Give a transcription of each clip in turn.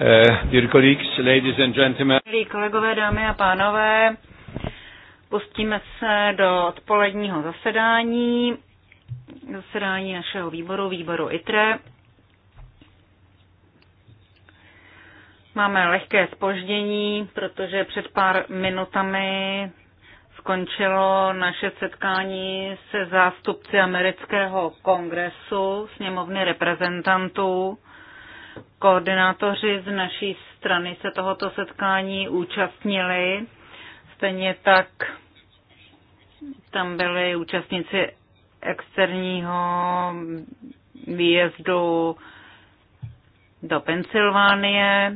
Eh, dear Milí kolegové, dámy a pánové, pustíme se do odpoledního zasedání, zasedání našeho výboru, výboru ITRE. Máme lehké spoždění, protože před pár minutami skončilo naše setkání se zástupci amerického kongresu, sněmovny reprezentantů Koordinátoři z naší strany se tohoto setkání účastnili. Stejně tak tam byli účastníci externího výjezdu do Pensylvánie.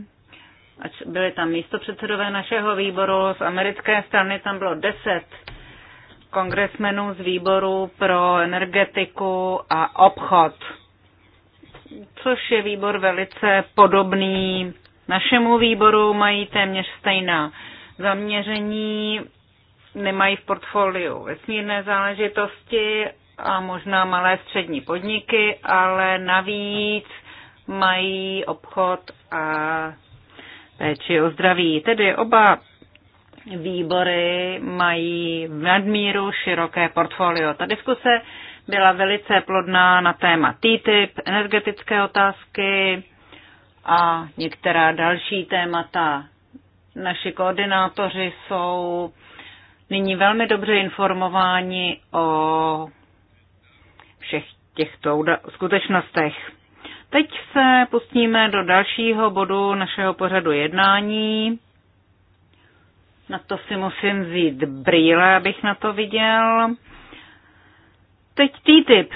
Byli tam místopředsedové našeho výboru, z americké strany tam bylo deset kongresmenů z výboru pro energetiku a obchod což je výbor velice podobný našemu výboru, mají téměř stejná zaměření, nemají v portfoliu vesmírné záležitosti a možná malé střední podniky, ale navíc mají obchod a péči o zdraví. Tedy oba výbory mají v nadmíru široké portfolio. Ta diskuse byla velice plodná na téma TTIP, energetické otázky a některá další témata. Naši koordinátoři jsou nyní velmi dobře informováni o všech těchto skutečnostech. Teď se pustíme do dalšího bodu našeho pořadu jednání. Na to si musím vzít brýle, abych na to viděl. Teď TTIP,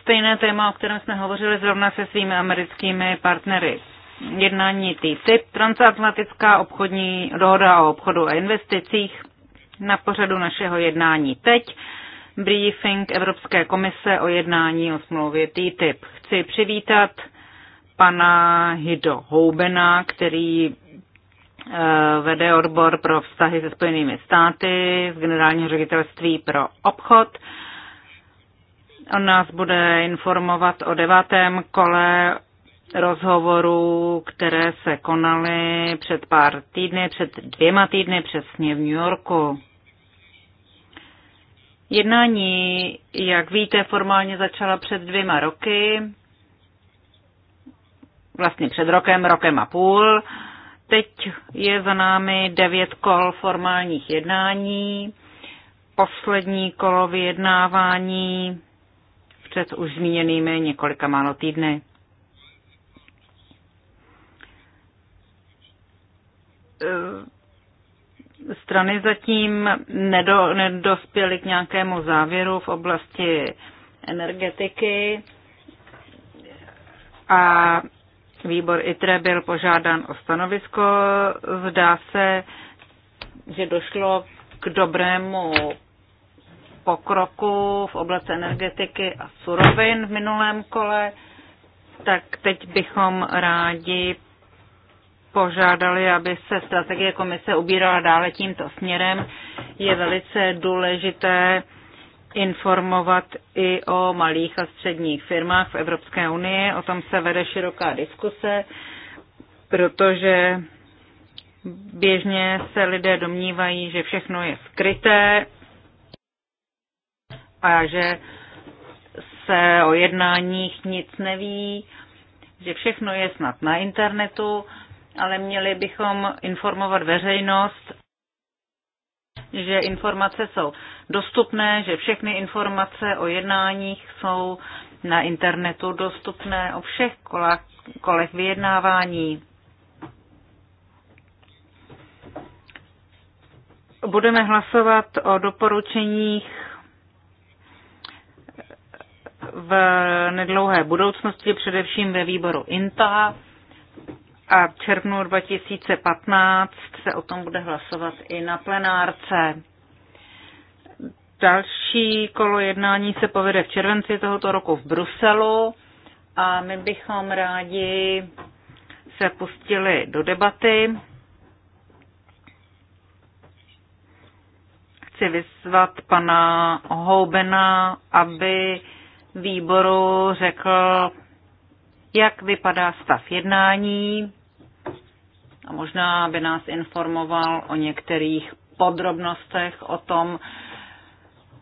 stejné téma, o kterém jsme hovořili zrovna se svými americkými partnery. Jednání TTIP, transatlantická obchodní dohoda o obchodu a investicích, na pořadu našeho jednání teď, briefing Evropské komise o jednání o smlouvě TTIP. Chci přivítat pana Hido Houbena, který eh, vede odbor pro vztahy se Spojenými státy z generálního ředitelství pro obchod. On nás bude informovat o devátém kole rozhovorů, které se konaly před pár týdny, před dvěma týdny přesně v New Yorku. Jednání, jak víte, formálně začala před dvěma roky, vlastně před rokem, rokem a půl. Teď je za námi devět kol formálních jednání, poslední kolo vyjednávání před už zmíněnými několika málo týdny. Eh, strany zatím nedo, nedospěly k nějakému závěru v oblasti energetiky a výbor ITRE byl požádán o stanovisko. Zdá se, že došlo k dobrému pokroku v oblasti energetiky a surovin v minulém kole, tak teď bychom rádi požádali, aby se strategie komise ubírala dále tímto směrem. Je velice důležité informovat i o malých a středních firmách v Evropské unii. O tom se vede široká diskuse, protože běžně se lidé domnívají, že všechno je skryté a že se o jednáních nic neví, že všechno je snad na internetu, ale měli bychom informovat veřejnost, že informace jsou dostupné, že všechny informace o jednáních jsou na internetu dostupné o všech kolách, kolech vyjednávání. Budeme hlasovat o doporučeních v nedlouhé budoucnosti, především ve výboru INTA a v červnu 2015 se o tom bude hlasovat i na plenárce. Další kolo jednání se povede v červenci tohoto roku v Bruselu a my bychom rádi se pustili do debaty. Chci vyzvat pana Houbena, aby výboru řekl, jak vypadá stav jednání a možná by nás informoval o některých podrobnostech o tom,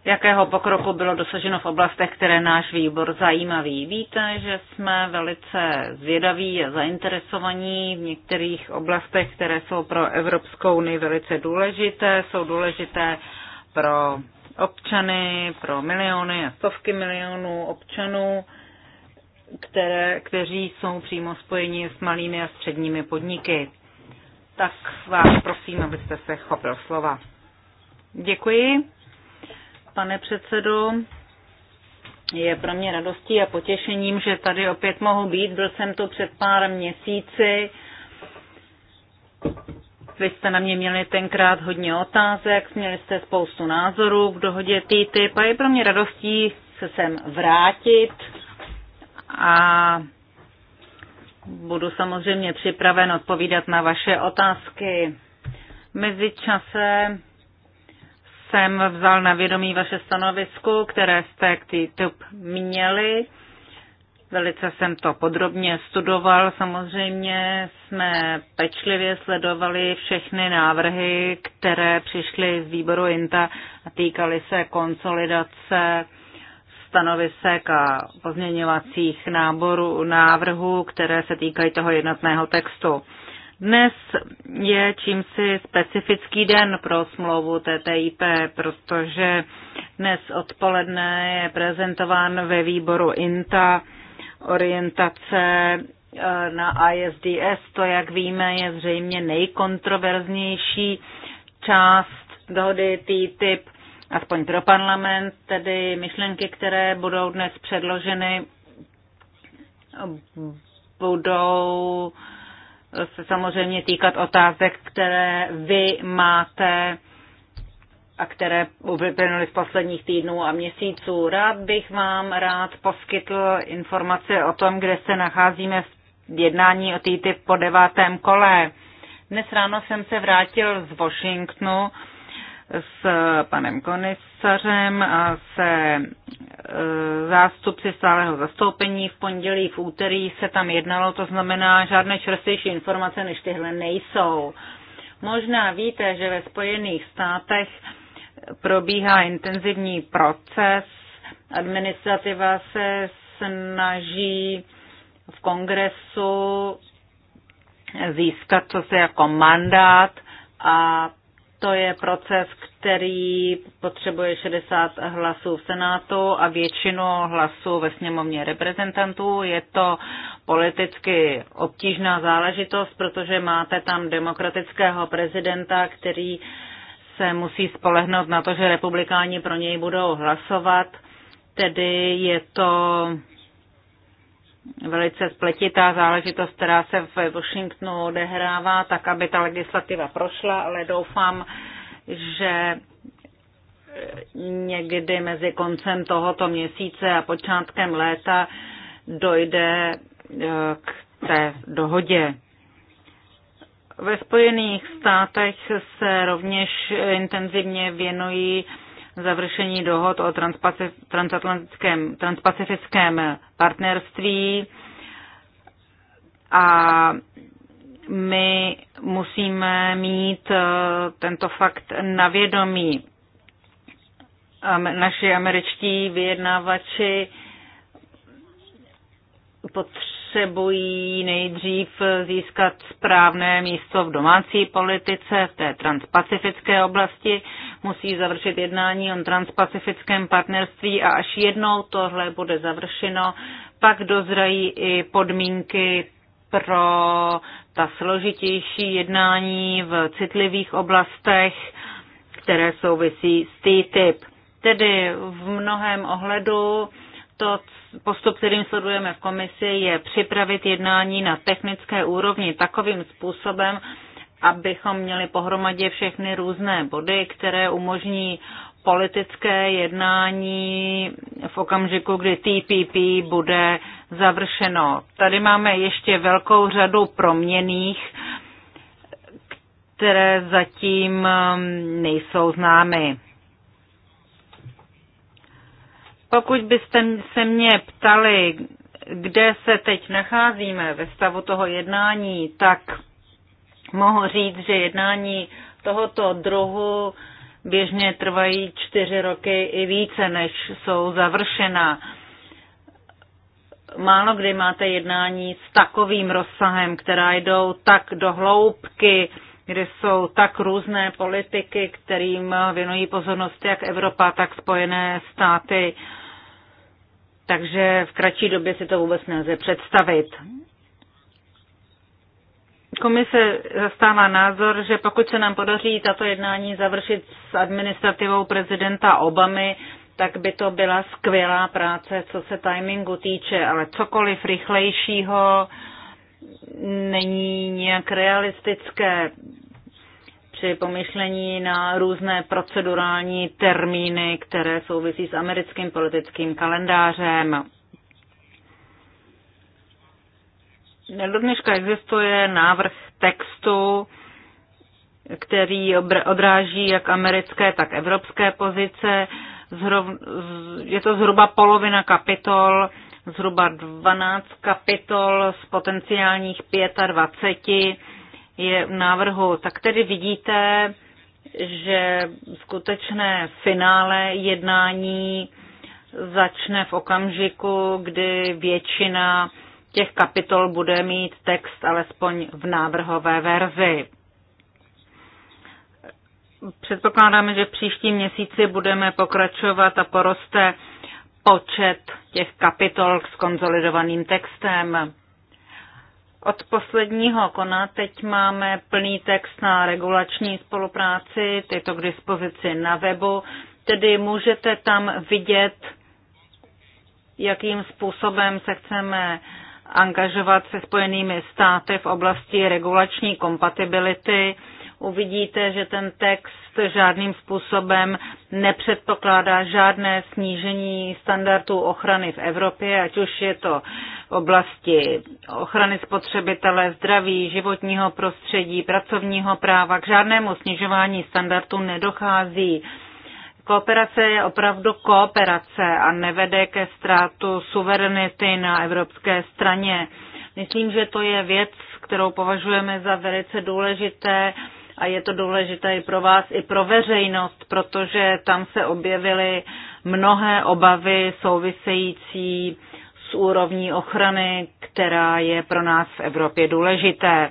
jakého pokroku bylo dosaženo v oblastech, které náš výbor zajímavý. Víte, že jsme velice zvědaví a zainteresovaní v některých oblastech, které jsou pro Evropskou unii velice důležité, jsou důležité pro občany, pro miliony a stovky milionů občanů, které, kteří jsou přímo spojeni s malými a středními podniky. Tak vás prosím, abyste se chopil slova. Děkuji, pane předsedo. Je pro mě radostí a potěšením, že tady opět mohu být. Byl jsem tu před pár měsíci vy jste na mě měli tenkrát hodně otázek, měli jste spoustu názorů k dohodě TTIP a je pro mě radostí se sem vrátit a budu samozřejmě připraven odpovídat na vaše otázky. čase jsem vzal na vědomí vaše stanovisko, které jste k TTIP měli. Velice jsem to podrobně studoval. Samozřejmě jsme pečlivě sledovali všechny návrhy, které přišly z výboru INTA a týkaly se konsolidace stanovisek a pozměňovacích náboru, návrhů, které se týkají toho jednotného textu. Dnes je čímsi specifický den pro smlouvu TTIP, protože dnes odpoledne je prezentován ve výboru INTA orientace eh, na ISDS, to, jak víme, je zřejmě nejkontroverznější část dohody TTIP, aspoň pro parlament, tedy myšlenky, které budou dnes předloženy, budou se samozřejmě týkat otázek, které vy máte a které uplynuly v posledních týdnů a měsíců. Rád bych vám rád poskytl informace o tom, kde se nacházíme v jednání o TTIP po devátém kole. Dnes ráno jsem se vrátil z Washingtonu s panem komisařem a se e, zástupci stáleho zastoupení. V pondělí, v úterý se tam jednalo, to znamená, žádné čerstvější informace než tyhle nejsou. Možná víte, že ve Spojených státech probíhá intenzivní proces. Administrativa se snaží v kongresu získat co se jako mandát a to je proces, který potřebuje 60 hlasů v Senátu a většinu hlasů ve sněmovně reprezentantů. Je to politicky obtížná záležitost, protože máte tam demokratického prezidenta, který se musí spolehnout na to, že republikáni pro něj budou hlasovat, tedy je to velice spletitá záležitost, která se v Washingtonu odehrává, tak aby ta legislativa prošla, ale doufám, že někdy mezi koncem tohoto měsíce a počátkem léta dojde eh, k té dohodě. Ve Spojených státech se rovněž intenzivně věnují završení dohod o transatlantickém, transpacifickém partnerství a my musíme mít eh, tento fakt na vědomí. Naši američtí vyjednávači potřebují bojí nejdřív získat správné místo v domácí politice, v té transpacifické oblasti, musí završit jednání o transpacifickém partnerství a až jednou tohle bude završeno, pak dozrají i podmínky pro ta složitější jednání v citlivých oblastech, které souvisí s TTIP. Tedy v mnohem ohledu to postup, kterým sledujeme v komisi, je připravit jednání na technické úrovni takovým způsobem, abychom měli pohromadě všechny různé body, které umožní politické jednání v okamžiku, kdy TPP bude završeno. Tady máme ještě velkou řadu proměných, které zatím um, nejsou známy. Pokud byste se mě ptali, kde se teď nacházíme ve stavu toho jednání, tak mohu říct, že jednání tohoto druhu běžně trvají čtyři roky i více, než jsou završena. Málo kdy máte jednání s takovým rozsahem, která jdou tak do hloubky, kde jsou tak různé politiky, kterým věnují pozornost jak Evropa, tak Spojené státy takže v kratší době si to vůbec nelze představit. Komise zastává názor, že pokud se nám podaří tato jednání završit s administrativou prezidenta Obamy, tak by to byla skvělá práce, co se timingu týče, ale cokoliv rychlejšího není nějak realistické při pomyšlení na různé procedurální termíny, které souvisí s americkým politickým kalendářem. Do dneška existuje návrh textu, který odráží jak americké, tak evropské pozice. Zhrov, je to zhruba polovina kapitol, zhruba 12 kapitol z potenciálních 25 je v návrhu. Tak tedy vidíte, že skutečné finále jednání začne v okamžiku, kdy většina těch kapitol bude mít text alespoň v návrhové verzi. Předpokládáme, že v příštím měsíci budeme pokračovat a poroste počet těch kapitol s konsolidovaným textem od posledního kona teď máme plný text na regulační spolupráci, je to k dispozici na webu, tedy můžete tam vidět, jakým způsobem se chceme angažovat se Spojenými státy v oblasti regulační kompatibility uvidíte, že ten text žádným způsobem nepředpokládá žádné snížení standardů ochrany v Evropě, ať už je to v oblasti ochrany spotřebitele, zdraví, životního prostředí, pracovního práva. K žádnému snižování standardů nedochází. Kooperace je opravdu kooperace a nevede ke ztrátu suverenity na evropské straně. Myslím, že to je věc, kterou považujeme za velice důležité a je to důležité i pro vás, i pro veřejnost, protože tam se objevily mnohé obavy související s úrovní ochrany, která je pro nás v Evropě důležité.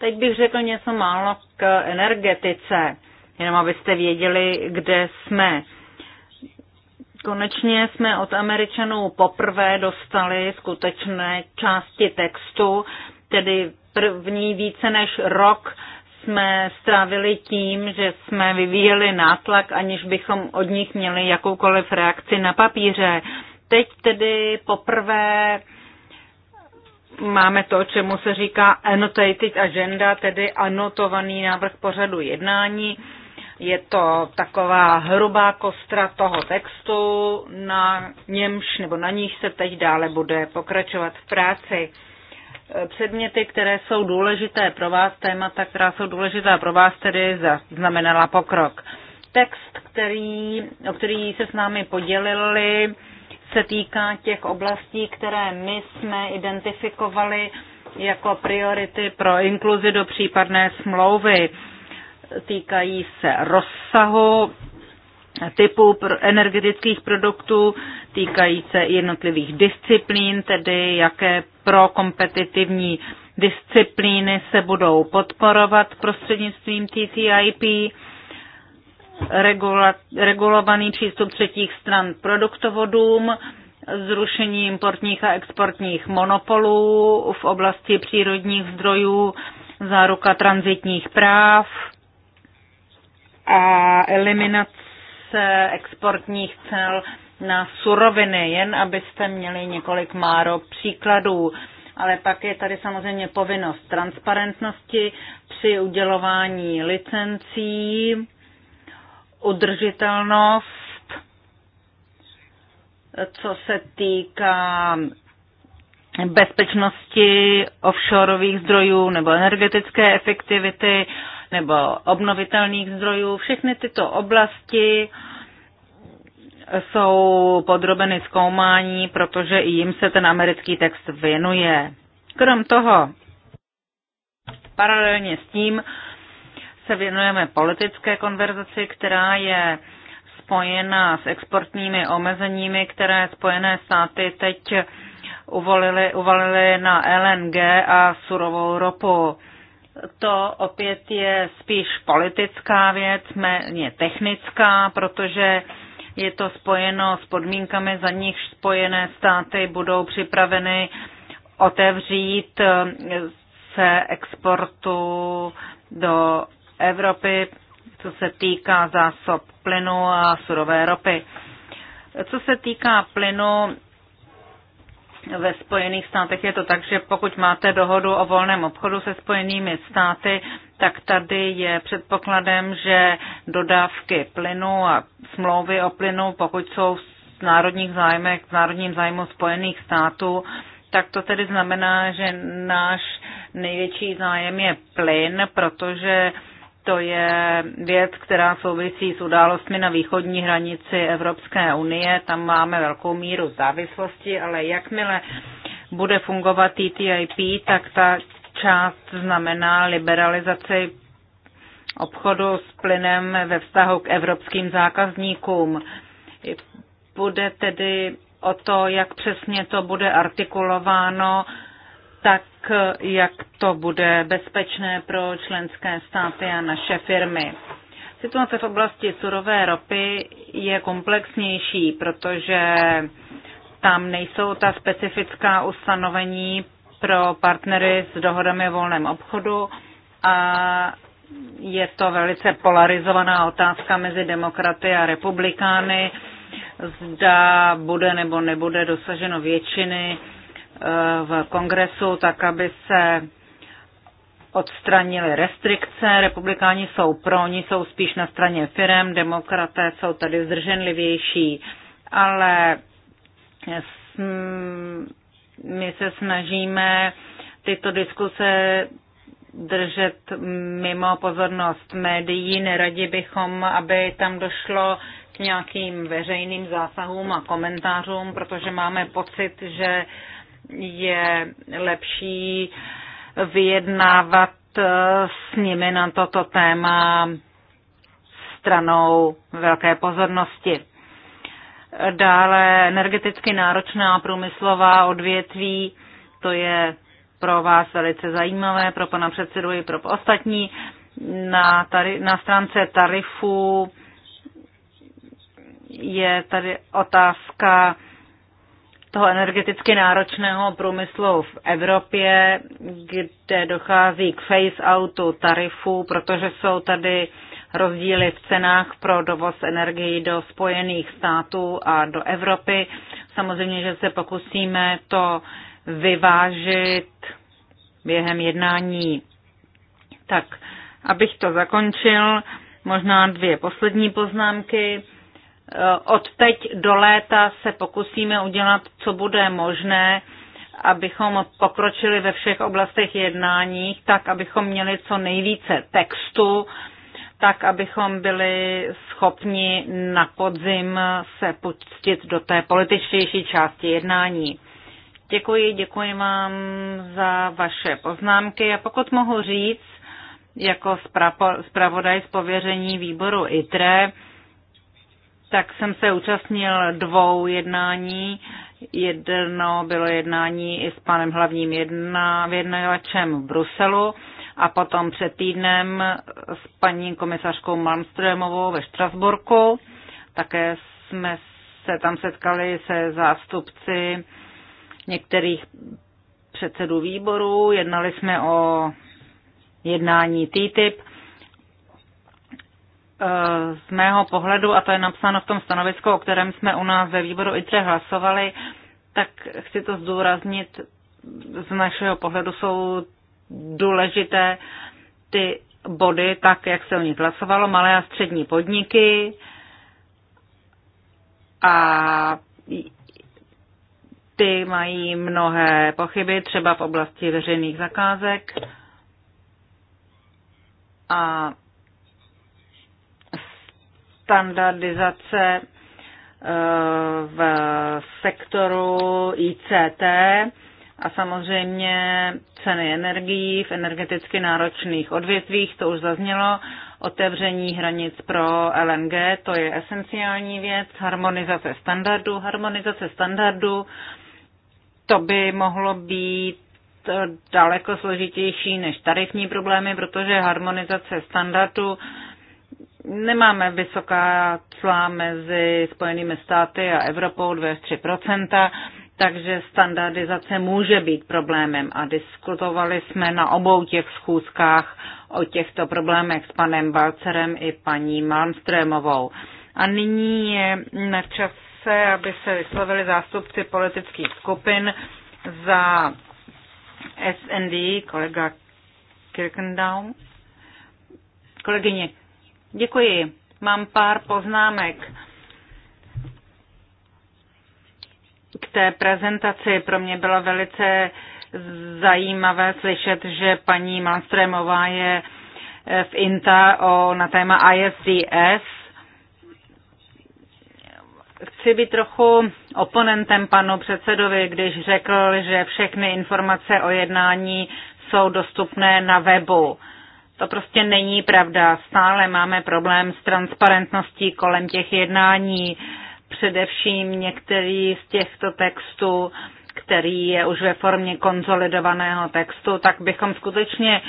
Teď bych řekl něco málo k energetice, jenom abyste věděli, kde jsme. Konečně jsme od Američanů poprvé dostali skutečné části textu, tedy první více než rok jsme strávili tím, že jsme vyvíjeli nátlak, aniž bychom od nich měli jakoukoliv reakci na papíře. Teď tedy poprvé máme to, čemu se říká annotated agenda, tedy anotovaný návrh pořadu jednání. Je to taková hrubá kostra toho textu, na němž nebo na níž se teď dále bude pokračovat v práci předměty, které jsou důležité pro vás, témata, která jsou důležitá pro vás, tedy znamenala pokrok. Text, který, o který se s námi podělili, se týká těch oblastí, které my jsme identifikovali jako priority pro inkluzi do případné smlouvy. Týkají se rozsahu typů energetických produktů týkají se jednotlivých disciplín, tedy jaké prokompetitivní disciplíny se budou podporovat prostřednictvím TTIP, regula, regulovaný přístup třetích stran produktovodům, zrušení importních a exportních monopolů v oblasti přírodních zdrojů, záruka transitních práv a eliminace redukce exportních cel na suroviny, jen abyste měli několik máro příkladů. Ale pak je tady samozřejmě povinnost transparentnosti při udělování licencí, udržitelnost, co se týká bezpečnosti offshoreových zdrojů nebo energetické efektivity nebo obnovitelných zdrojů. Všechny tyto oblasti jsou podrobeny zkoumání, protože i jim se ten americký text věnuje. Krom toho, paralelně s tím se věnujeme politické konverzaci, která je spojena s exportními omezeními, které Spojené státy teď uvolily, uvalily na LNG a surovou ropu. To opět je spíš politická věc, méně technická, protože je to spojeno s podmínkami, za nich spojené státy budou připraveny otevřít eh, se exportu do Evropy, co se týká zásob plynu a surové ropy. Co se týká plynu, ve Spojených státech je to tak, že pokud máte dohodu o volném obchodu se Spojenými státy, tak tady je předpokladem, že dodávky plynu a smlouvy o plynu, pokud jsou v národních zájmech, v národním zájmu Spojených států, tak to tedy znamená, že náš největší zájem je plyn, protože to je věc, která souvisí s událostmi na východní hranici Evropské unie. Tam máme velkou míru závislosti, ale jakmile bude fungovat e TTIP, tak ta část znamená liberalizaci obchodu s plynem ve vztahu k evropským zákazníkům. Bude tedy o to, jak přesně to bude artikulováno tak jak to bude bezpečné pro členské státy a naše firmy. Situace v oblasti surové ropy je komplexnější, protože tam nejsou ta specifická ustanovení pro partnery s dohodami o volném obchodu a je to velice polarizovaná otázka mezi demokraty a republikány, zda bude nebo nebude dosaženo většiny v kongresu, tak aby se odstranili restrikce. Republikáni jsou pro, oni jsou spíš na straně firem, demokraté jsou tady zdrženlivější, ale mm, my se snažíme tyto diskuse držet mimo pozornost médií. Neradi bychom, aby tam došlo k nějakým veřejným zásahům a komentářům, protože máme pocit, že uh, je lepší vyjednávat eh, s nimi na toto téma stranou velké pozornosti. Dále energeticky náročná průmyslová odvětví, to je pro vás velice zajímavé, pro pana předsedu i pro ostatní. Na, tari, na stránce tarifů je tady otázka toho energeticky náročného průmyslu v Evropě, kde dochází k face outu tarifů, protože jsou tady rozdíly v cenách pro dovoz energii do Spojených států a do Evropy. Samozřejmě, že se pokusíme to vyvážit během jednání. Tak, abych to zakončil, možná dvě poslední poznámky. Eh, od teď do léta se pokusíme udělat, co bude možné, abychom pokročili ve všech oblastech jednáních, tak abychom měli co nejvíce textu, tak abychom byli schopni na podzim se pustit do té političtější části jednání. Děkuji, děkuji vám za vaše poznámky a pokud mohu říct, jako zpravodaj z pověření výboru ITRE, tak jsem se účastnil dvou jednání. Jedno bylo jednání i s panem hlavním jedna, v Bruselu a potom před týdnem s paní komisařkou Malmströmovou ve Štrasburku. Také jsme se tam setkali se zástupci některých předsedů výborů. Jednali jsme o jednání TTIP Eh, z mého pohledu, a to je napsáno v tom stanovisku, o kterém jsme u nás ve výboru ITRE hlasovali, tak chci to zdůraznit, z našeho pohledu jsou důležité ty body, tak jak se o nich hlasovalo, malé a střední podniky a ty mají mnohé pochyby, třeba v oblasti veřejných zakázek. A standardizace eh, v sektoru ICT a samozřejmě ceny energií v energeticky náročných odvětvích, to už zaznělo, otevření hranic pro LNG, to je esenciální věc, harmonizace standardu, harmonizace standardu, to by mohlo být daleko složitější než tarifní problémy, protože harmonizace standardu Nemáme vysoká cla mezi Spojenými státy a Evropou 2-3 takže standardizace může být problémem a diskutovali jsme na obou těch schůzkách o těchto problémech s panem Balcerem i paní Malmströmovou. A nyní je na čase, aby se vyslovili zástupci politických skupin za SND, kolega Kirkendown. Kolegyně Děkuji. Mám pár poznámek k té prezentaci. Pro mě bylo velice zajímavé slyšet, že paní Malmströmová je eh, v INTA o, na téma ISDS. Chci být trochu oponentem panu předsedovi, když řekl, že všechny informace o jednání jsou dostupné na webu. To prostě není pravda. Stále máme problém s transparentností kolem těch jednání. Především některý z těchto textů, který je už ve formě konzolidovaného textu, tak bychom skutečně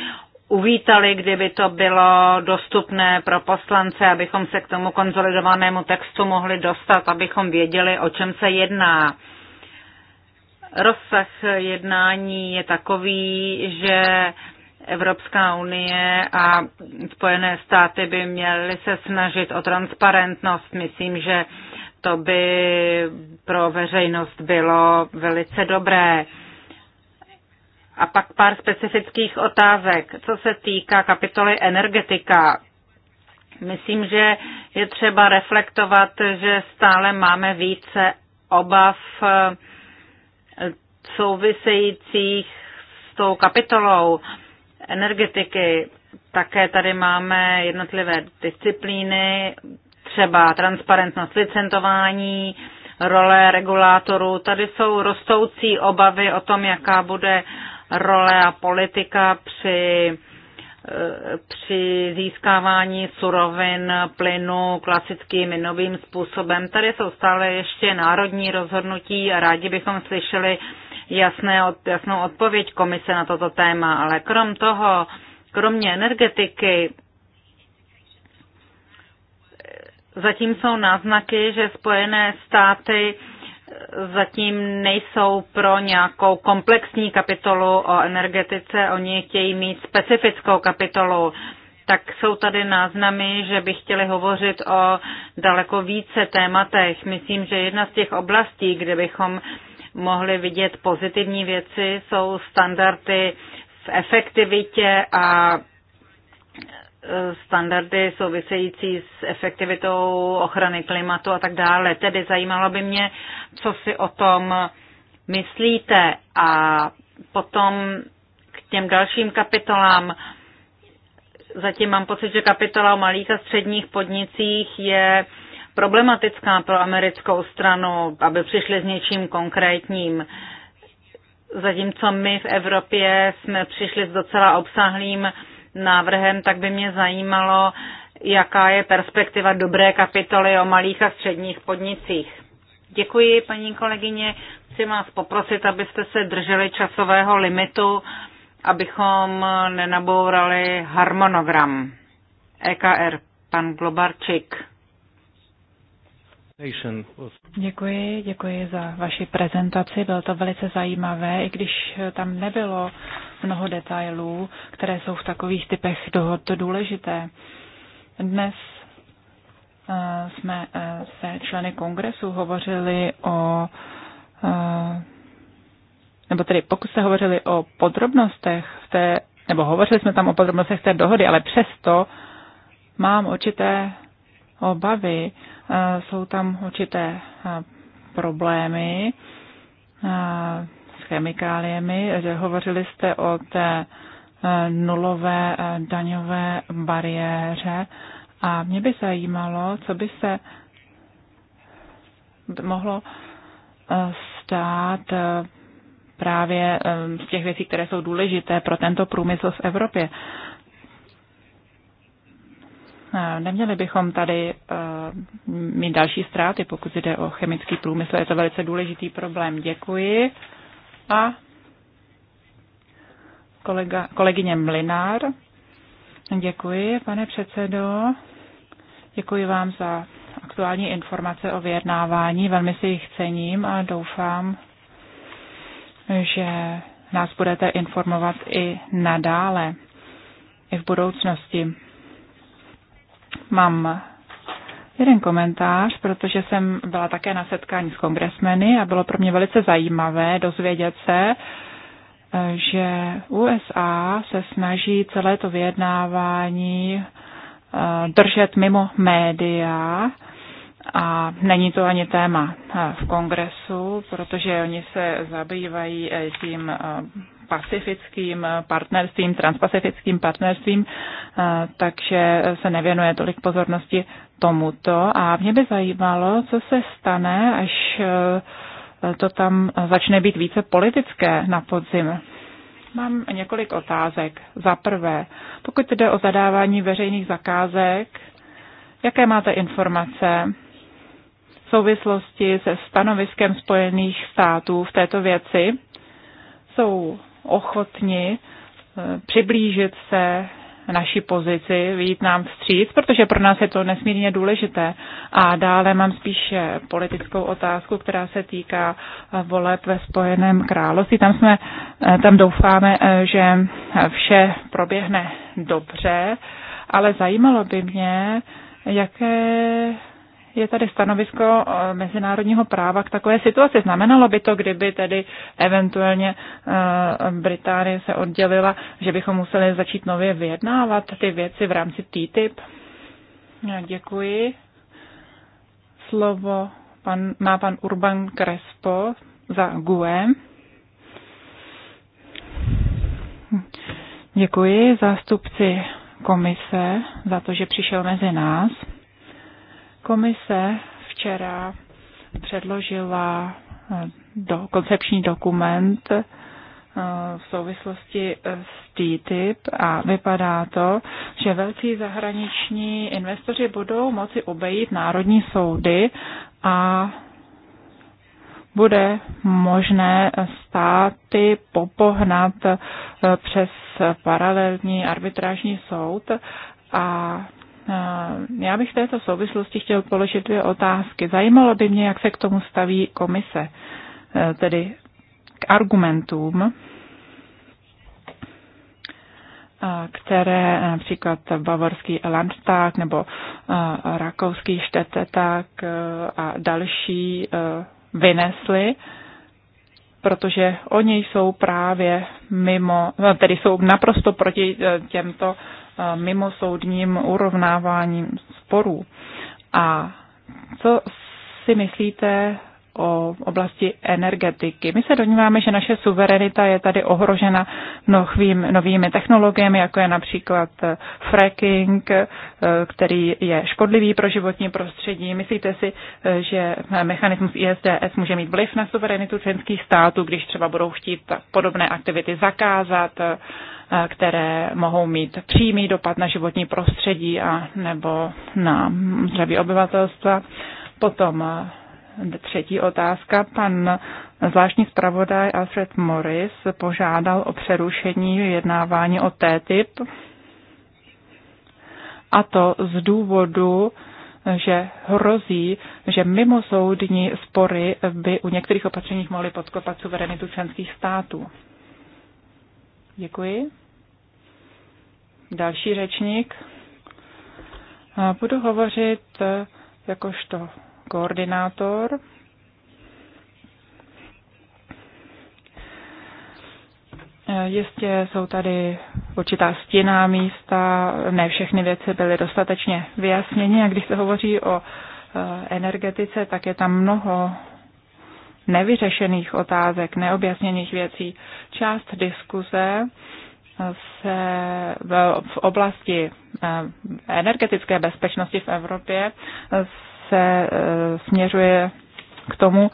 uvítali, kdyby to bylo dostupné pro poslance, abychom se k tomu konzolidovanému textu mohli dostat, abychom věděli, o čem se jedná. Rozsah jednání je takový, že Evropská unie a Spojené státy by měly se snažit o transparentnost. Myslím, že to by pro veřejnost bylo velice dobré. A pak pár specifických otázek, co se týká kapitoly energetika. Myslím, že je třeba reflektovat, že stále máme více obav eh, souvisejících s tou kapitolou energetiky. Také tady máme jednotlivé disciplíny, třeba transparentnost licentování, role regulátorů. Tady jsou rostoucí obavy o tom, jaká bude role a politika při, eh, při získávání surovin, plynu klasickým i novým způsobem. Tady jsou stále ještě národní rozhodnutí a rádi bychom slyšeli jasné, jasnou odpověď komise na toto téma, ale krom toho, kromě energetiky, zatím jsou náznaky, že Spojené státy zatím nejsou pro nějakou komplexní kapitolu o energetice, oni chtějí mít specifickou kapitolu. Tak jsou tady náznamy, že by chtěli hovořit o daleko více tématech. Myslím, že jedna z těch oblastí, kde bychom mohli vidět pozitivní věci, jsou standardy v efektivitě a e, standardy související s efektivitou ochrany klimatu a tak dále. Tedy zajímalo by mě, co si o tom myslíte a potom k těm dalším kapitolám. Zatím mám pocit, že kapitola o malých a středních podnicích je uh, problematická pro americkou stranu, aby přišli s něčím konkrétním. Zatímco my v Evropě jsme přišli s docela obsahlým návrhem, tak by mě zajímalo, jaká je perspektiva dobré kapitoly o malých a středních podnicích. Děkuji, paní kolegyně. Chci vás poprosit, abyste se drželi časového limitu, abychom nenabourali harmonogram. EKR, pan Globarčik. Děkuji, děkuji za vaši prezentaci. Bylo to velice zajímavé, i když tam nebylo mnoho detailů, které jsou v takových typech dohod důležité. Dnes eh, jsme eh, se členy kongresu hovořili o eh, nebo tedy pokud jste hovořili o podrobnostech v té, nebo hovořili jsme tam o podrobnostech té dohody, ale přesto mám určité obavy, jsou tam určité problémy s chemikáliemi. Že hovořili jste o té nulové daňové bariéře a mě by zajímalo, co by se mohlo stát právě z těch věcí, které jsou důležité pro tento průmysl v Evropě. Eh, neměli bychom tady eh, mít další ztráty, pokud jde o chemický průmysl. Je to velice důležitý problém. Děkuji. A kolega, kolegyně Mlinár. Děkuji, pane předsedo. Děkuji vám za aktuální informace o vyjednávání. Velmi si jich cením a doufám, že nás budete informovat i nadále, i v budoucnosti. Mám jeden komentář, protože jsem byla také na setkání s kongresmeny a bylo pro mě velice zajímavé dozvědět se, že USA se snaží celé to vyjednávání eh, držet mimo média a není to ani téma eh, v kongresu, protože oni se zabývají eh, tím pacifickým partnerstvím, transpacifickým partnerstvím, eh, takže se nevěnuje tolik pozornosti tomuto. A mě by zajímalo, co se stane, až eh, to tam začne být více politické na podzim. Mám několik otázek. Za prvé, pokud jde o zadávání veřejných zakázek, jaké máte informace v souvislosti se stanoviskem Spojených států v této věci? Jsou ochotni eh, přiblížit se naší pozici, vyjít nám vstříc, protože pro nás je to nesmírně důležité. A dále mám spíše politickou otázku, která se týká eh, voleb ve Spojeném království. Tam, jsme, eh, tam doufáme, že vše proběhne dobře, ale zajímalo by mě, jaké je tady stanovisko eh, mezinárodního práva k takové situaci. Znamenalo by to, kdyby tedy eventuálně eh, Británie se oddělila, že bychom museli začít nově vyjednávat ty věci v rámci TTIP? Děkuji. Slovo pan, má pan Urban Crespo za GUE. Děkuji zástupci komise za to, že přišel mezi nás. Komise včera předložila eh, do, koncepční dokument eh, v souvislosti eh, s TTIP a vypadá to, že velcí zahraniční investoři budou moci obejít národní soudy a bude možné státy popohnat přes paralelní arbitrážní soud a já bych v této souvislosti chtěl položit dvě otázky. Zajímalo by mě, jak se k tomu staví komise, e, tedy k argumentům, e, které například bavorský Landtag nebo e, rakouský Štetetag a další vynesli, protože oni jsou právě mimo, no, tedy jsou naprosto proti těmto Eh, mimo soudním urovnáváním sporů. A co si myslíte o oblasti energetiky. My se domníváme, že naše suverenita je tady ohrožena mnohým novými technologiemi, jako je například eh, fracking, eh, který je škodlivý pro životní prostředí. Myslíte si, eh, že mechanismus ISDS může mít vliv na suverenitu členských států, když třeba budou chtít podobné aktivity zakázat, které mohou mít přímý dopad na životní prostředí a nebo na zdraví obyvatelstva? Potom Třetí otázka. Pan zvláštní zpravodaj Alfred Morris požádal o přerušení vyjednávání o TTIP a to z důvodu, že hrozí, že mimo soudní spory by u některých opatřeních mohly podkopat suverenitu členských států. Děkuji. Další řečník. Budu hovořit jakožto koordinátor. Jistě jsou tady určitá stěná místa, ne všechny věci byly dostatečně vyjasněny a když se hovoří o e, energetice, tak je tam mnoho nevyřešených otázek, neobjasněných věcí. Část diskuze se v oblasti e, energetické bezpečnosti v Evropě komise eh, směřuje k tomu,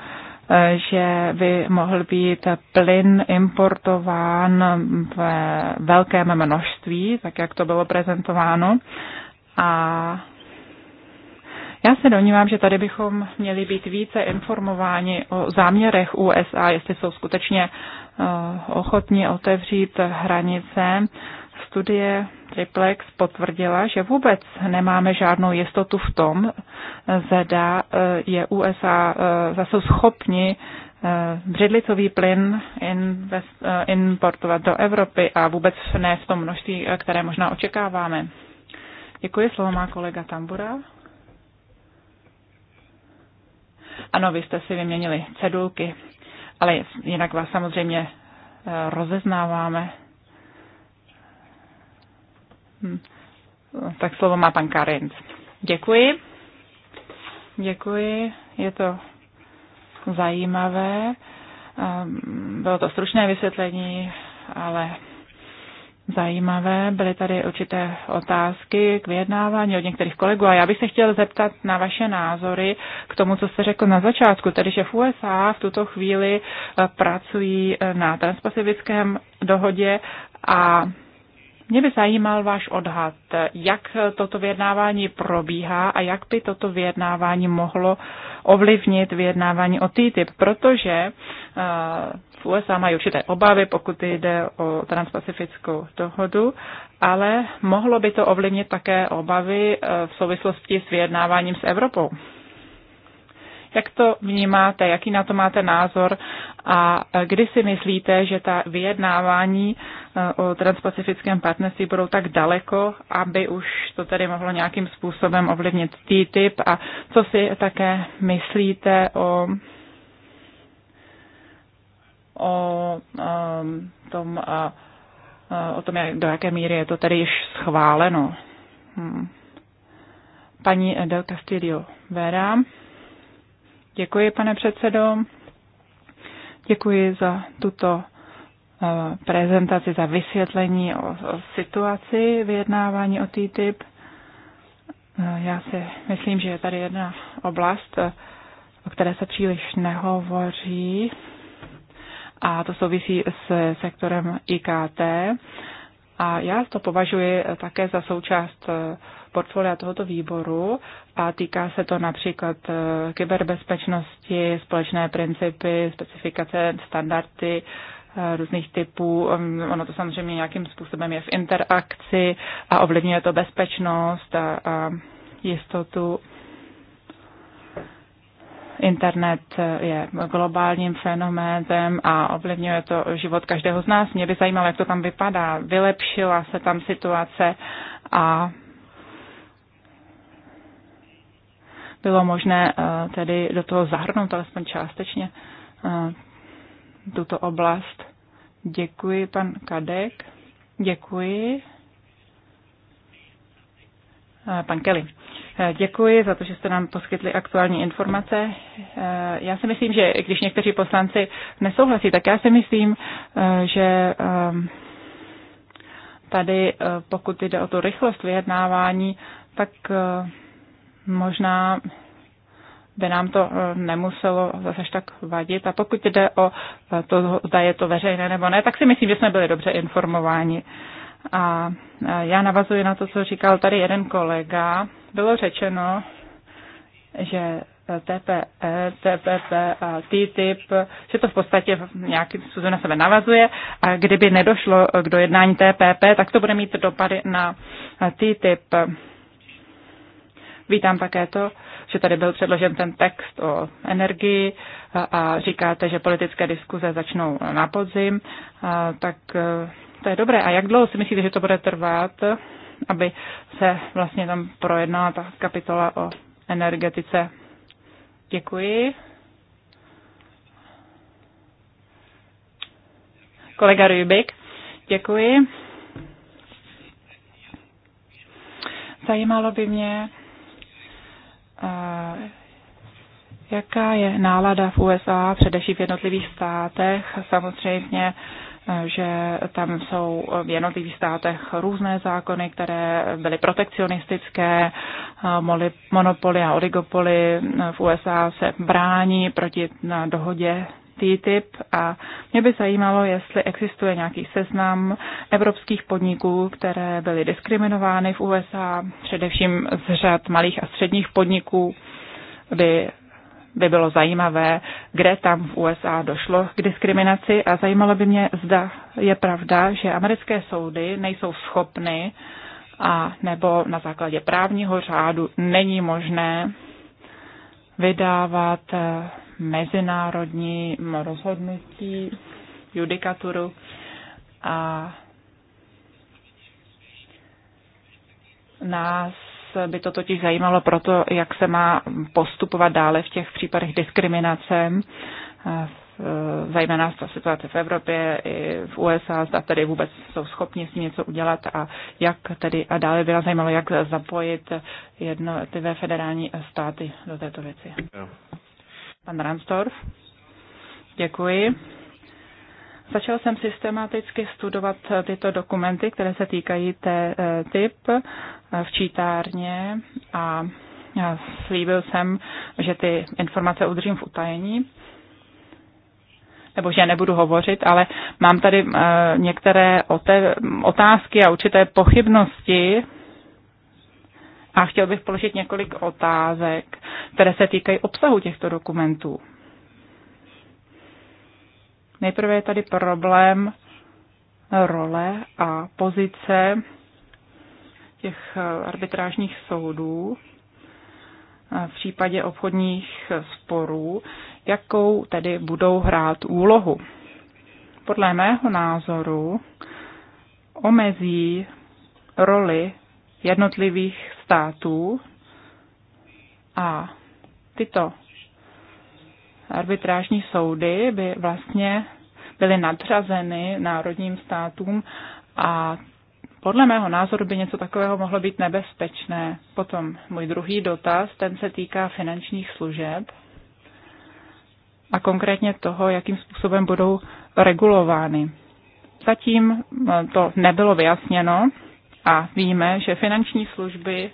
eh, že by mohl být plyn importován v velkém množství, tak jak to bylo prezentováno. A já se domnívám, že tady bychom měli být více informováni o záměrech USA, jestli jsou skutečně eh, ochotni otevřít hranice Studie Triplex potvrdila, že vůbec nemáme žádnou jistotu v tom, zda eh, je USA, eh, zase schopni eh, břidlicový plyn invest, importovat do Evropy a vůbec ne v tom množství, které možná očekáváme. Děkuji, slovo má kolega Tambura. Ano, vy jste si vyměnili cedulky, ale jinak vás samozřejmě rozeznáváme. Hm. Tak slovo má pan Karinc. Děkuji. Děkuji. Je to zajímavé. Ehm, bylo to stručné vysvětlení, ale zajímavé. Byly tady určité otázky k vyjednávání od některých kolegů a já bych se chtěl zeptat na vaše názory k tomu, co jste řekl na začátku, tedy že v USA v tuto chvíli eh, pracují eh, na transpacifickém dohodě a mě by zajímal váš odhad, jak toto vyjednávání probíhá a jak by toto vyjednávání mohlo ovlivnit vyjednávání o TTIP, protože eh, v USA mají určité obavy, pokud jde o transpacifickou dohodu, ale mohlo by to ovlivnit také obavy eh, v souvislosti s vyjednáváním s Evropou. Jak to vnímáte, jaký na to máte názor a e, kdy si myslíte, že ta vyjednávání e, o transpacifickém partnerství budou tak daleko, aby už to tedy mohlo nějakým způsobem ovlivnit TTIP a co si také myslíte o o o um, tom, a, o tom, jak, do jaké míry je to tedy již schváleno. Hmm. Paní Del Castillo Vera. Děkuji, pane předsedo. Děkuji za tuto eh, prezentaci, za vysvětlení o, o situaci vyjednávání o TTIP. Eh, já si myslím, že je tady jedna oblast, eh, o které se příliš nehovoří a to souvisí s sektorem IKT. A já to považuji také za součást portfolia tohoto výboru a týká se to například eh, kyberbezpečnosti, společné principy, specifikace, standardy, eh, různých typů. Ono to samozřejmě nějakým způsobem je v interakci a ovlivňuje to bezpečnost a, a jistotu. Internet eh, je globálním fenoménem a ovlivňuje to život každého z nás. Mě by zajímalo, jak to tam vypadá. Vylepšila se tam situace a bylo možné eh, tedy do toho zahrnout alespoň částečně eh, tuto oblast. Děkuji, pan Kadek. Děkuji. Eh, pan Kelly. Děkuji za to, že jste nám poskytli aktuální informace. Já si myslím, že když někteří poslanci nesouhlasí, tak já si myslím, že tady, pokud jde o tu rychlost vyjednávání, tak možná by nám to eh, nemuselo zase tak vadit. A pokud jde o eh, to, zda je to veřejné nebo ne, tak si myslím, že jsme byli dobře informováni. A eh, já navazuji na to, co říkal tady jeden kolega. Bylo řečeno, že TPE, TPP a TTIP, že to v podstatě nějakým způsobem na sebe navazuje a kdyby nedošlo k dojednání TPP, tak to bude mít dopady na TTIP. Vítám také to, že tady byl předložen ten text o energii a říkáte, že politické diskuze začnou na podzim, tak e, to je dobré. A jak dlouho si myslíte, že to bude trvat, aby se vlastně tam projednala ta kapitola o energetice? Děkuji. Kolega Rybik, děkuji. Zajímalo by mě, jaká je nálada v USA, především v jednotlivých státech. Samozřejmě e, že tam jsou v jednotlivých státech různé zákony, které byly protekcionistické, e, monopoly a oligopoly e, v USA se brání proti dohodě TTIP a mě by zajímalo, jestli existuje nějaký seznam evropských podniků, které byly diskriminovány v USA, především z řad malých a středních podniků, by by bylo zajímavé, kde tam v USA došlo k diskriminaci a zajímalo by mě, zda je pravda, že americké soudy nejsou schopny a nebo na základě právního řádu není možné vydávat eh, mezinárodní rozhodnutí, judikaturu a nás by to totiž zajímalo proto, jak se má postupovat dále v těch případech diskriminace, nás ta situace v Evropě i v USA, zda tedy vůbec jsou schopni s tím něco udělat a jak tedy a dále byla zajímalo, jak zapojit jednotlivé federální státy do této věci. Pan Ransdorf. Děkuji. Začal jsem systematicky studovat tyto dokumenty, které se týkají té eh, typ eh, v čítárně a slíbil jsem, že ty informace udržím v utajení nebo že nebudu hovořit, ale mám tady eh, některé otázky a určité pochybnosti a chtěl bych položit několik otázek, které se týkají obsahu těchto dokumentů. Nejprve je tady problém role a pozice těch arbitrážních soudů v případě obchodních sporů, jakou tedy budou hrát úlohu. Podle mého názoru omezí roli jednotlivých států a tyto arbitrážní soudy by vlastně byly nadřazeny národním státům a podle mého názoru by něco takového mohlo být nebezpečné. Potom můj druhý dotaz, ten se týká finančních služeb a konkrétně toho, jakým způsobem budou regulovány. Zatím to nebylo vyjasněno, a víme, že finanční služby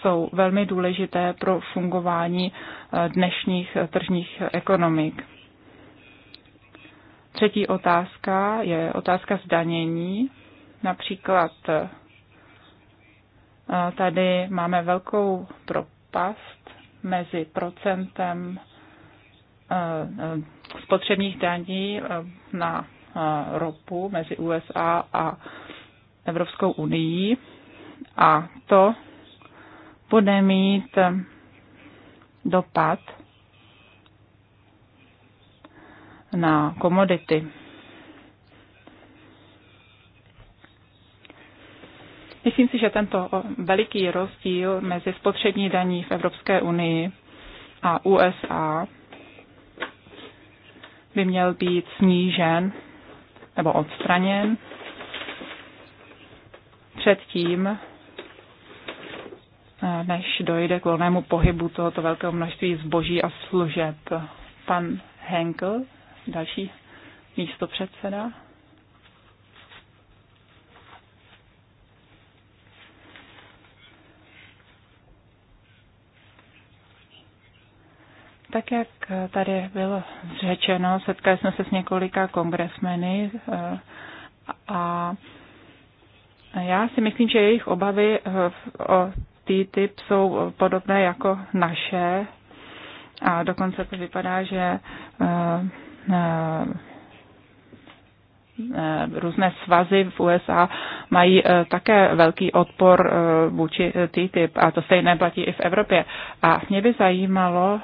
jsou velmi důležité pro fungování eh, dnešních eh, tržních ekonomik. Třetí otázka je otázka zdanění. Například eh, tady máme velkou propast mezi procentem spotřebních daní na ropu mezi USA a Evropskou unii a to bude mít dopad na komodity. Myslím si, že tento veliký rozdíl mezi spotřební daní v Evropské unii a USA by měl být snížen nebo odstraněn předtím, než dojde k volnému pohybu tohoto velkého množství zboží a služeb. Pan Henkel, další místo předseda. Tak jak tady bylo řečeno, setkali jsme se s několika kongresmeny eh, a já si myslím, že jejich obavy eh, o TTIP jsou podobné jako naše. A dokonce to vypadá, že eh, eh, různé svazy v USA mají také velký odpor vůči TTIP a to stejné platí i v Evropě. A mě by zajímalo,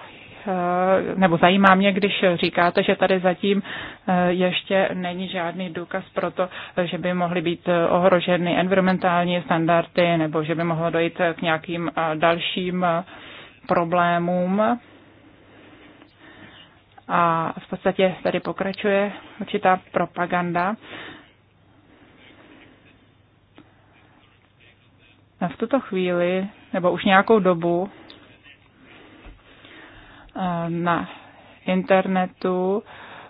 Eh, nebo zajímá mě, když říkáte, že tady zatím eh, ještě není žádný důkaz pro to, že by mohly být eh, ohroženy environmentální standardy nebo že by mohlo dojít k nějakým dalším problémům. A v podstatě tady pokračuje určitá propaganda. A v tuto chvíli, nebo už nějakou dobu, na internetu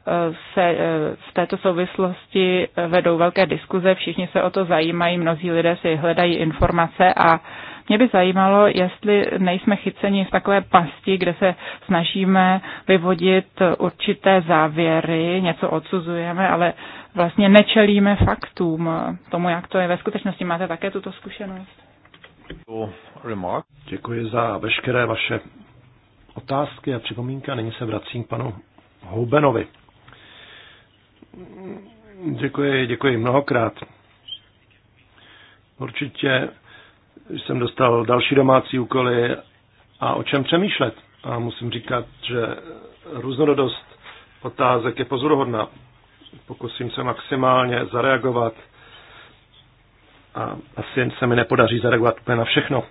eh, se eh, v této souvislosti vedou velké diskuze, všichni se o to zajímají, mnozí lidé si hledají informace a mě by zajímalo, jestli nejsme chyceni v takové pasti, kde se snažíme vyvodit určité závěry, něco odsuzujeme, ale vlastně nečelíme faktům tomu, jak to je ve skutečnosti. Máte také tuto zkušenost? Děkuji za veškeré vaše otázky a připomínky a nyní se vracím k panu Houbenovi. Děkuji, děkuji mnohokrát. Určitě jsem dostal další domácí úkoly a o čem přemýšlet. A musím říkat, že různorodost otázek je pozoruhodná. Pokusím se maximálně zareagovat a asi se mi nepodaří zareagovat úplně na všechno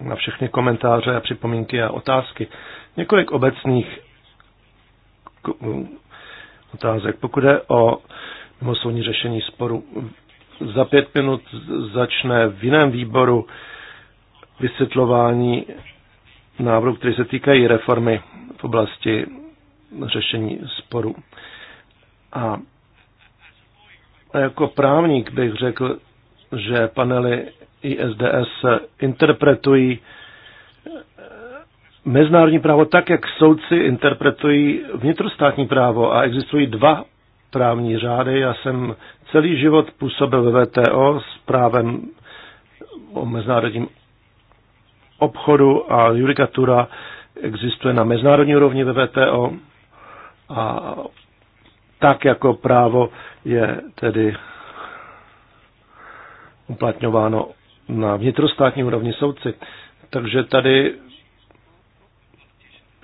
na všechny komentáře a připomínky a otázky. Několik obecných otázek. Pokud je o mimosoudní řešení sporu, za pět minut začne v jiném výboru vysvětlování návrhu, který se týkají reformy v oblasti řešení sporu. A jako právník bych řekl, že panely ISDS interpretují eh, mezinárodní právo tak, jak soudci interpretují vnitrostátní právo a existují dva právní řády. Já jsem celý život působil ve VTO s právem o mezinárodním obchodu a judikatura existuje na mezinárodní úrovni ve VTO a tak jako právo je tedy uplatňováno na vnitrostátní úrovni soudci. Takže tady,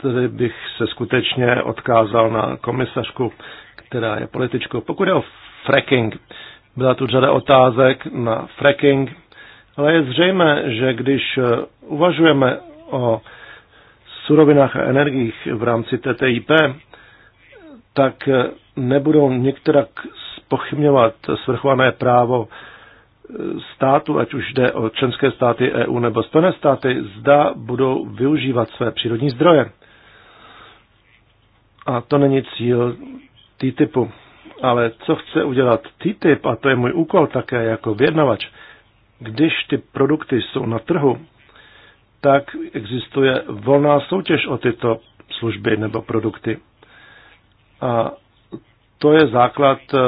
tady bych se skutečně odkázal na komisařku, která je političkou. Pokud je o fracking, byla tu řada otázek na fracking, ale je zřejmé, že když eh, uvažujeme o surovinách a energiích v rámci TTIP, tak eh, nebudou některak spochybňovat svrchované právo Státu, ať už jde o členské státy EU nebo Spojené státy, zda budou využívat své přírodní zdroje. A to není cíl TTIPu. Ale co chce udělat TTIP, a to je můj úkol také jako vědnavač, když ty produkty jsou na trhu, tak existuje volná soutěž o tyto služby nebo produkty. A to je základ eh,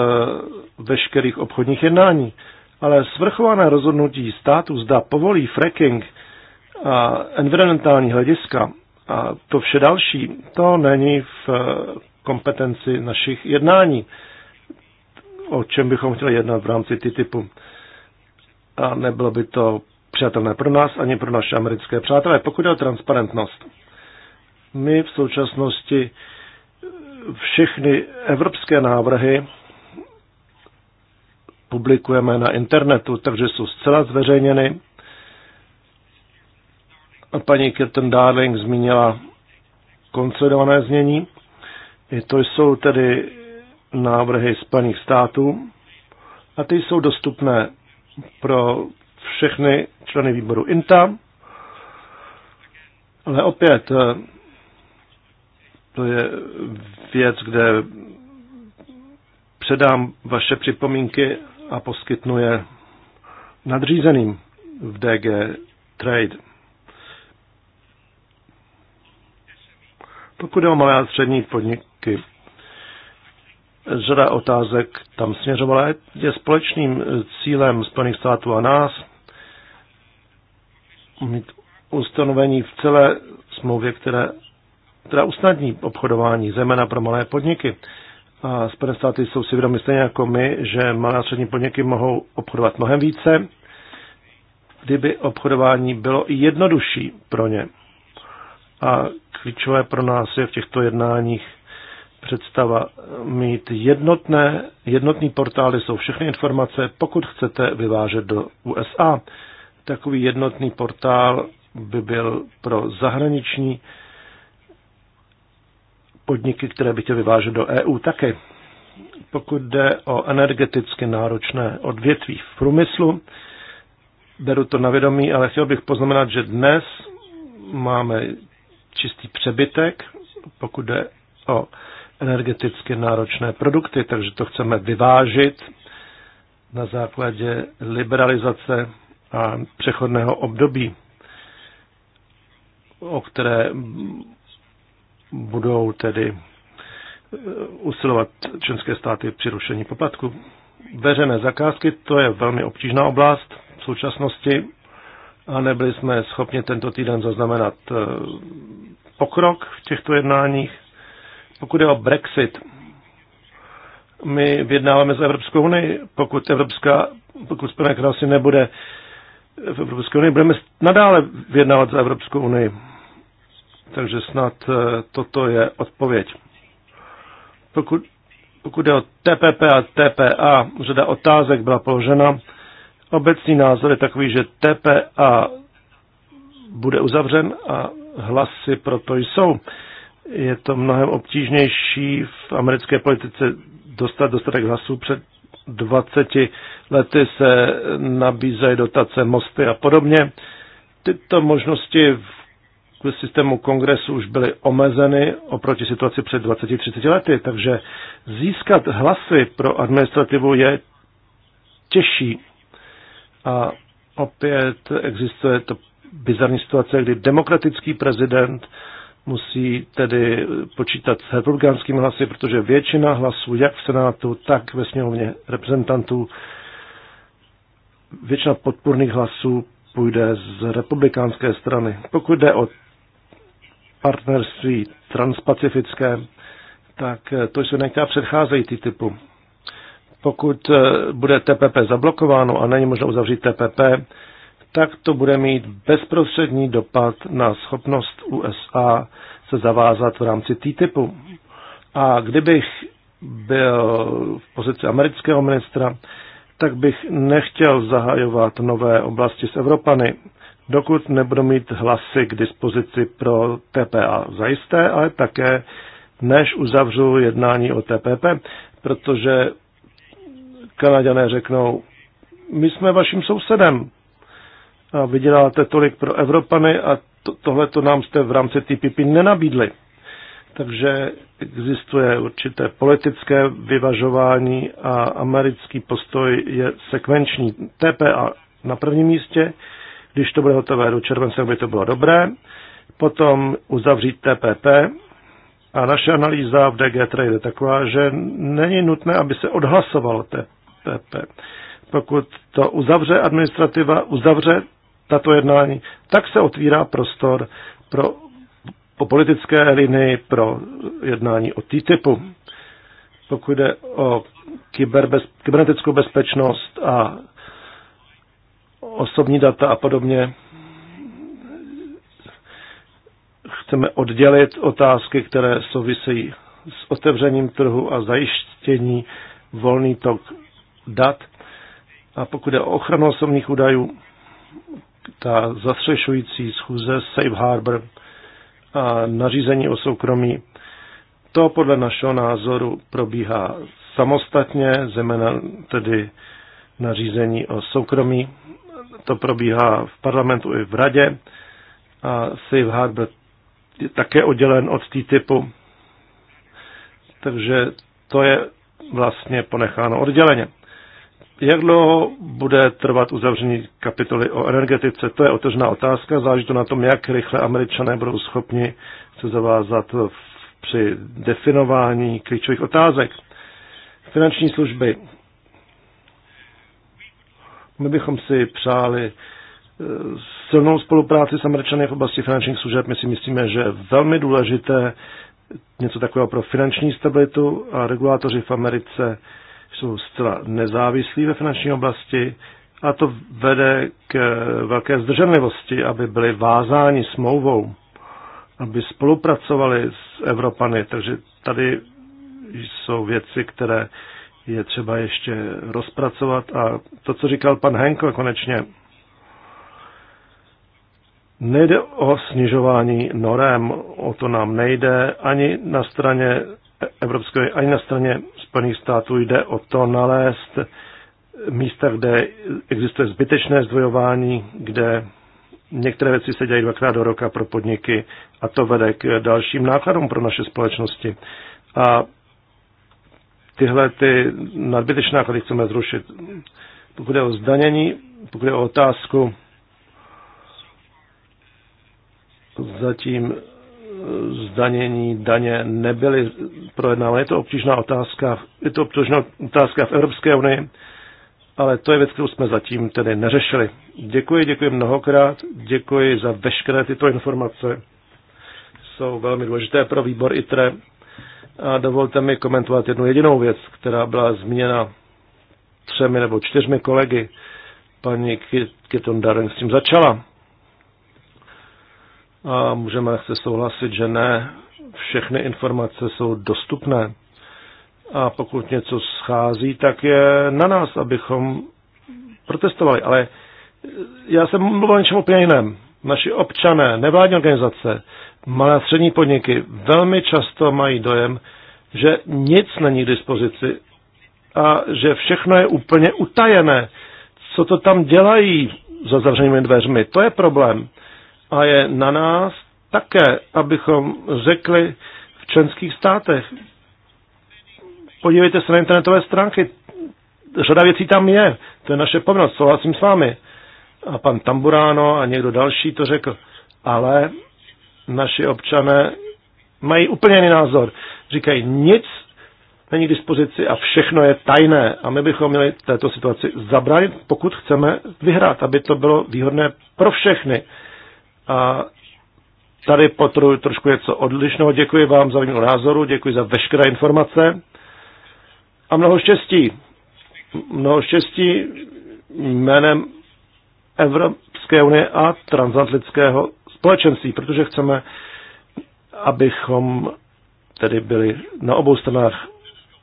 veškerých obchodních jednání ale svrchované rozhodnutí státu zda povolí fracking a environmentální hlediska a to vše další, to není v eh, kompetenci našich jednání, o čem bychom chtěli jednat v rámci TTIPu. A nebylo by to přijatelné pro nás ani pro naše americké přátelé, pokud je o transparentnost. My v současnosti všechny evropské návrhy publikujeme na internetu, takže jsou zcela zveřejněny. A paní Kirten Darling zmínila konsolidované znění. I to jsou tedy návrhy Spojených států a ty jsou dostupné pro všechny členy výboru INTA. Ale opět, to je věc, kde předám vaše připomínky a poskytnuje nadřízeným v DG Trade. Pokud je o malé a střední podniky, řada otázek tam směřovala. Je společným cílem Spojených států a nás mít ustanovení v celé smlouvě, které, která usnadní obchodování, zejména pro malé podniky. A Spojené státy jsou si vědomi stejně jako my, že malé a střední podniky mohou obchodovat mnohem více, kdyby obchodování bylo jednodušší pro ně. A klíčové pro nás je v těchto jednáních představa mít jednotné, jednotný portály jsou všechny informace, pokud chcete vyvážet do USA. Takový jednotný portál by byl pro zahraniční podniky, které by tě vyvážely do EU taky. Pokud jde o energeticky náročné odvětví v průmyslu, beru to na vědomí, ale chtěl bych poznamenat, že dnes máme čistý přebytek, pokud jde o energeticky náročné produkty, takže to chceme vyvážit na základě liberalizace a přechodného období, o které budou tedy eh, usilovat členské státy při rušení poplatku. Veřejné zakázky, to je velmi obtížná oblast v současnosti a nebyli jsme schopni tento týden zaznamenat eh, pokrok v těchto jednáních. Pokud je o Brexit, my vyjednáváme s Evropskou unii, pokud Evropská, pokud Spojené království nebude v Evropské unii, budeme nadále vyjednávat za Evropskou unii takže snad eh, toto je odpověď. Pokud, pokud je o TPP a TPA, řada otázek byla položena. Obecný názor je takový, že TPA bude uzavřen a hlasy proto jsou. Je to mnohem obtížnější v americké politice dostat dostatek hlasů. Před 20 lety se nabízejí dotace, mosty a podobně. Tyto možnosti v kvůli systému kongresu už byly omezeny oproti situaci před 20-30 lety, takže získat hlasy pro administrativu je těžší. A opět existuje to bizarní situace, kdy demokratický prezident musí tedy počítat s republikánskými hlasy, protože většina hlasů jak v Senátu, tak ve sněmovně reprezentantů, většina podpůrných hlasů půjde z republikánské strany. Pokud jde o partnerství transpacifické, tak eh, to jsou některá předcházející typu. Pokud eh, bude TPP zablokováno a není možno uzavřít TPP, tak to bude mít bezprostřední dopad na schopnost USA se zavázat v rámci TTIPu. A kdybych byl v pozici amerického ministra, tak bych nechtěl zahajovat nové oblasti s Evropany, dokud nebudu mít hlasy k dispozici pro TPA zajisté, ale také než uzavřu jednání o TPP, protože Kanaďané řeknou, my jsme vaším sousedem a vyděláte tolik pro Evropany a to, tohle to nám jste v rámci TPP nenabídli. Takže existuje určité politické vyvažování a americký postoj je sekvenční. TPA na prvním místě, když to bude hotové do července, by to bylo dobré. Potom uzavřít TPP. A naše analýza v DG Trade je taková, že není nutné, aby se odhlasovalo TPP. Pokud to uzavře administrativa, uzavře tato jednání, tak se otvírá prostor pro po politické linii pro jednání o TTIPu. Pokud jde o kyberbez, kybernetickou bezpečnost a osobní data a podobně. Chceme oddělit otázky, které souvisejí s otevřením trhu a zajištění volný tok dat. A pokud je o ochranu osobních údajů, ta zastřešující schůze Safe Harbor a nařízení o soukromí, to podle našeho názoru probíhá samostatně, zejména tedy nařízení o soukromí to probíhá v parlamentu i v radě a Safe Harbor je také oddělen od TTIPu. Takže to je vlastně ponecháno odděleně. Jak dlouho bude trvat uzavření kapitoly o energetice? To je otevřená otázka. Záleží to na tom, jak rychle američané budou schopni se zavázat při definování klíčových otázek. Finanční služby. My bychom si přáli eh, silnou spolupráci s Američany v oblasti finančních služeb. My si myslíme, že je velmi důležité něco takového pro finanční stabilitu a regulátoři v Americe jsou zcela nezávislí ve finanční oblasti a to vede k velké zdrženlivosti, aby byli vázáni smlouvou, aby spolupracovali s Evropany. Takže tady jsou věci, které je třeba ještě rozpracovat. A to, co říkal pan Henko konečně, nejde o snižování norem, o to nám nejde ani na straně Evropské, ani na straně Spojených států jde o to nalézt místa, kde existuje zbytečné zdvojování, kde některé věci se dějí dvakrát do roka pro podniky a to vede k dalším nákladům pro naše společnosti. A tyhle ty nadbytečné náklady chceme zrušit. Pokud je o zdanění, pokud je o otázku, zatím e, zdanění daně nebyly projednávány. Je to obtížná otázka, je to obtížná otázka v Evropské unii, ale to je věc, kterou jsme zatím tedy neřešili. Děkuji, děkuji mnohokrát, děkuji za veškeré tyto informace. Jsou velmi důležité pro výbor ITRE a dovolte mi komentovat jednu jedinou věc, která byla zmíněna třemi nebo čtyřmi kolegy. Paní Kiton darren s tím začala. A můžeme se souhlasit, že ne všechny informace jsou dostupné. A pokud něco schází, tak je na nás, abychom protestovali. Ale já jsem mluvil o něčem úplně jiném naši občané, nevládní organizace, malé a střední podniky velmi často mají dojem, že nic není k dispozici a že všechno je úplně utajené. Co to tam dělají za zavřenými dveřmi? To je problém. A je na nás také, abychom řekli v členských státech. Podívejte se na internetové stránky, řada věcí tam je. To je naše povinnost, souhlasím s vámi a pan Tamburáno a někdo další to řekl, ale naši občané mají úplně jiný názor. Říkají, nic není k dispozici a všechno je tajné. A my bychom měli této situaci zabránit, pokud chceme vyhrát, aby to bylo výhodné pro všechny. A tady potruju trošku něco odlišného. Děkuji vám za výměnu názoru, děkuji za veškeré informace a mnoho štěstí. Mnoho štěstí jménem Evropské unie a transatlantického společenství, protože chceme, abychom tedy byli na obou stranách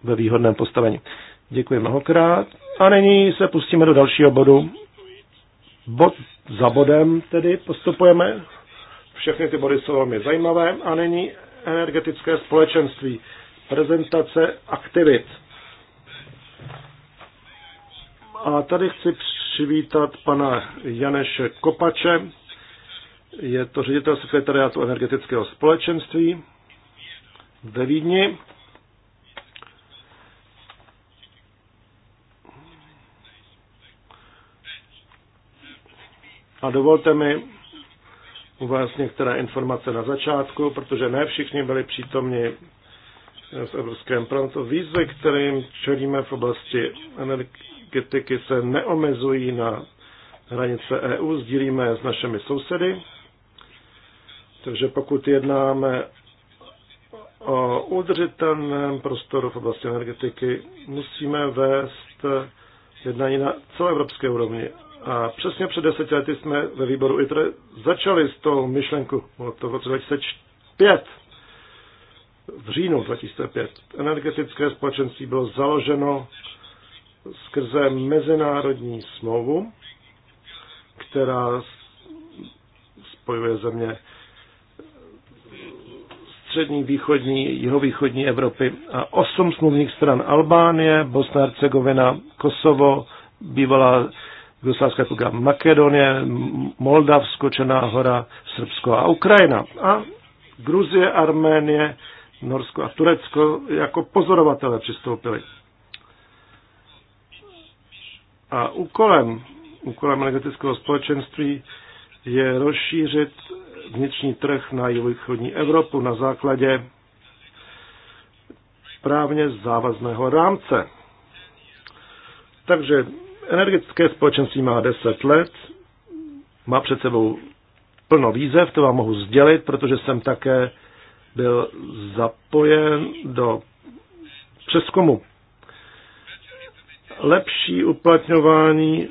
ve výhodném postavení. Děkuji mnohokrát. A nyní se pustíme do dalšího bodu. Bod za bodem tedy postupujeme. Všechny ty body jsou velmi zajímavé. A nyní energetické společenství. Prezentace aktivit. A tady chci přivítat pana Janeše Kopače. Je to ředitel sekretariátu energetického společenství ve Vídni. A dovolte mi uvést některé informace na začátku, protože ne všichni byli přítomni v Evropském pranto Výzvy, kterým čelíme v oblasti energie kritiky se neomezují na hranice EU, sdílíme s našimi sousedy. Takže pokud jednáme o udržitelném prostoru v oblasti energetiky, musíme vést jednání na celoevropské úrovni. A přesně před deseti lety jsme ve výboru ITRE začali s tou myšlenku, bylo to v roce 2005, v říjnu 2005. Energetické společenství bylo založeno skrze mezinárodní smlouvu, která spojuje země střední, východní, jihovýchodní Evropy a osm smluvních stran Albánie, Bosna, Hercegovina, Kosovo, bývalá Jugoslávská republika Makedonie, Moldavsko, Černá hora, Srbsko a Ukrajina. A Gruzie, Arménie, Norsko a Turecko jako pozorovatele přistoupili. A úkolem, úkolem energetického společenství je rozšířit vnitřní trh na jihovýchodní Evropu na základě právně závazného rámce. Takže energetické společenství má 10 let, má před sebou plno výzev, to vám mohu sdělit, protože jsem také byl zapojen do přeskomu lepší uplatňování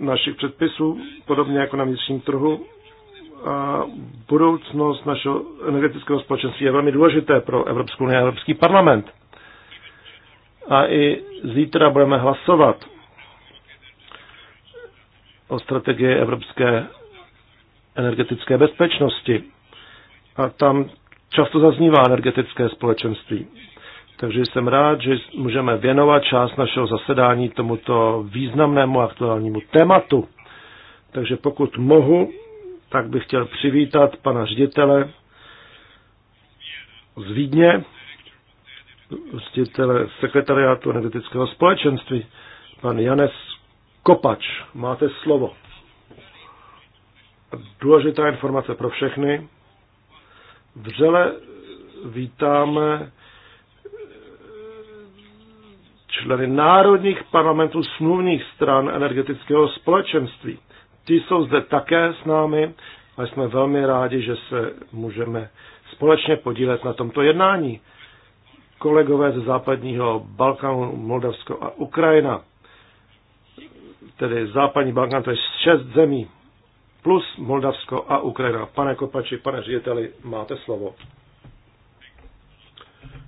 našich předpisů, podobně jako na vnitřním trhu. A budoucnost našeho energetického společenství je velmi důležité pro Evropskou unii a Evropský parlament. A i zítra budeme hlasovat o strategii evropské energetické bezpečnosti. A tam často zaznívá energetické společenství. Takže jsem rád, že můžeme věnovat část našeho zasedání tomuto významnému aktuálnímu tématu. Takže pokud mohu, tak bych chtěl přivítat pana ředitele z Vídně, ředitele sekretariátu energetického společenství, pan Janes Kopač. Máte slovo. Důležitá informace pro všechny. Vřele vítáme členy národních parlamentů smluvních stran energetického společenství. Ti jsou zde také s námi a jsme velmi rádi, že se můžeme společně podílet na tomto jednání. Kolegové ze západního Balkánu, Moldavsko a Ukrajina, tedy západní Balkán, to je šest zemí, plus Moldavsko a Ukrajina. Pane Kopači, pane řediteli, máte slovo.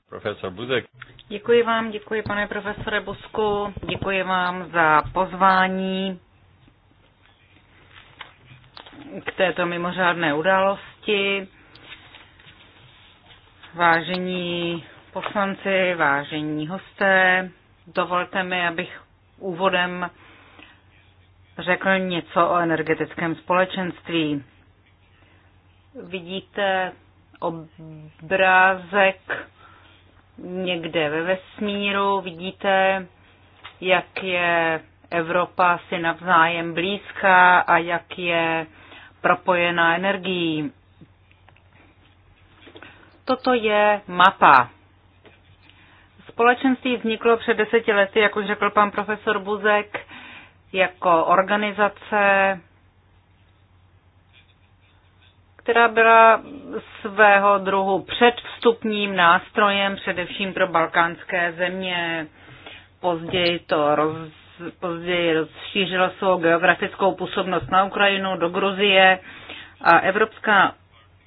Profesor Buzek. Děkuji vám, děkuji pane profesore Bosku, děkuji vám za pozvání k této mimořádné události. Vážení poslanci, vážení hosté, dovolte mi, abych úvodem řekl něco o energetickém společenství. Vidíte obrázek někde ve vesmíru, vidíte, jak je Evropa si navzájem blízká a jak je propojená energií. Toto je mapa. Společenství vzniklo před deseti lety, jak už řekl pan profesor Buzek, jako organizace, která byla svého druhu předvstupním nástrojem především pro balkánské země. Později to roz, později rozšířilo svou geografickou působnost na Ukrajinu, do Gruzie a Evropská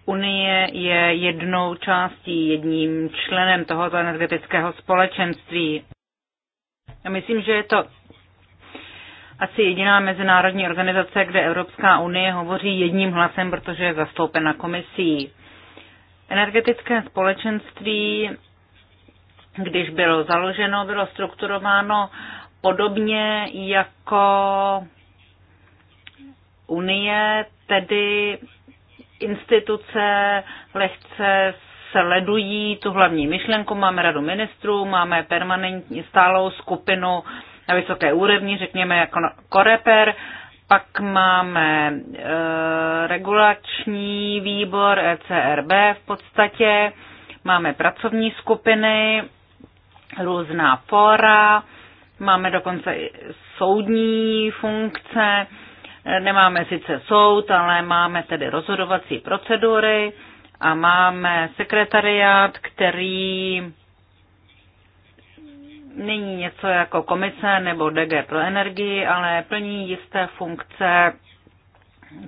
unie je jednou částí, jedním členem tohoto energetického společenství. Já myslím, že je to asi jediná mezinárodní organizace, kde Evropská unie hovoří jedním hlasem, protože je zastoupena komisí. Energetické společenství, když bylo založeno, bylo strukturováno podobně jako unie, tedy instituce lehce sledují tu hlavní myšlenku. Máme radu ministrů, máme permanentní stálou skupinu na vysoké úrovni, řekněme jako no, koreper, pak máme e, regulační výbor ECRB v podstatě, máme pracovní skupiny, různá fora, máme dokonce i soudní funkce, e, nemáme sice soud, ale máme tedy rozhodovací procedury a máme sekretariát, který není něco jako komise nebo DG pro energii, ale plní jisté funkce,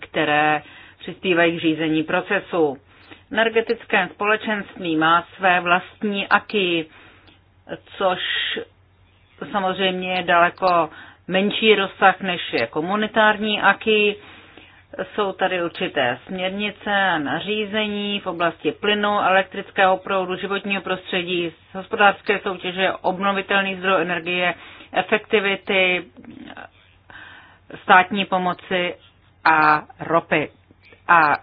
které přispívají k řízení procesu. Energetické společenství má své vlastní aky, což samozřejmě je daleko menší rozsah, než je komunitární aky. Jsou tady určité směrnice a nařízení v oblasti plynu, elektrického proudu, životního prostředí, hospodářské soutěže, obnovitelný zdroj energie, efektivity, státní pomoci a ropy. A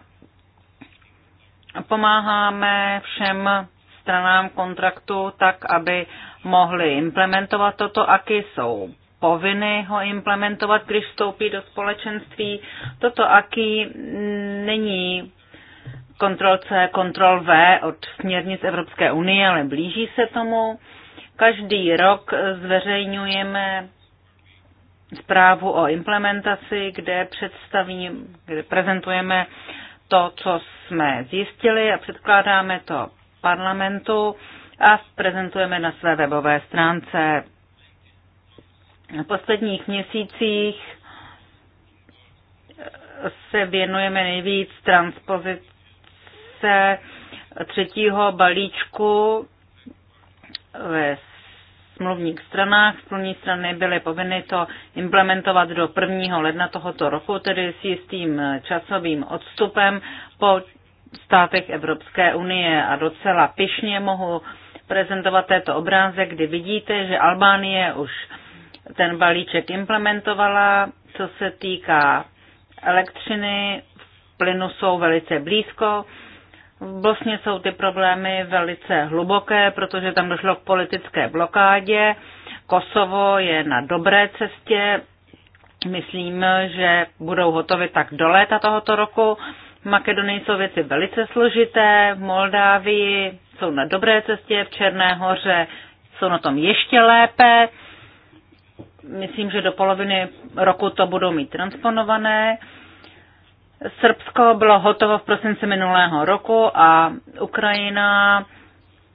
pomáháme všem stranám kontraktu tak, aby mohli implementovat toto, aky jsou povinny ho implementovat, když vstoupí do společenství. Toto aký není kontrol C, kontrol V od směrnic Evropské unie, ale blíží se tomu. Každý rok zveřejňujeme zprávu o implementaci, kde představím, kde prezentujeme to, co jsme zjistili a předkládáme to parlamentu a prezentujeme na své webové stránce posledních měsících se věnujeme nejvíc transpozice třetího balíčku ve smluvních stranách. Smluvní strany byly povinny to implementovat do 1. ledna tohoto roku, tedy s jistým časovým odstupem po státech Evropské unie a docela pišně mohu prezentovat této obrázek, kdy vidíte, že Albánie už ten balíček implementovala. Co se týká elektřiny, v plynu jsou velice blízko. V Bosně jsou ty problémy velice hluboké, protože tam došlo k politické blokádě. Kosovo je na dobré cestě. Myslím, že budou hotovy tak do léta tohoto roku. V Makedonii jsou věci velice složité, v Moldávii jsou na dobré cestě, v Černé hoře jsou na tom ještě lépe. Myslím, že do poloviny roku to budou mít transponované. Srbsko bylo hotovo v prosinci minulého roku a Ukrajina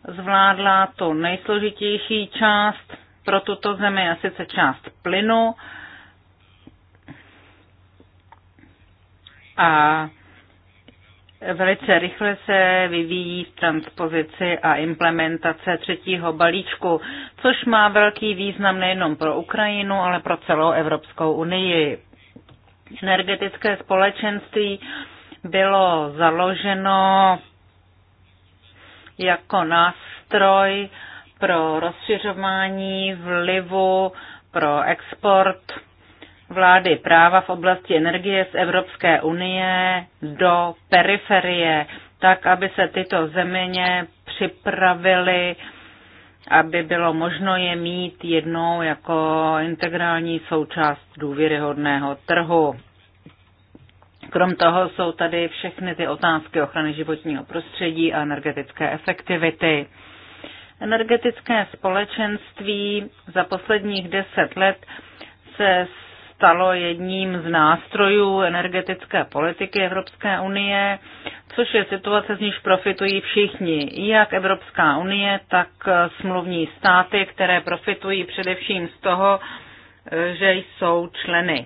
zvládla tu nejsložitější část pro tuto zemi, a sice část plynu. A Velice rychle se vyvíjí v transpozici a implementace třetího balíčku, což má velký význam nejenom pro Ukrajinu, ale pro celou Evropskou unii. Energetické společenství bylo založeno jako nástroj pro rozšiřování vlivu pro export vlády práva v oblasti energie z Evropské unie do periferie, tak aby se tyto země připravily, aby bylo možno je mít jednou jako integrální součást důvěryhodného trhu. Krom toho jsou tady všechny ty otázky ochrany životního prostředí a energetické efektivity. Energetické společenství za posledních deset let se stalo jedním z nástrojů energetické politiky Evropské unie, což je situace, z níž profitují všichni, jak Evropská unie, tak smluvní státy, které profitují především z toho, že jsou členy.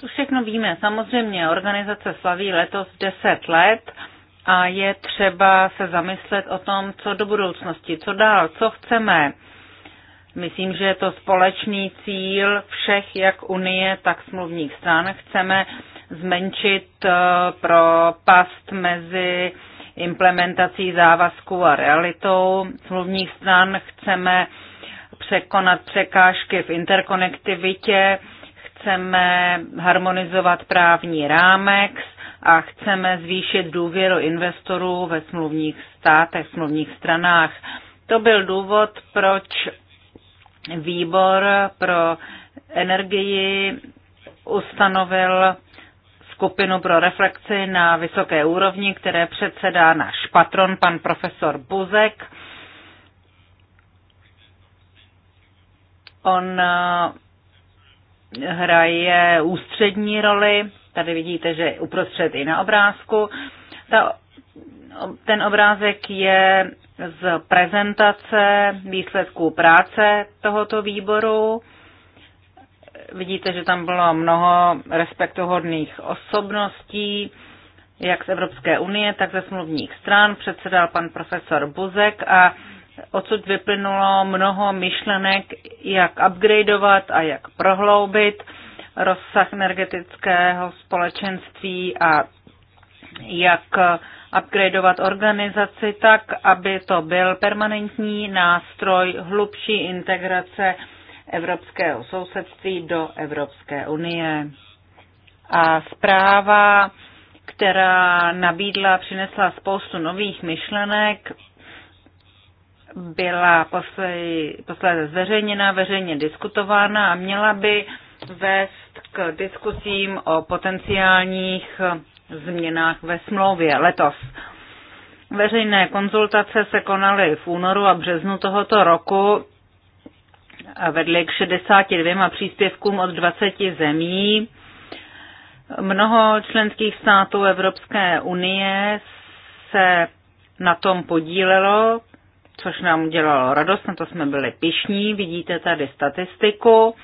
To všechno víme. Samozřejmě organizace slaví letos 10 let a je třeba se zamyslet o tom, co do budoucnosti, co dál, co chceme Myslím, že je to společný cíl všech, jak Unie, tak smluvních stran. Chceme zmenšit eh, propast mezi implementací závazků a realitou smluvních stran. Chceme překonat překážky v interkonektivitě, chceme harmonizovat právní rámec a chceme zvýšit důvěru investorů ve smluvních státech, smluvních stranách. To byl důvod, proč výbor pro energii ustanovil skupinu pro reflexi na vysoké úrovni, které předsedá náš patron, pan profesor Buzek. On eh, hraje ústřední roli, tady vidíte, že uprostřed i na obrázku. Ta, ten obrázek je z prezentace výsledků práce tohoto výboru. Vidíte, že tam bylo mnoho respektohodných osobností, jak z Evropské unie, tak ze smluvních stran. Předsedal pan profesor Buzek a odsud vyplynulo mnoho myšlenek, jak upgradeovat a jak prohloubit rozsah energetického společenství a jak uh, upgradeovat organizaci tak, aby to byl permanentní nástroj hlubší integrace evropského sousedství do Evropské unie. A zpráva, která nabídla, přinesla spoustu nových myšlenek, byla posledně zveřejněna, veřejně diskutována a měla by vést k diskusím o potenciálních změnách ve smlouvě letos. Veřejné konzultace se konaly v únoru a březnu tohoto roku a vedly k 62 příspěvkům od 20 zemí. Mnoho členských států Evropské unie se na tom podílelo, což nám udělalo radost, na to jsme byli pišní, vidíte tady statistiku.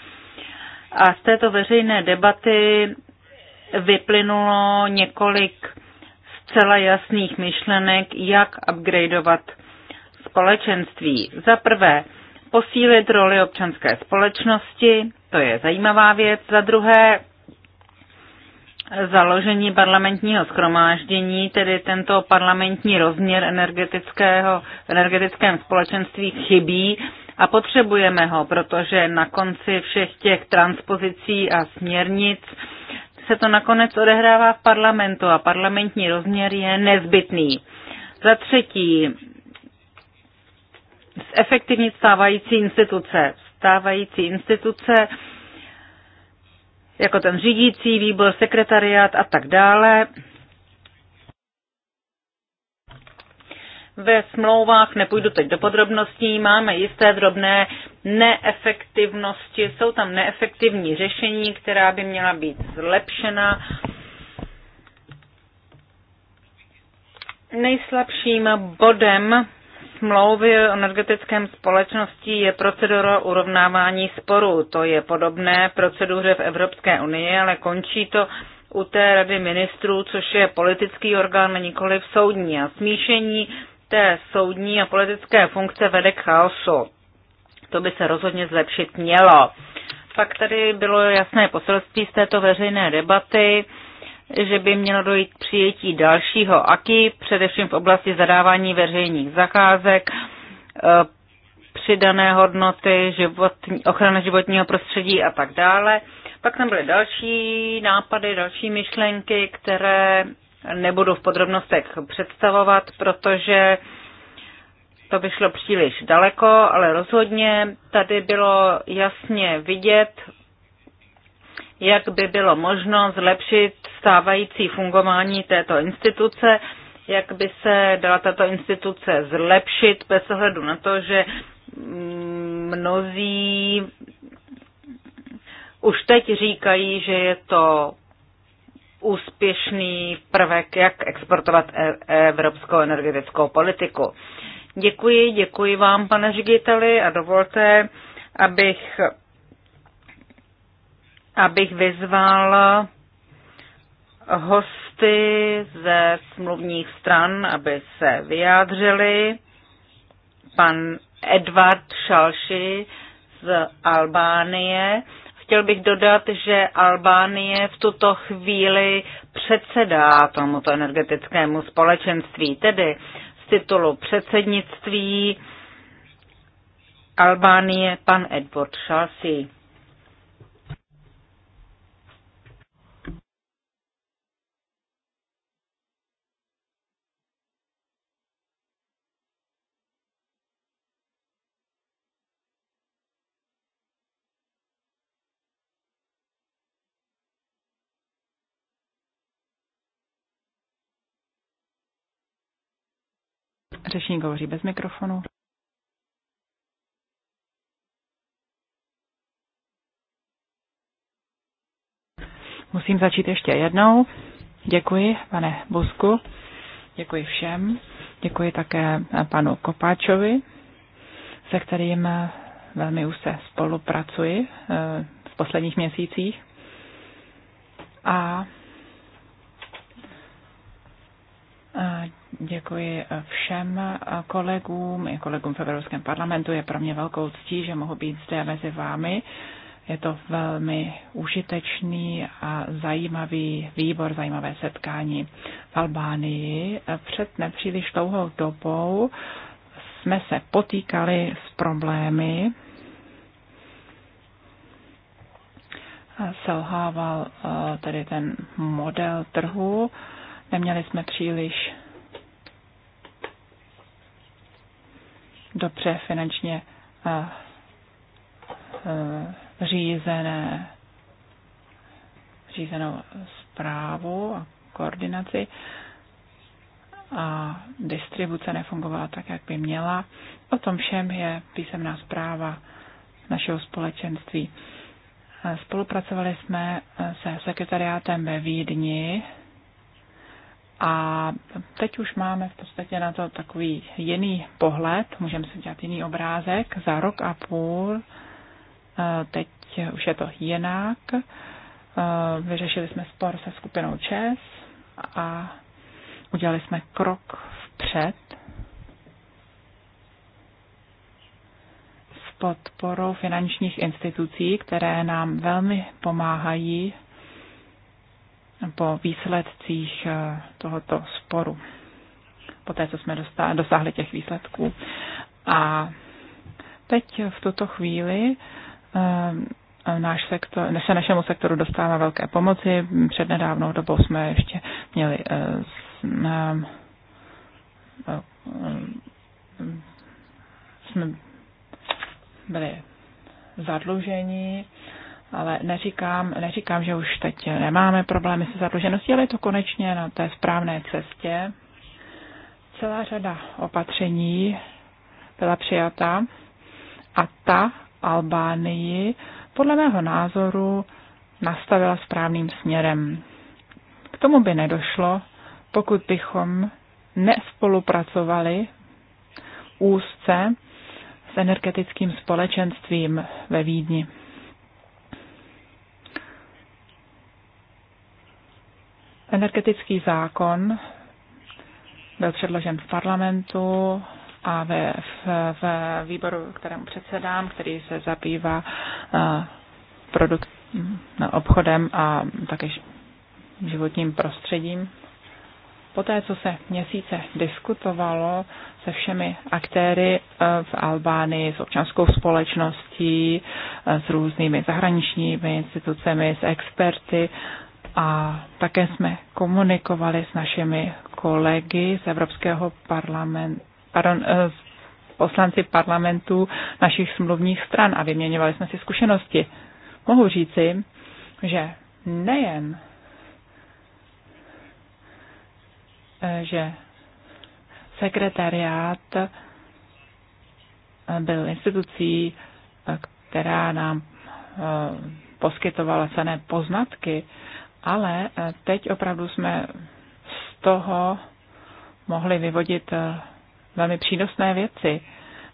A z této veřejné debaty vyplynulo několik zcela jasných myšlenek, jak upgradeovat společenství. Za prvé, posílit roli občanské společnosti, to je zajímavá věc. Za druhé, založení parlamentního schromáždění, tedy tento parlamentní rozměr energetického, energetickém společenství chybí a potřebujeme ho, protože na konci všech těch transpozicí a směrnic se to nakonec odehrává v parlamentu a parlamentní rozměr je nezbytný. Za třetí, zefektivnit stávající instituce. Stávající instituce jako ten řídící výbor, sekretariát a tak dále, ve smlouvách, nepůjdu teď do podrobností, máme jisté drobné neefektivnosti, jsou tam neefektivní řešení, která by měla být zlepšena. Nejslabším bodem smlouvy o energetickém společnosti je procedura urovnávání sporů. To je podobné proceduře v Evropské unii, ale končí to u té rady ministrů, což je politický orgán, nikoli v soudní a smíšení té soudní a politické funkce vede k chaosu. To by se rozhodně zlepšit mělo. Pak tady bylo jasné poselství z této veřejné debaty, že by mělo dojít k přijetí dalšího AKI, především v oblasti zadávání veřejných zakázek, e, přidané hodnoty, životní, ochrana životního prostředí a tak dále. Pak tam byly další nápady, další myšlenky, které nebudu v podrobnostech představovat, protože to by šlo příliš daleko, ale rozhodně tady bylo jasně vidět, jak by bylo možno zlepšit stávající fungování této instituce, jak by se dala tato instituce zlepšit bez ohledu na to, že mnozí už teď říkají, že je to úspěšný prvek, jak exportovat e, evropskou energetickou politiku. Děkuji, děkuji vám, pane řediteli, a dovolte, abych, abych vyzval hosty ze smluvních stran, aby se vyjádřili. Pan Edvard Šalši z Albánie, Chtěl bych dodat, že Albánie v tuto chvíli předsedá tomuto energetickému společenství, tedy z titulu předsednictví Albánie pan Edward Chelsea. Řečník hovoří bez mikrofonu. Musím začít ještě jednou. Děkuji, pane Busku. Děkuji všem. Děkuji také panu Kopáčovi, se kterým velmi už se spolupracuji eh, v posledních měsících. A eh, Děkuji všem kolegům i kolegům v Evropském parlamentu. Je pro mě velkou ctí, že mohu být zde mezi vámi. Je to velmi užitečný a zajímavý výbor, zajímavé setkání v Albánii. Před nepříliš dlouhou dobou jsme se potýkali s problémy. Selhával eh, tedy ten model trhu. Neměli jsme příliš dobře finančně eh, eh, řízené, řízenou zprávu a koordinaci a distribuce nefungovala tak, jak by měla. O tom všem je písemná zpráva našeho společenství. Eh, spolupracovali jsme se sekretariátem ve Vídni a teď už máme v podstatě na to takový jiný pohled, můžeme si dělat jiný obrázek. Za rok a půl eh, teď už je to jinak. Eh, vyřešili jsme spor se skupinou ČES a udělali jsme krok vpřed s podporou finančních institucí, které nám velmi pomáhají po výsledcích eh, tohoto sporu, po té, co jsme dosáhli těch výsledků. A teď v tuto chvíli eh, náš sektor, se našemu sektoru dostává velké pomoci. Před nedávnou dobou jsme ještě měli eh, jsme byli zadlužení ale neříkám, neříkám, že už teď nemáme problémy se zadlužeností, ale je to konečně na té správné cestě. Celá řada opatření byla přijata a ta Albánii podle mého názoru nastavila správným směrem. K tomu by nedošlo, pokud bychom nespolupracovali úzce s energetickým společenstvím ve Vídni. Energetický zákon byl předložen v parlamentu a ve, v, v výboru, kterému předsedám, který se zabývá uh, eh, produkt, no, obchodem a také životním prostředím. Poté, co se měsíce diskutovalo se všemi aktéry eh, v Albánii, s občanskou společností, eh, s různými zahraničními institucemi, s experty, a také jsme komunikovali s našimi kolegy z Evropského parlamentu, pardon, eh, z poslanci parlamentu našich smluvních stran a vyměňovali jsme si zkušenosti. Mohu říci, že nejen, eh, že sekretariát eh, byl institucí, která nám poskytovala cené poznatky ale eh, teď opravdu jsme z toho mohli vyvodit eh, velmi přínosné věci.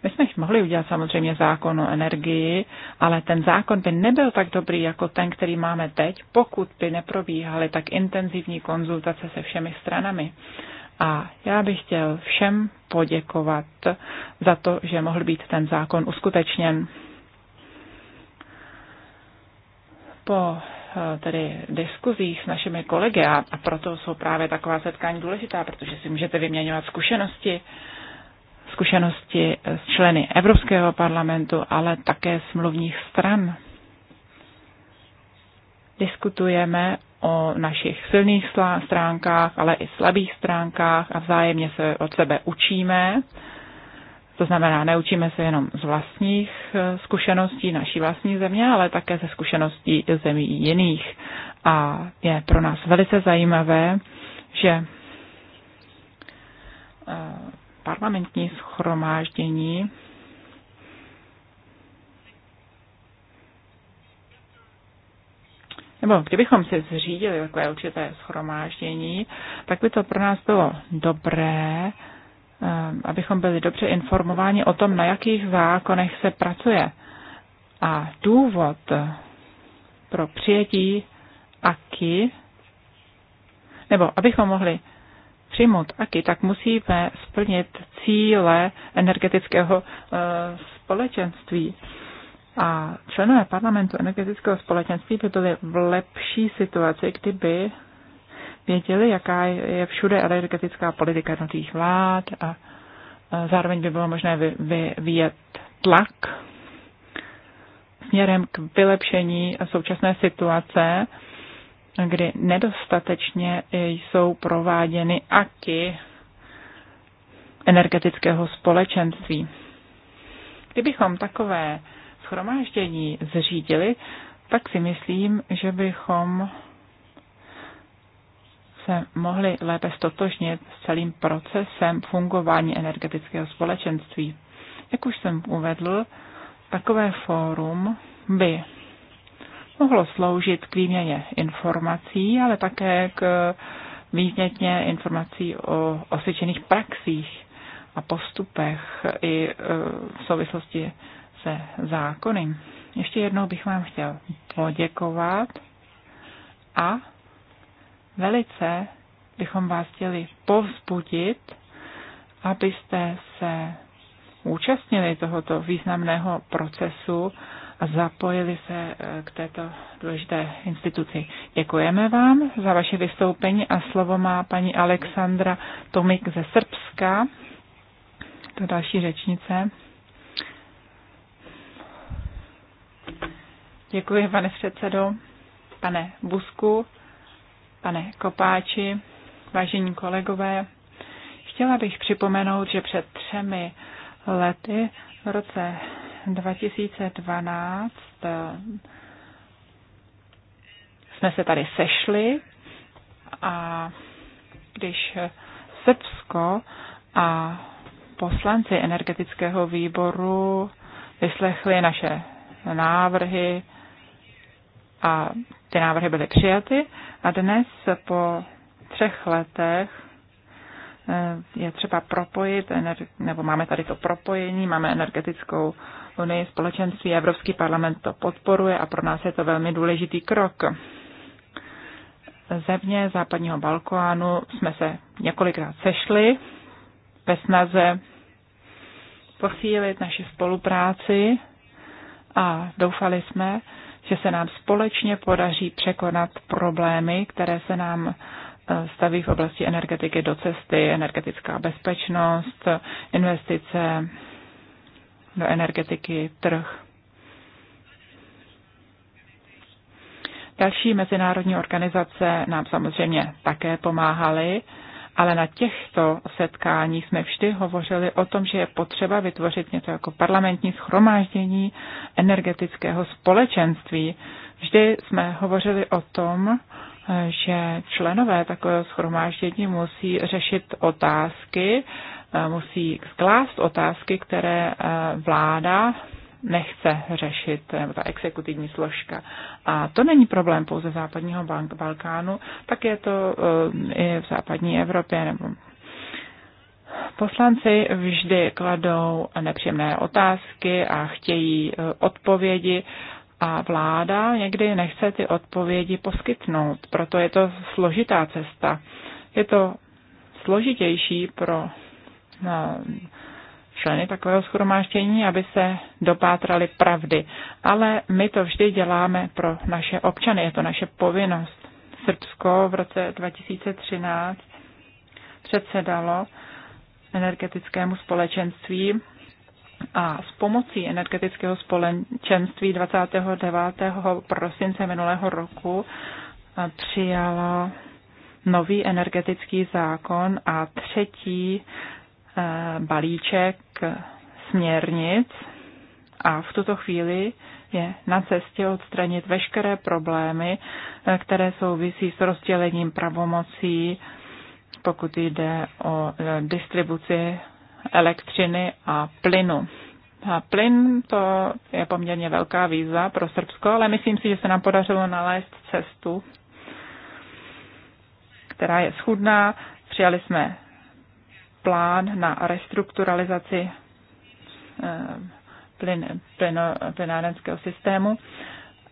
My jsme mohli udělat samozřejmě zákon o energii, ale ten zákon by nebyl tak dobrý jako ten, který máme teď, pokud by neprobíhaly tak intenzivní konzultace se všemi stranami. A já bych chtěl všem poděkovat za to, že mohl být ten zákon uskutečněn. Po Eh, tedy diskuzích s našimi kolegy a, a proto jsou právě taková setkání důležitá, protože si můžete vyměňovat zkušenosti, zkušenosti s členy Evropského parlamentu, ale také smluvních stran. Diskutujeme o našich silných stránkách, ale i slabých stránkách a vzájemně se od sebe učíme to znamená, neučíme se jenom z vlastních eh, zkušeností naší vlastní země, ale také ze zkušeností zemí jiných. A je pro nás velice zajímavé, že eh, parlamentní schromáždění nebo kdybychom si zřídili takové určité schromáždění, tak by to pro nás bylo dobré, Eh, abychom byli dobře informováni o tom, na jakých zákonech se pracuje. A důvod pro přijetí aky, nebo abychom mohli přijmout aky, tak musíme splnit cíle energetického eh, společenství. A členové parlamentu energetického společenství by byly v lepší situaci, kdyby věděli, jaká je všude energetická politika jednotlivých vlád a zároveň by bylo možné vyvíjet tlak směrem k vylepšení současné situace, kdy nedostatečně jsou prováděny aky energetického společenství. Kdybychom takové schromáždění zřídili, tak si myslím, že bychom se mohli lépe stotožnit s celým procesem fungování energetického společenství. Jak už jsem uvedl, takové fórum by mohlo sloužit k výměně informací, ale také k výměně informací o osvědčených praxích a postupech i e, v souvislosti se zákony. Ještě jednou bych vám chtěl poděkovat a velice bychom vás chtěli povzbudit, abyste se účastnili tohoto významného procesu a zapojili se eh, k této důležité instituci. Děkujeme vám za vaše vystoupení a slovo má paní Alexandra Tomik ze Srbska, to další řečnice. Děkuji, pane předsedo, pane Busku pane Kopáči, vážení kolegové. Chtěla bych připomenout, že před třemi lety v roce 2012 jsme se tady sešli a když Srbsko a poslanci energetického výboru vyslechli naše návrhy a ty návrhy byly přijaty a dnes po třech letech eh, je třeba propojit, nebo máme tady to propojení, máme energetickou unii společenství, Evropský parlament to podporuje a pro nás je to velmi důležitý krok. Země západního Balkánu jsme se několikrát sešli ve snaze posílit naši spolupráci a doufali jsme, že se nám společně podaří překonat problémy, které se nám e, staví v oblasti energetiky do cesty, energetická bezpečnost, investice do energetiky, trh. Další mezinárodní organizace nám samozřejmě také pomáhaly ale na těchto setkáních jsme vždy hovořili o tom, že je potřeba vytvořit něco jako parlamentní schromáždění energetického společenství. Vždy jsme hovořili o tom, že členové takového schromáždění musí řešit otázky, musí sklást otázky, které eh, vláda nechce řešit, nebo ta exekutivní složka. A to není problém pouze západního Balkánu, tak je to eh, i v západní Evropě nebo Poslanci vždy kladou nepříjemné otázky a chtějí eh, odpovědi a vláda někdy nechce ty odpovědi poskytnout. Proto je to složitá cesta. Je to složitější pro eh, členy takového schromáždění, aby se dopátrali pravdy. Ale my to vždy děláme pro naše občany, je to naše povinnost. Srbsko v roce 2013 předsedalo energetickému společenství a s pomocí energetického společenství 29. prosince minulého roku přijalo nový energetický zákon a třetí Eh, balíček směrnic a v tuto chvíli je na cestě odstranit veškeré problémy, eh, které souvisí s rozdělením pravomocí, pokud jde o eh, distribuci elektřiny a plynu. A plyn to je poměrně velká víza pro Srbsko, ale myslím si, že se nám podařilo nalézt cestu, která je schudná. Přijali jsme plán na restrukturalizaci eh, plyn, plyn, plynárenského systému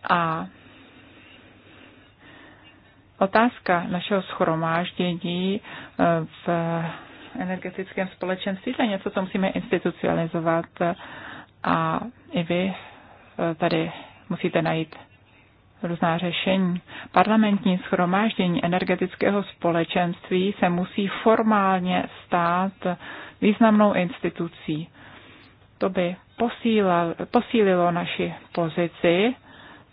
a otázka našeho schromáždění eh, v energetickém společenství, to je něco, co musíme institucionalizovat a i vy eh, tady musíte najít různá řešení. Parlamentní schromáždění energetického společenství se musí formálně stát významnou institucí. To by posílilo naši pozici,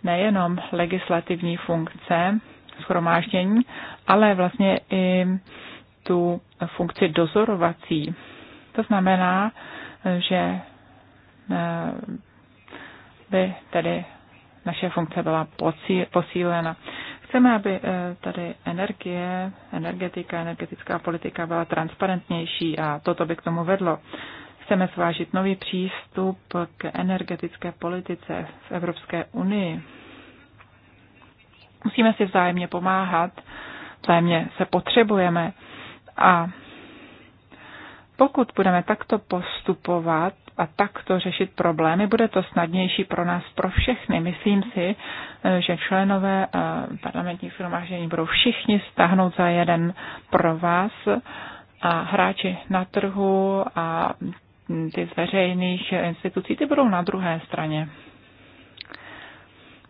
nejenom legislativní funkce schromáždění, ale vlastně i tu funkci dozorovací. To znamená, že eh, by tedy naše funkce byla posílena. Chceme, aby eh, tady energie, energetika, energetická politika byla transparentnější a toto by k tomu vedlo. Chceme svážit nový přístup k energetické politice v Evropské unii. Musíme si vzájemně pomáhat, vzájemně se potřebujeme a pokud budeme takto postupovat, a takto řešit problémy, bude to snadnější pro nás, pro všechny. Myslím si, že členové eh, parlamentních shromáždění budou všichni stáhnout za jeden pro vás a hráči na trhu a ty z veřejných institucí, ty budou na druhé straně.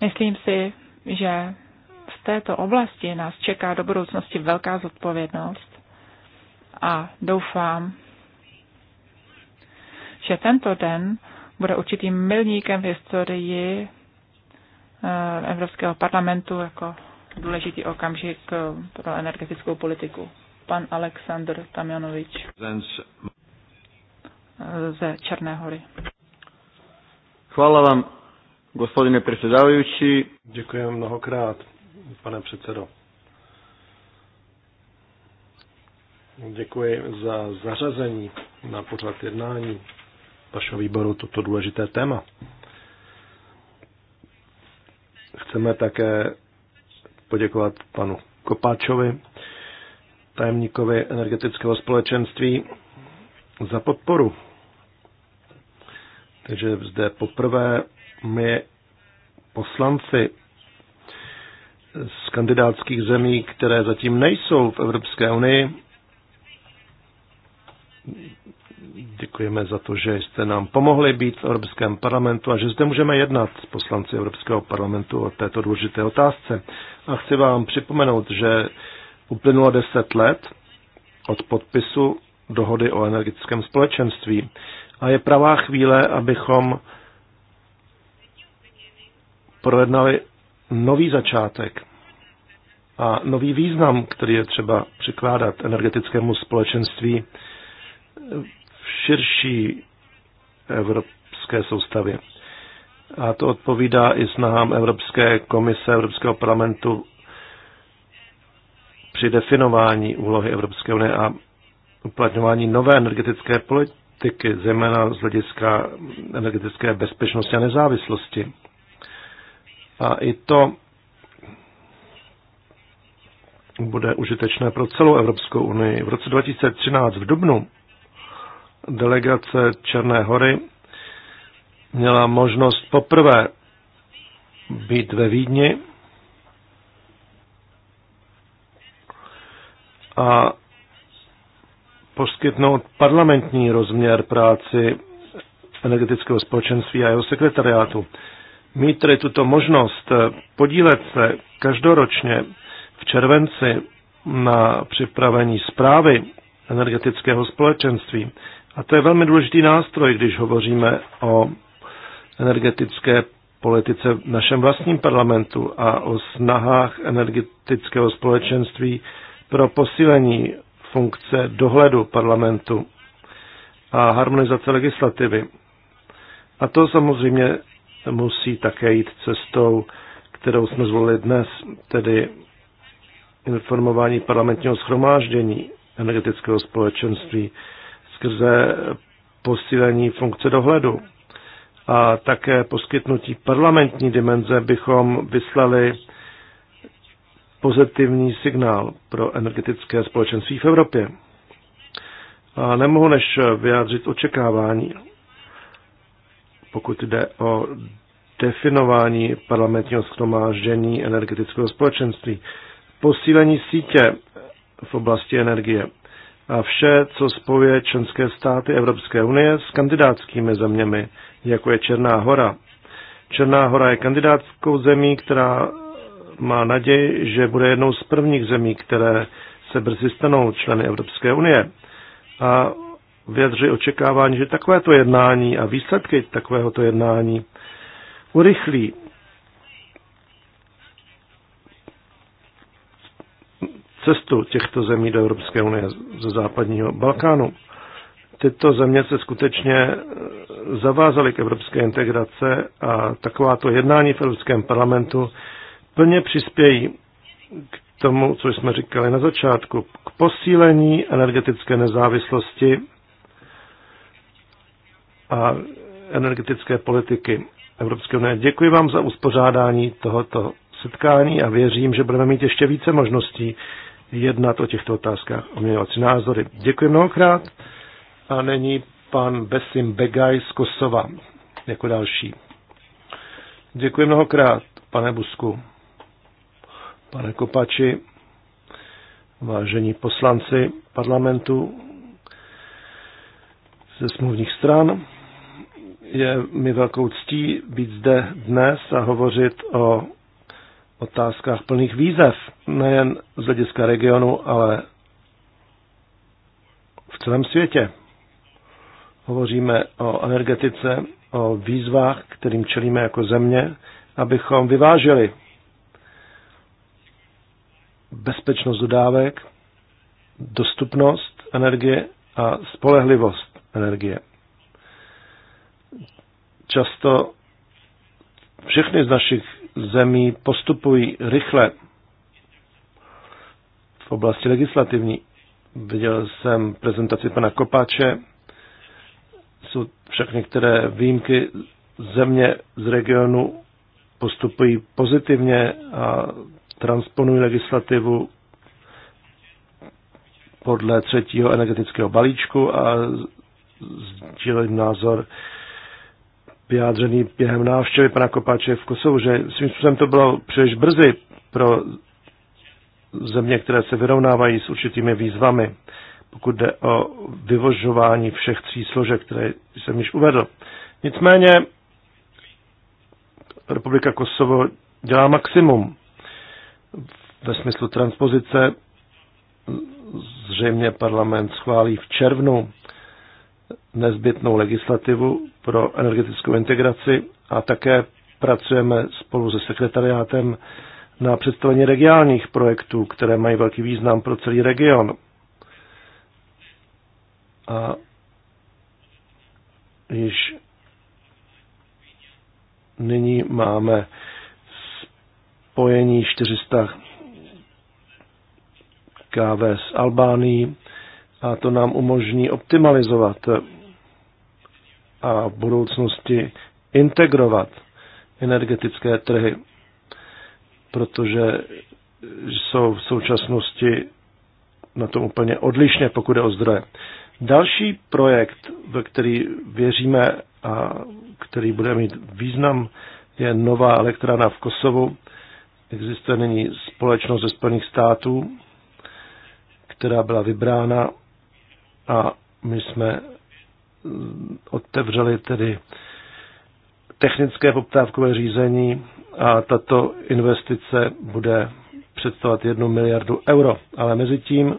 Myslím si, že v této oblasti nás čeká do budoucnosti velká zodpovědnost a doufám, že tento den bude určitým milníkem v historii eh, Evropského parlamentu jako důležitý okamžik eh, pro energetickou politiku. Pan Aleksandr Tamjanovič eh, ze Černé hory. Chvála vám, gospodine předsedající. Děkuji mnohokrát, pane předsedo. Děkuji za zařazení na pořad jednání vašeho výboru toto důležité téma. Chceme také poděkovat panu Kopáčovi, tajemníkovi energetického společenství, za podporu. Takže zde poprvé my poslanci z kandidátských zemí, které zatím nejsou v Evropské unii, Děkujeme za to, že jste nám pomohli být v Evropském parlamentu a že zde můžeme jednat s poslanci Evropského parlamentu o této důležité otázce. A chci vám připomenout, že uplynulo deset let od podpisu dohody o energetickém společenství a je pravá chvíle, abychom projednali nový začátek a nový význam, který je třeba přikládat energetickému společenství širší evropské soustavě. A to odpovídá i snahám Evropské komise, Evropského parlamentu při definování úlohy Evropské unie a uplatňování nové energetické politiky, zejména z hlediska energetické bezpečnosti a nezávislosti. A i to bude užitečné pro celou Evropskou unii. V roce 2013 v Dubnu delegace Černé hory měla možnost poprvé být ve Vídni a poskytnout parlamentní rozměr práci energetického společenství a jeho sekretariátu. Mít tedy tuto možnost podílet se každoročně v červenci na připravení zprávy energetického společenství a to je velmi důležitý nástroj, když hovoříme o energetické politice v našem vlastním parlamentu a o snahách energetického společenství pro posílení funkce dohledu parlamentu a harmonizace legislativy. A to samozřejmě musí také jít cestou, kterou jsme zvolili dnes, tedy informování parlamentního schromáždění energetického společenství skrze posílení funkce dohledu. A také poskytnutí parlamentní dimenze bychom vyslali pozitivní signál pro energetické společenství v Evropě. A nemohu než vyjádřit očekávání, pokud jde o definování parlamentního schromáždění energetického společenství, posílení sítě v oblasti energie a vše, co spojuje členské státy Evropské unie s kandidátskými zeměmi, jako je Černá hora. Černá hora je kandidátskou zemí, která má naději, že bude jednou z prvních zemí, které se brzy stanou členy Evropské unie. A vyjadřuji očekávání, že takovéto jednání a výsledky takovéhoto jednání urychlí cestu těchto zemí do Evropské unie ze západního Balkánu. Tyto země se skutečně eh, zavázaly k evropské integrace a takováto jednání v Evropském parlamentu plně přispějí k tomu, co jsme říkali na začátku, k posílení energetické nezávislosti a energetické politiky Evropské unie. Děkuji vám za uspořádání tohoto setkání a věřím, že budeme mít ještě více možností jednat o těchto otázkách, o měňovací názory. Děkuji mnohokrát a není pan Besim Begaj z Kosova jako další. Děkuji mnohokrát, pane Busku, pane Kopači, vážení poslanci parlamentu ze smluvních stran. Je mi velkou ctí být zde dnes a hovořit o otázkách plných výzev, nejen z hlediska regionu, ale v celém světě. Hovoříme o energetice, o výzvách, kterým čelíme jako země, abychom vyvážili bezpečnost dodávek, dostupnost energie a spolehlivost energie. Často všechny z našich zemí postupují rychle v oblasti legislativní. Viděl jsem prezentaci pana Kopáče. Jsou však některé výjimky země z regionu postupují pozitivně a transponují legislativu podle třetího energetického balíčku a sdílím názor, vyjádřený během návštěvy pana Kopáče v Kosovu, že svým způsobem to bylo příliš brzy pro země, které se vyrovnávají s určitými výzvami, pokud jde o vyvožování všech tří složek, které jsem již uvedl. Nicméně Republika Kosovo dělá maximum ve smyslu transpozice. Zřejmě parlament schválí v červnu nezbytnou legislativu pro energetickou integraci a také pracujeme spolu se sekretariátem na představení regionálních projektů, které mají velký význam pro celý region. A již nyní máme spojení 400 KV s Albánií a to nám umožní optimalizovat a v budoucnosti integrovat energetické trhy, protože jsou v současnosti na tom úplně odlišně, pokud je o zdroje. Další projekt, ve který věříme a který bude mít význam, je nová elektrárna v Kosovu. Existuje nyní společnost ze Spojených států, která byla vybrána a my jsme Eh, otevřeli tedy technické poptávkové řízení a tato investice bude představovat jednu miliardu euro. Ale mezi tím,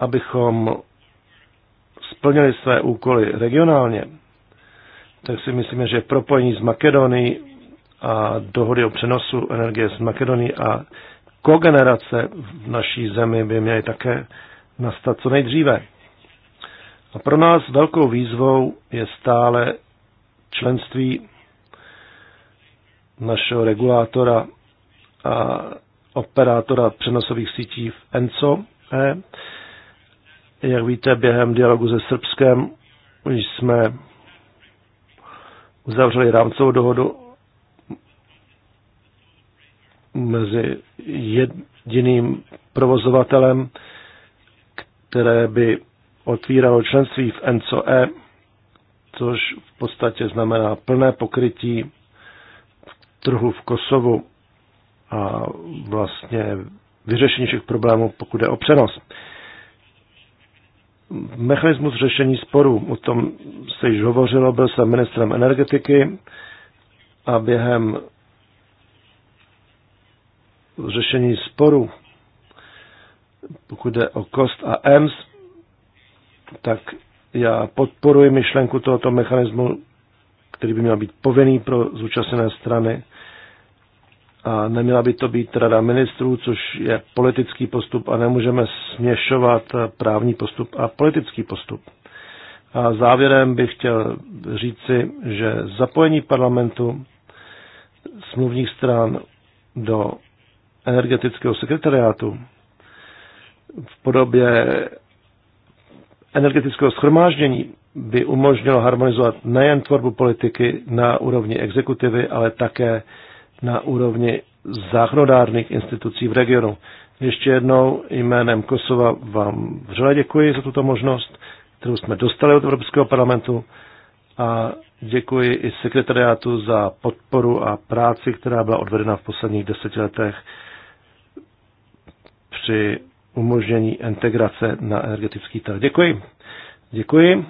abychom splnili své úkoly regionálně, tak si myslíme, že propojení s Makedonií a dohody o přenosu energie z Makedonii a kogenerace v naší zemi by měly také nastat co nejdříve. A pro nás velkou výzvou je stále členství našeho regulátora a operátora přenosových sítí v ENCO. -E. Jak víte, během dialogu se Srbskem už jsme uzavřeli rámcovou dohodu mezi jediným provozovatelem, které by otvíralo členství v NCOE, což v podstatě znamená plné pokrytí trhu v Kosovu a vlastně vyřešení všech problémů, pokud je o přenos. Mechanismus řešení sporů, o tom se již hovořilo, byl jsem ministrem energetiky a během řešení sporů, pokud jde o kost a EMS, tak já podporuji myšlenku tohoto mechanismu, který by měl být povinný pro zúčastněné strany. A neměla by to být rada ministrů, což je politický postup a nemůžeme směšovat právní postup a politický postup. A závěrem bych chtěl říci, že zapojení parlamentu smluvních stran do energetického sekretariátu v podobě energetického schromáždění by umožnilo harmonizovat nejen tvorbu politiky na úrovni exekutivy, ale také na úrovni zákonodárných institucí v regionu. Ještě jednou jménem Kosova vám vřele děkuji za tuto možnost, kterou jsme dostali od Evropského parlamentu a děkuji i sekretariátu za podporu a práci, která byla odvedena v posledních deseti letech při umožnění integrace na energetický trh. Děkuji. Děkuji.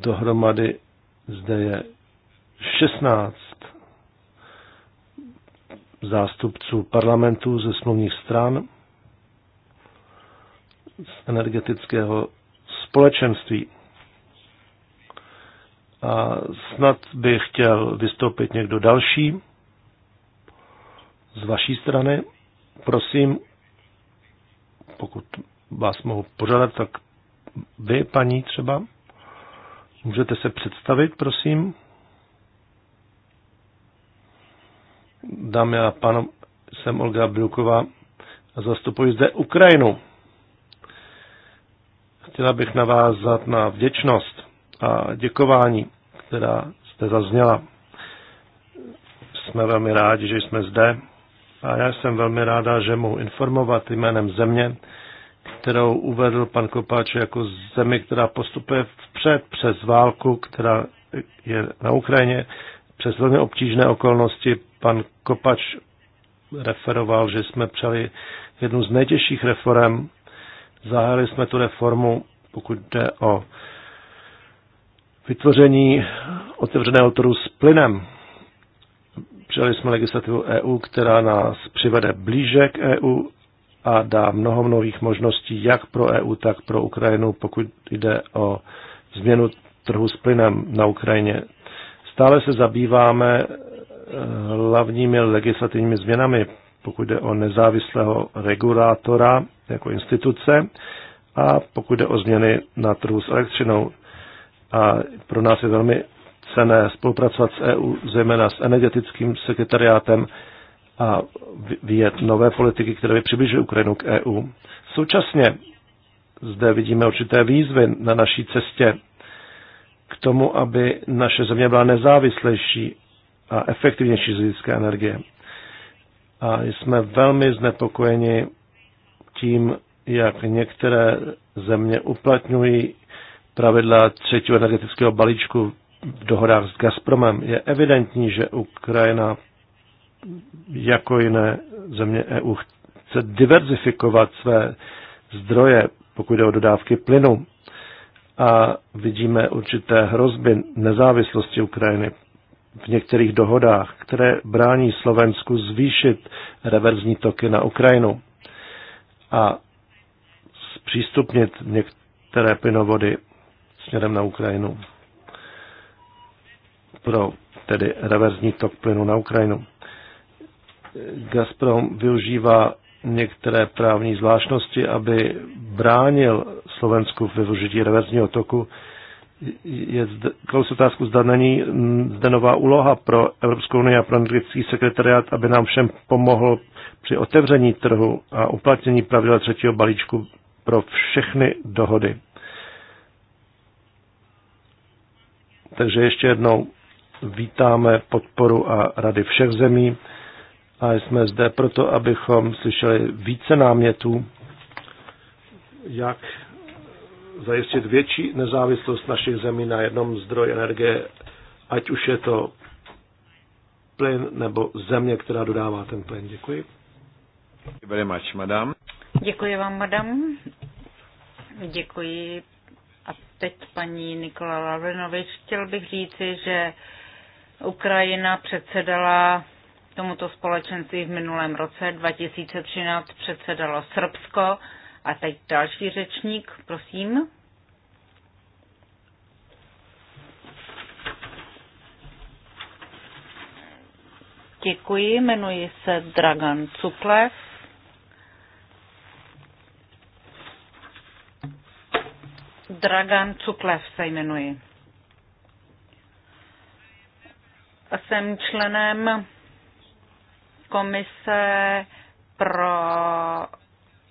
Dohromady zde je 16 zástupců parlamentů ze smluvních stran z energetického společenství. A snad by chtěl vystoupit někdo další z vaší strany. Prosím, pokud vás mohu požádat, tak vy, paní třeba, můžete se představit, prosím. Dámy a pánové, jsem Olga Bruková a zastupuji zde Ukrajinu. Chtěla bych navázat na vděčnost a děkování, která jste zazněla. Jsme velmi rádi, že jsme zde a já jsem velmi ráda, že mohu informovat jménem země, kterou uvedl pan Kopáč jako zemi, která postupuje vpřed přes válku, která je na Ukrajině, přes velmi obtížné okolnosti. Pan Kopač referoval, že jsme přeli jednu z nejtěžších reform. Zahájili jsme tu reformu, pokud jde o vytvoření otevřeného trhu s plynem. Přijali jsme legislativu EU, která nás přivede blíže k EU a dá mnoho nových možností jak pro EU, tak pro Ukrajinu, pokud jde o změnu trhu s plynem na Ukrajině. Stále se zabýváme eh, hlavními legislativními změnami, pokud jde o nezávislého regulátora jako instituce a pokud jde o změny na trhu s elektřinou. A pro nás je velmi cené spolupracovat s EU, zejména s energetickým sekretariátem a vyjet nové politiky, které by přiblížily Ukrajinu k EU. Současně zde vidíme určité výzvy na naší cestě k tomu, aby naše země byla nezávislejší a efektivnější z hlediska energie. A jsme velmi znepokojeni tím, jak některé země uplatňují pravidla třetího energetického balíčku v dohodách s Gazpromem. Je evidentní, že Ukrajina jako jiné země EU chce diverzifikovat své zdroje, pokud jde o dodávky plynu. A vidíme určité hrozby nezávislosti Ukrajiny v některých dohodách, které brání Slovensku zvýšit reverzní toky na Ukrajinu a zpřístupnit některé plynovody směrem na Ukrajinu pro tedy reverzní tok plynu na Ukrajinu. Gazprom využívá některé právní zvláštnosti, aby bránil Slovensku v využití reverzního toku. Je zde, klous otázku, zda není zde nová úloha pro Evropskou unii a pro energetický sekretariat, aby nám všem pomohl při otevření trhu a uplatnění pravidel třetího balíčku pro všechny dohody. Takže ještě jednou vítáme podporu a rady všech zemí a jsme zde proto, abychom slyšeli více námětů, jak zajistit větší nezávislost našich zemí na jednom zdroji energie, ať už je to plyn nebo země, která dodává ten plyn. Děkuji. Very much, madam. Děkuji vám, madam. Děkuji. A teď paní Nikola Lavrinovič, chtěl bych říci, že Ukrajina předsedala tomuto společenství v minulém roce, 2013 předsedalo Srbsko a teď další řečník, prosím. Děkuji, jmenuji se Dragan Cuklev. Dragan Cuklev se jmenuji. Jsem členem komise pro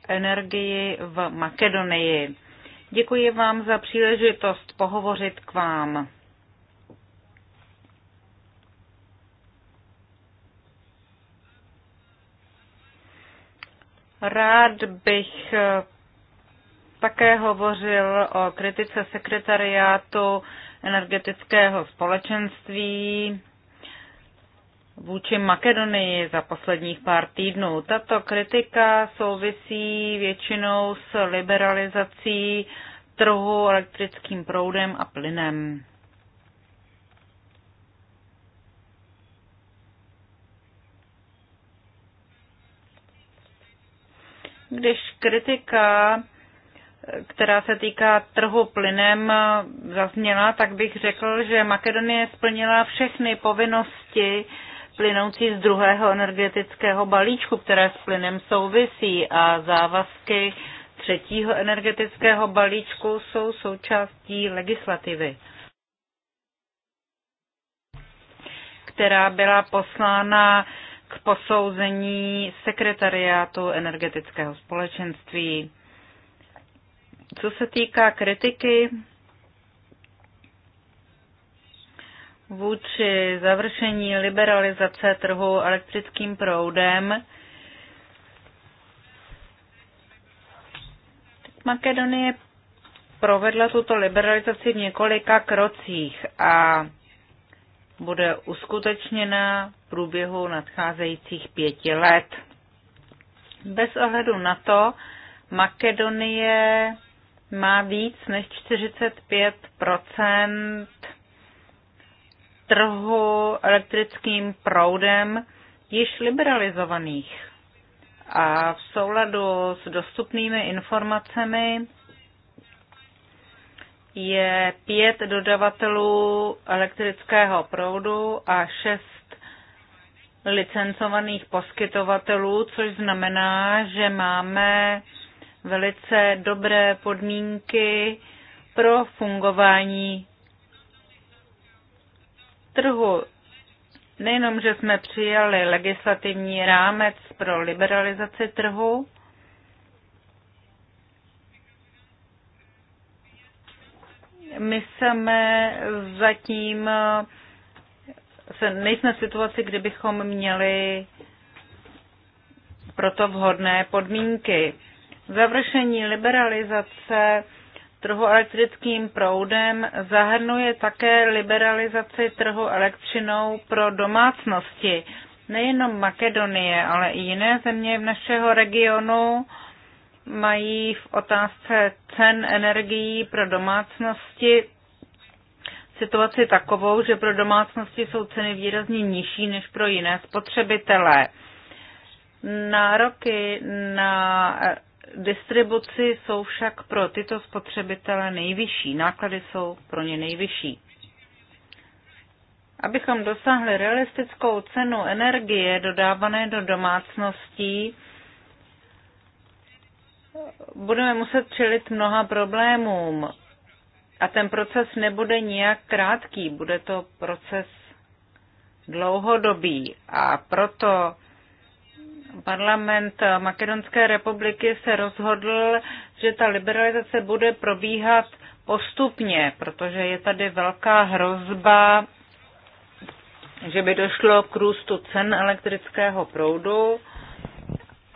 energii v Makedonii. Děkuji vám za příležitost pohovořit k vám. Rád bych také hovořil o kritice sekretariátu energetického společenství vůči Makedonii za posledních pár týdnů. Tato kritika souvisí většinou s liberalizací trhu elektrickým proudem a plynem. Když kritika, která se týká trhu plynem, zazněla, tak bych řekl, že Makedonie splnila všechny povinnosti, plynoucí z druhého energetického balíčku, které s plynem souvisí a závazky třetího energetického balíčku jsou součástí legislativy, která byla poslána k posouzení sekretariátu energetického společenství. Co se týká kritiky, vůči završení liberalizace trhu elektrickým proudem. Makedonie provedla tuto liberalizaci v několika krocích a bude uskutečněna v průběhu nadcházejících pěti let. Bez ohledu na to, Makedonie má víc než 45 trhu elektrickým proudem již liberalizovaných. A v souladu s dostupnými informacemi je pět dodavatelů elektrického proudu a šest licencovaných poskytovatelů, což znamená, že máme velice dobré podmínky pro fungování trhu. Nejenom, že jsme přijali legislativní rámec pro liberalizaci trhu, my jsme zatím se, nejsme v situaci, kdybychom měli proto vhodné podmínky. Završení liberalizace trhu elektrickým proudem zahrnuje také liberalizaci trhu elektřinou pro domácnosti. Nejenom Makedonie, ale i jiné země v našeho regionu mají v otázce cen energií pro domácnosti situaci takovou, že pro domácnosti jsou ceny výrazně nižší než pro jiné spotřebitele. Nároky na distribuci jsou však pro tyto spotřebitele nejvyšší, náklady jsou pro ně nejvyšší. Abychom dosáhli realistickou cenu energie dodávané do domácností, budeme muset čelit mnoha problémům. A ten proces nebude nijak krátký, bude to proces dlouhodobý. A proto Parlament Makedonské republiky se rozhodl, že ta liberalizace bude probíhat postupně, protože je tady velká hrozba, že by došlo k růstu cen elektrického proudu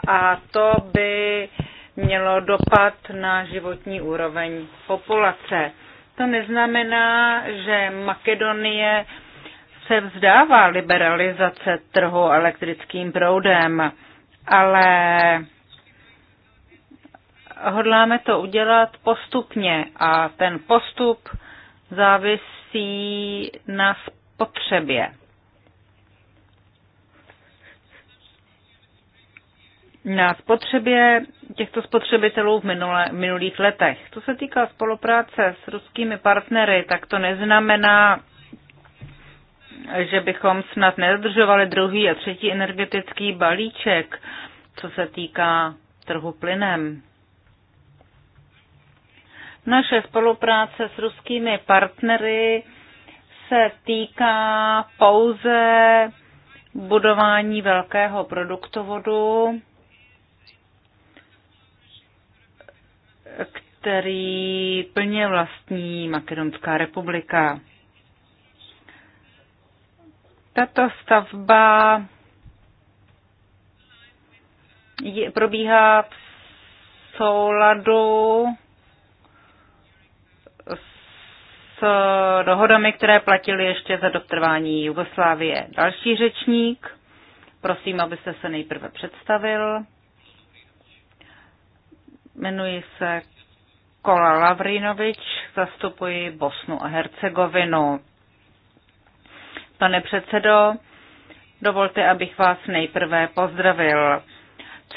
a to by mělo dopad na životní úroveň populace. To neznamená, že Makedonie se vzdává liberalizace trhu elektrickým proudem, ale hodláme to udělat postupně a ten postup závisí na spotřebě. na spotřebě těchto spotřebitelů v minule, minulých letech. Co se týká spolupráce s ruskými partnery, tak to neznamená že bychom snad nedodržovali druhý a třetí energetický balíček, co se týká trhu plynem. Naše spolupráce s ruskými partnery se týká pouze budování velkého produktovodu, který plně vlastní Makedonská republika. Tato stavba je, probíhá v souladu s dohodami, které platily ještě za dotrvání Jugoslávie. Další řečník, prosím, abyste se nejprve představil. Jmenuji se Kola Lavrinovič, zastupuji Bosnu a Hercegovinu. Pane předsedo, dovolte, abych vás nejprve pozdravil.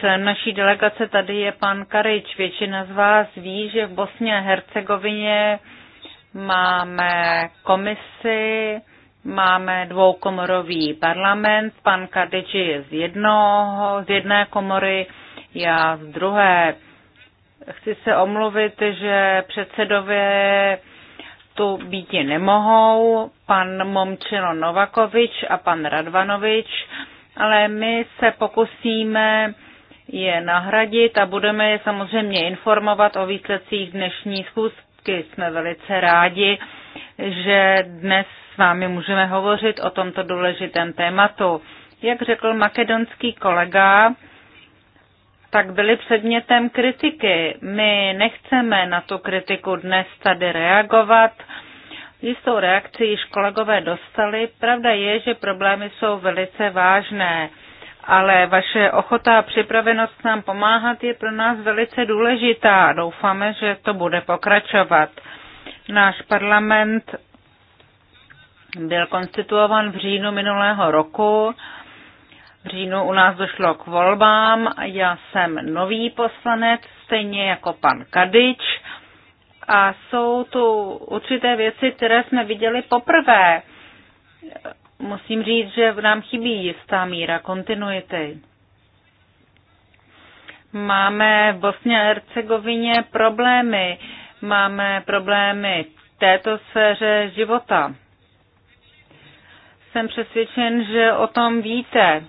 Člen naší delegace tady je pan Karič. Většina z vás ví, že v Bosně a Hercegovině máme komisi, máme dvoukomorový parlament, pan Karič je z, jednoho, z jedné komory, já z druhé. Chci se omluvit, že předsedové tu býti nemohou, pan Momčilo Novakovič a pan Radvanovič, ale my se pokusíme je nahradit a budeme je samozřejmě informovat o výsledcích dnešní schůzky. Jsme velice rádi, že dnes s vámi můžeme hovořit o tomto důležitém tématu. Jak řekl makedonský kolega, tak byly předmětem kritiky. My nechceme na tu kritiku dnes tady reagovat. Jistou reakci již kolegové dostali. Pravda je, že problémy jsou velice vážné, ale vaše ochota a připravenost nám pomáhat je pro nás velice důležitá. Doufáme, že to bude pokračovat. Náš parlament byl konstituovan v říjnu minulého roku říjnu u nás došlo k volbám, já jsem nový poslanec, stejně jako pan Kadič. A jsou tu určité věci, které jsme viděli poprvé. Musím říct, že nám chybí jistá míra kontinuity. Máme v Bosně a Hercegovině problémy. Máme problémy v této sféře života. Jsem přesvědčen, že o tom víte.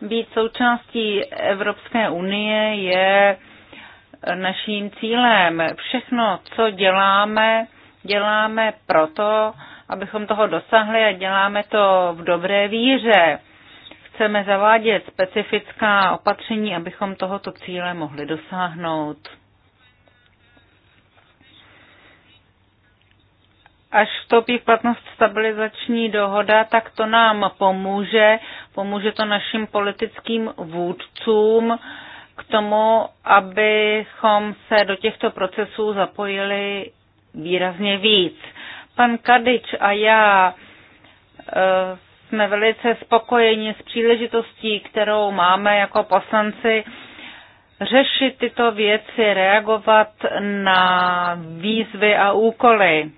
Být součástí Evropské unie je naším cílem. Všechno, co děláme, děláme proto, abychom toho dosáhli a děláme to v dobré víře. Chceme zavádět specifická opatření, abychom tohoto cíle mohli dosáhnout. až vstoupí v platnost stabilizační dohoda, tak to nám pomůže, pomůže to našim politickým vůdcům k tomu, abychom se do těchto procesů zapojili výrazně víc. Pan Kadič a já eh, jsme velice spokojeni s příležitostí, kterou máme jako poslanci řešit tyto věci, reagovat na výzvy a úkoly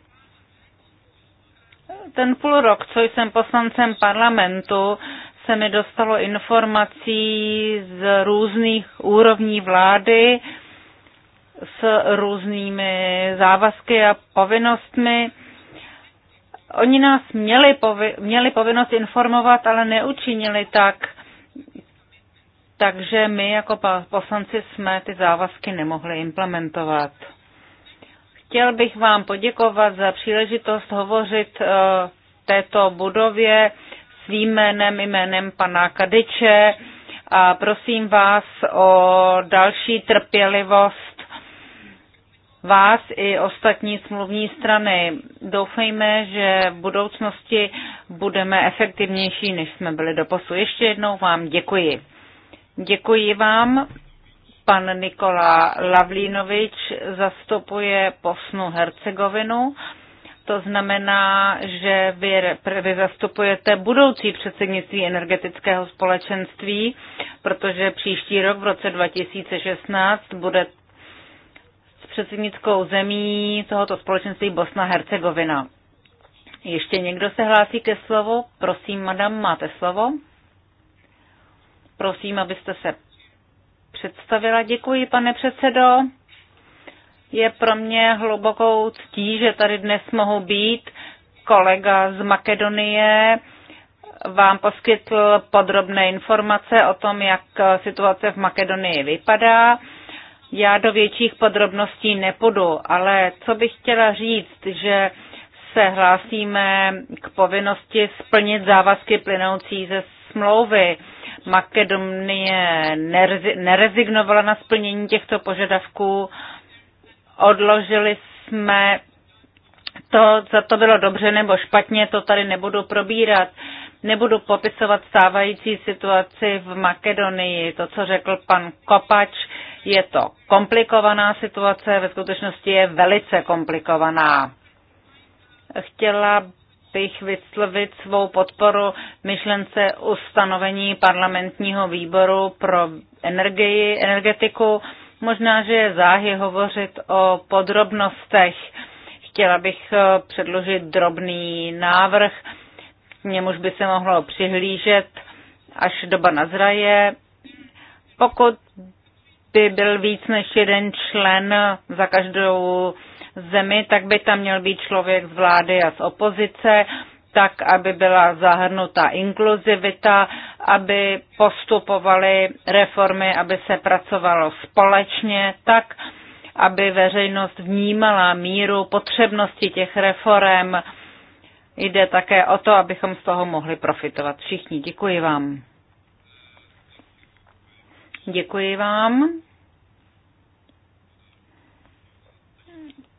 ten půl rok, co jsem poslancem parlamentu, se mi dostalo informací z různých úrovní vlády s různými závazky a povinnostmi. Oni nás měli, povi- měli povinnost informovat, ale neučinili tak. Takže my jako poslanci jsme ty závazky nemohli implementovat. Chtěl bych vám poděkovat za příležitost hovořit eh, této budově svým jménem, jménem pana Kadeče a prosím vás o další trpělivost vás i ostatní smluvní strany. Doufejme, že v budoucnosti budeme efektivnější, než jsme byli do posu. Ještě jednou vám děkuji. Děkuji vám. Pan Nikola Lavlínovič zastupuje Bosnu Hercegovinu. To znamená, že vy, vy zastupujete budoucí předsednictví energetického společenství, protože příští rok v roce 2016 bude s předsednickou zemí tohoto společenství Bosna Hercegovina. Ještě někdo se hlásí ke slovu? Prosím, madam, máte slovo. Prosím, abyste se představila. Děkuji, pane předsedo. Je pro mě hlubokou ctí, že tady dnes mohu být. Kolega z Makedonie vám poskytl podrobné informace o tom, jak situace v Makedonii vypadá. Já do větších podrobností nepůjdu, ale co bych chtěla říct, že se hlásíme k povinnosti splnit závazky plynoucí ze smlouvy. Makedonie nerezignovala na splnění těchto požadavků. Odložili jsme to, za to bylo dobře nebo špatně, to tady nebudu probírat. Nebudu popisovat stávající situaci v Makedonii. To, co řekl pan Kopač, je to komplikovaná situace, ve skutečnosti je velice komplikovaná. Chtěla bych vyslovit svou podporu myšlence ustanovení parlamentního výboru pro energii, energetiku. Možná, že je záhy hovořit o podrobnostech. Chtěla bych eh, předložit drobný návrh, k němuž by se mohlo přihlížet, až doba nazraje. Pokud by byl víc než jeden člen za každou zemi, tak by tam měl být člověk z vlády a z opozice, tak, aby byla zahrnuta inkluzivita, aby postupovaly reformy, aby se pracovalo společně, tak, aby veřejnost vnímala míru potřebnosti těch reform. Jde také o to, abychom z toho mohli profitovat všichni. Děkuji vám. Děkuji vám.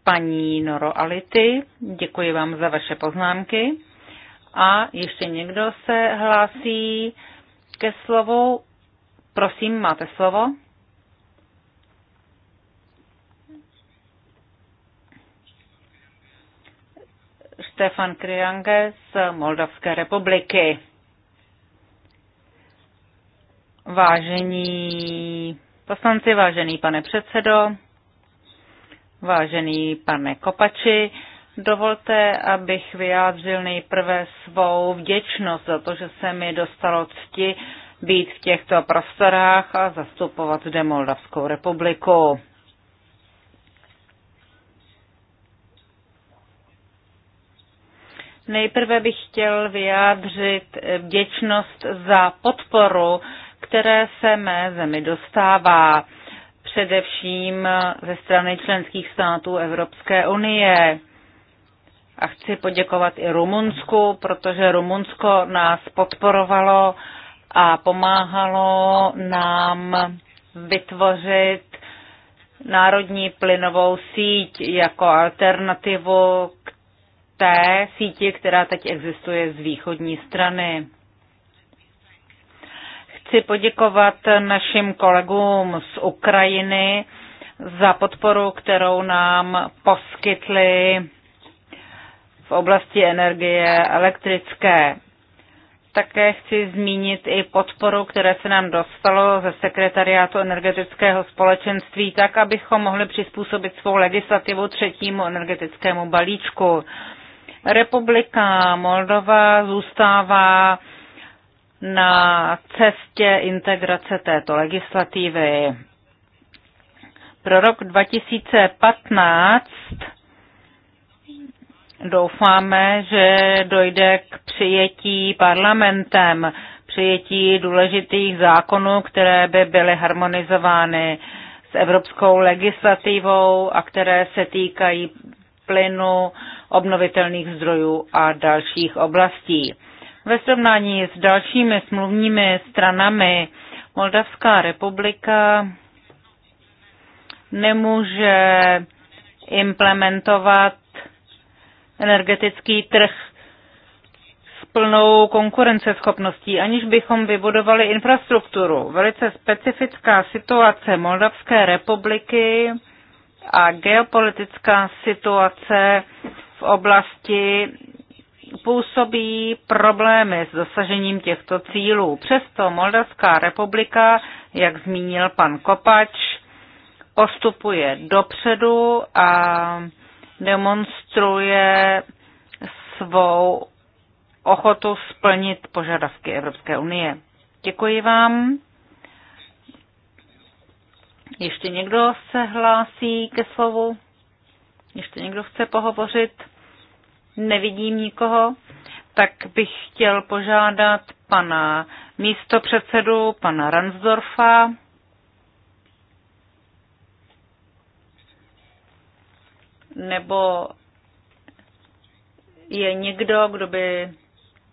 paní Noroality, Děkuji vám za vaše poznámky. A ještě někdo se hlásí ke slovu? Prosím, máte slovo. Stefan Kriange z Moldavské republiky. Vážení poslanci, vážený pane předsedo, Vážený pane Kopači, dovolte, abych vyjádřil nejprve svou vděčnost za to, že se mi dostalo cti být v těchto prostorách a zastupovat zde Moldavskou republiku. Nejprve bych chtěl vyjádřit vděčnost za podporu, které se mé zemi dostává především ze strany členských států Evropské unie. A chci poděkovat i Rumunsku, protože Rumunsko nás podporovalo a pomáhalo nám vytvořit národní plynovou síť jako alternativu k té síti, která teď existuje z východní strany. Chci poděkovat našim kolegům z Ukrajiny za podporu, kterou nám poskytli v oblasti energie elektrické. Také chci zmínit i podporu, které se nám dostalo ze sekretariátu energetického společenství, tak abychom mohli přizpůsobit svou legislativu třetímu energetickému balíčku. Republika Moldova zůstává na cestě integrace této legislativy. Pro rok 2015 doufáme, že dojde k přijetí parlamentem, přijetí důležitých zákonů, které by byly harmonizovány s evropskou legislativou a které se týkají plynu, obnovitelných zdrojů a dalších oblastí ve srovnání s dalšími smluvními stranami. Moldavská republika nemůže implementovat energetický trh s plnou konkurenceschopností, aniž bychom vybudovali infrastrukturu. Velice specifická situace Moldavské republiky a geopolitická situace v oblasti působí problémy s dosažením těchto cílů. Přesto Moldavská republika, jak zmínil pan Kopač, postupuje dopředu a demonstruje svou ochotu splnit požadavky Evropské unie. Děkuji vám. Ještě někdo se hlásí ke slovu? Ještě někdo chce pohovořit? Nevidím nikoho, tak bych chtěl požádat pana místopředsedu, pana Ransdorfa, nebo je někdo, kdo by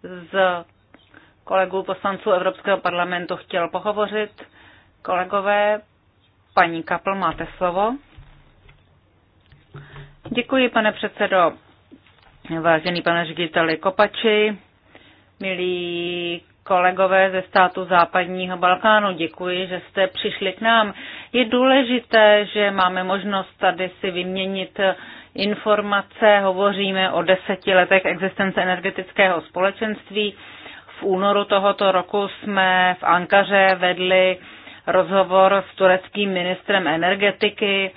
z kolegů poslanců Evropského parlamentu chtěl pohovořit. Kolegové, paní Kapl, máte slovo. Děkuji, pane předsedo. Vážený pane řediteli Kopači, milí kolegové ze státu západního Balkánu, děkuji, že jste přišli k nám. Je důležité, že máme možnost tady si vyměnit informace. Hovoříme o deseti letech existence energetického společenství. V únoru tohoto roku jsme v Ankaře vedli rozhovor s tureckým ministrem energetiky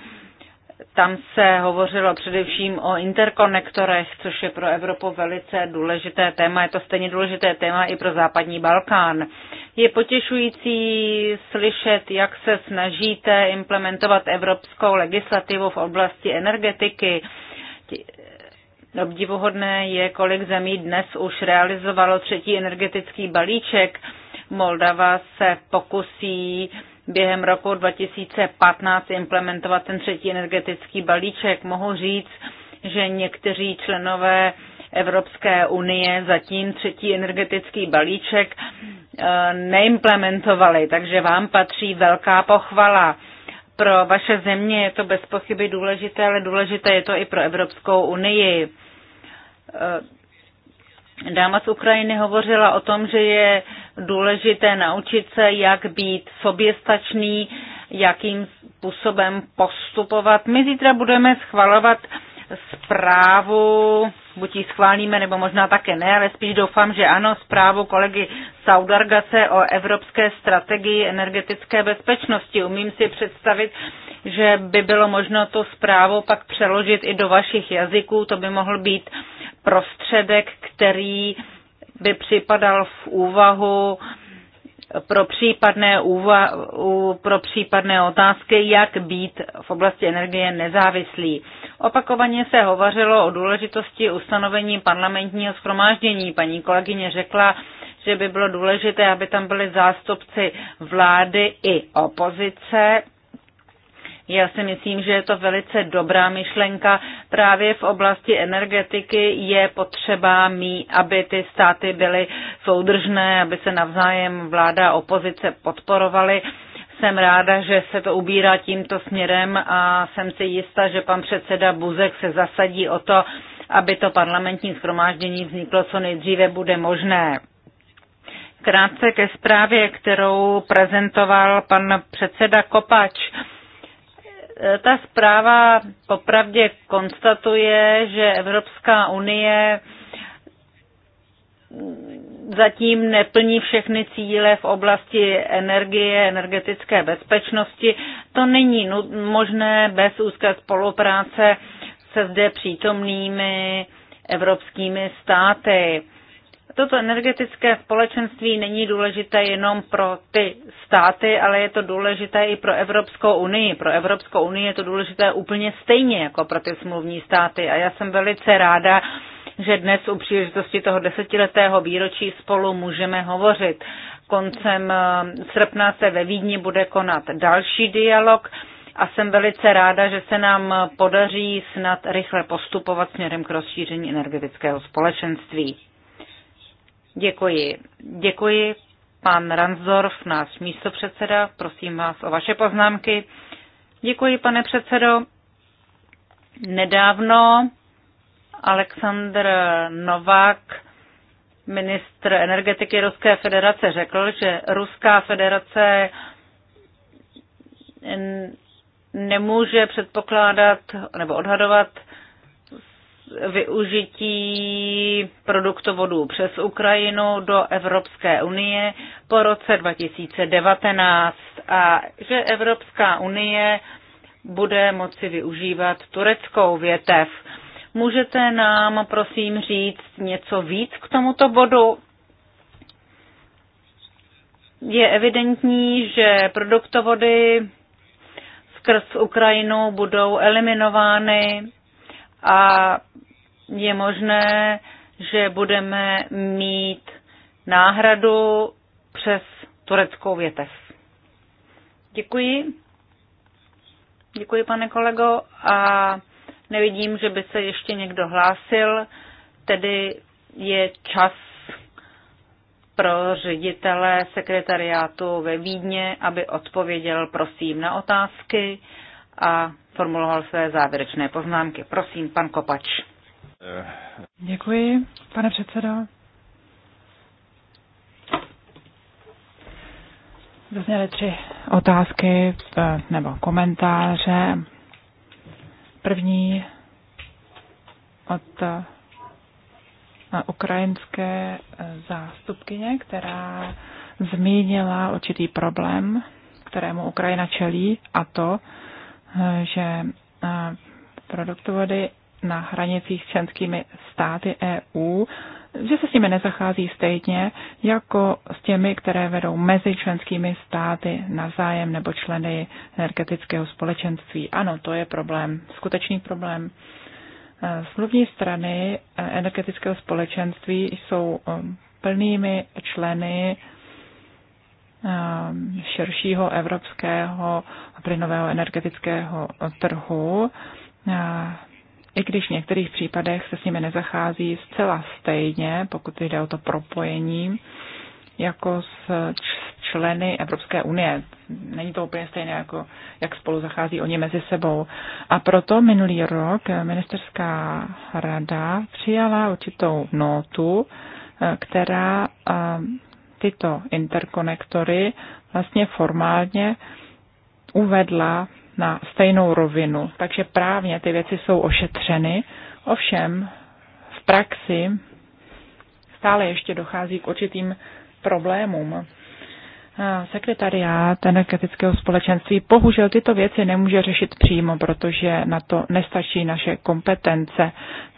tam se hovořilo především o interkonektorech, což je pro Evropu velice důležité téma. Je to stejně důležité téma i pro západní Balkán. Je potěšující slyšet, jak se snažíte implementovat evropskou legislativu v oblasti energetiky. No, obdivuhodné je, kolik zemí dnes už realizovalo třetí energetický balíček. Moldava se pokusí uh, během roku 2015 implementovat ten třetí energetický balíček. Mohu říct, že někteří členové Evropské unie zatím třetí energetický balíček eh, neimplementovali, takže vám patří velká pochvala. Pro vaše země je to bez pochyby důležité, ale důležité je to i pro Evropskou unii eh, Dáma z Ukrajiny hovořila o tom, že je důležité naučit se, jak být soběstačný, jakým způsobem postupovat. My zítra budeme schvalovat zprávu buď ji schválíme, nebo možná také ne, ale spíš doufám, že ano, zprávu kolegy Saudargase o evropské strategii energetické bezpečnosti. Umím si představit, že by bylo možno tu zprávu pak přeložit i do vašich jazyků, to by mohl být prostředek, který by připadal v úvahu pro případné, úva, pro případné otázky, jak být v oblasti energie nezávislý. Opakovaně se hovořilo o důležitosti ustanovení parlamentního schromáždění. Paní kolegyně řekla, že by bylo důležité, aby tam byli zástupci vlády i opozice. Já si myslím, že je to velice dobrá myšlenka. Právě v oblasti energetiky je potřeba mít, aby ty státy byly soudržné, aby se navzájem vláda a opozice podporovaly. Jsem ráda, že se to ubírá tímto směrem a jsem si jista, že pan předseda Buzek se zasadí o to, aby to parlamentní schromáždění vzniklo co nejdříve bude možné. Krátce ke zprávě, kterou prezentoval pan předseda Kopač Eh, ta zpráva popravdě konstatuje, že Evropská unie zatím neplní všechny cíle v oblasti energie, energetické bezpečnosti. To není možné bez úzké spolupráce se zde přítomnými evropskými státy. Toto energetické společenství není důležité jenom pro ty státy, ale je to důležité i pro Evropskou unii. Pro Evropskou unii je to důležité úplně stejně jako pro ty smluvní státy. A já jsem velice ráda, že dnes u příležitosti toho desetiletého výročí spolu můžeme hovořit. Koncem eh, srpna se ve Vídni bude konat další dialog a jsem velice ráda, že se nám podaří snad rychle postupovat směrem k rozšíření energetického společenství. Děkuji. Děkuji. Pan Ransdorf, náš místopředseda, prosím vás o vaše poznámky. Děkuji, pane předsedo. Nedávno Aleksandr Novák, ministr energetiky Ruské federace, řekl, že Ruská federace nemůže předpokládat nebo odhadovat využití produktovodů přes Ukrajinu do Evropské unie po roce 2019 a že Evropská unie bude moci využívat tureckou větev. Můžete nám prosím říct něco víc k tomuto bodu? Je evidentní, že produktovody skrz Ukrajinu budou eliminovány a je možné, že budeme mít náhradu přes tureckou větev. Děkuji. Děkuji, pane kolego. A nevidím, že by se ještě někdo hlásil, tedy je čas pro ředitele sekretariátu ve Vídně, aby odpověděl prosím na otázky a sformuloval své závěrečné poznámky. Prosím, pan Kopač. Děkuji, pane předsedo. Zazněly tři otázky eh, nebo komentáře. První od eh, ukrajinské eh, zástupkyně, která zmínila určitý problém, kterému Ukrajina čelí, a to, že eh, produktovody na hranicích s členskými státy EU, že se s nimi nezachází stejně jako s těmi, které vedou mezi členskými státy navzájem nebo členy energetického společenství. Ano, to je problém, skutečný problém. Eh, smluvní strany eh, energetického společenství jsou plnými členy Eh, širšího evropského plynového energetického trhu, eh, i když v některých případech se s nimi nezachází zcela stejně, pokud jde o to propojení, jako s členy Evropské unie. Není to úplně stejné, jako jak spolu zachází oni mezi sebou. A proto minulý rok ministerská rada přijala určitou notu, eh, která tyto interkonektory vlastně formálně uvedla na stejnou rovinu. Takže právně ty věci jsou ošetřeny, ovšem v praxi stále ještě dochází k určitým problémům. Eh, sekretariát energetického společenství bohužel tyto věci nemůže řešit přímo, protože na to nestačí naše kompetence.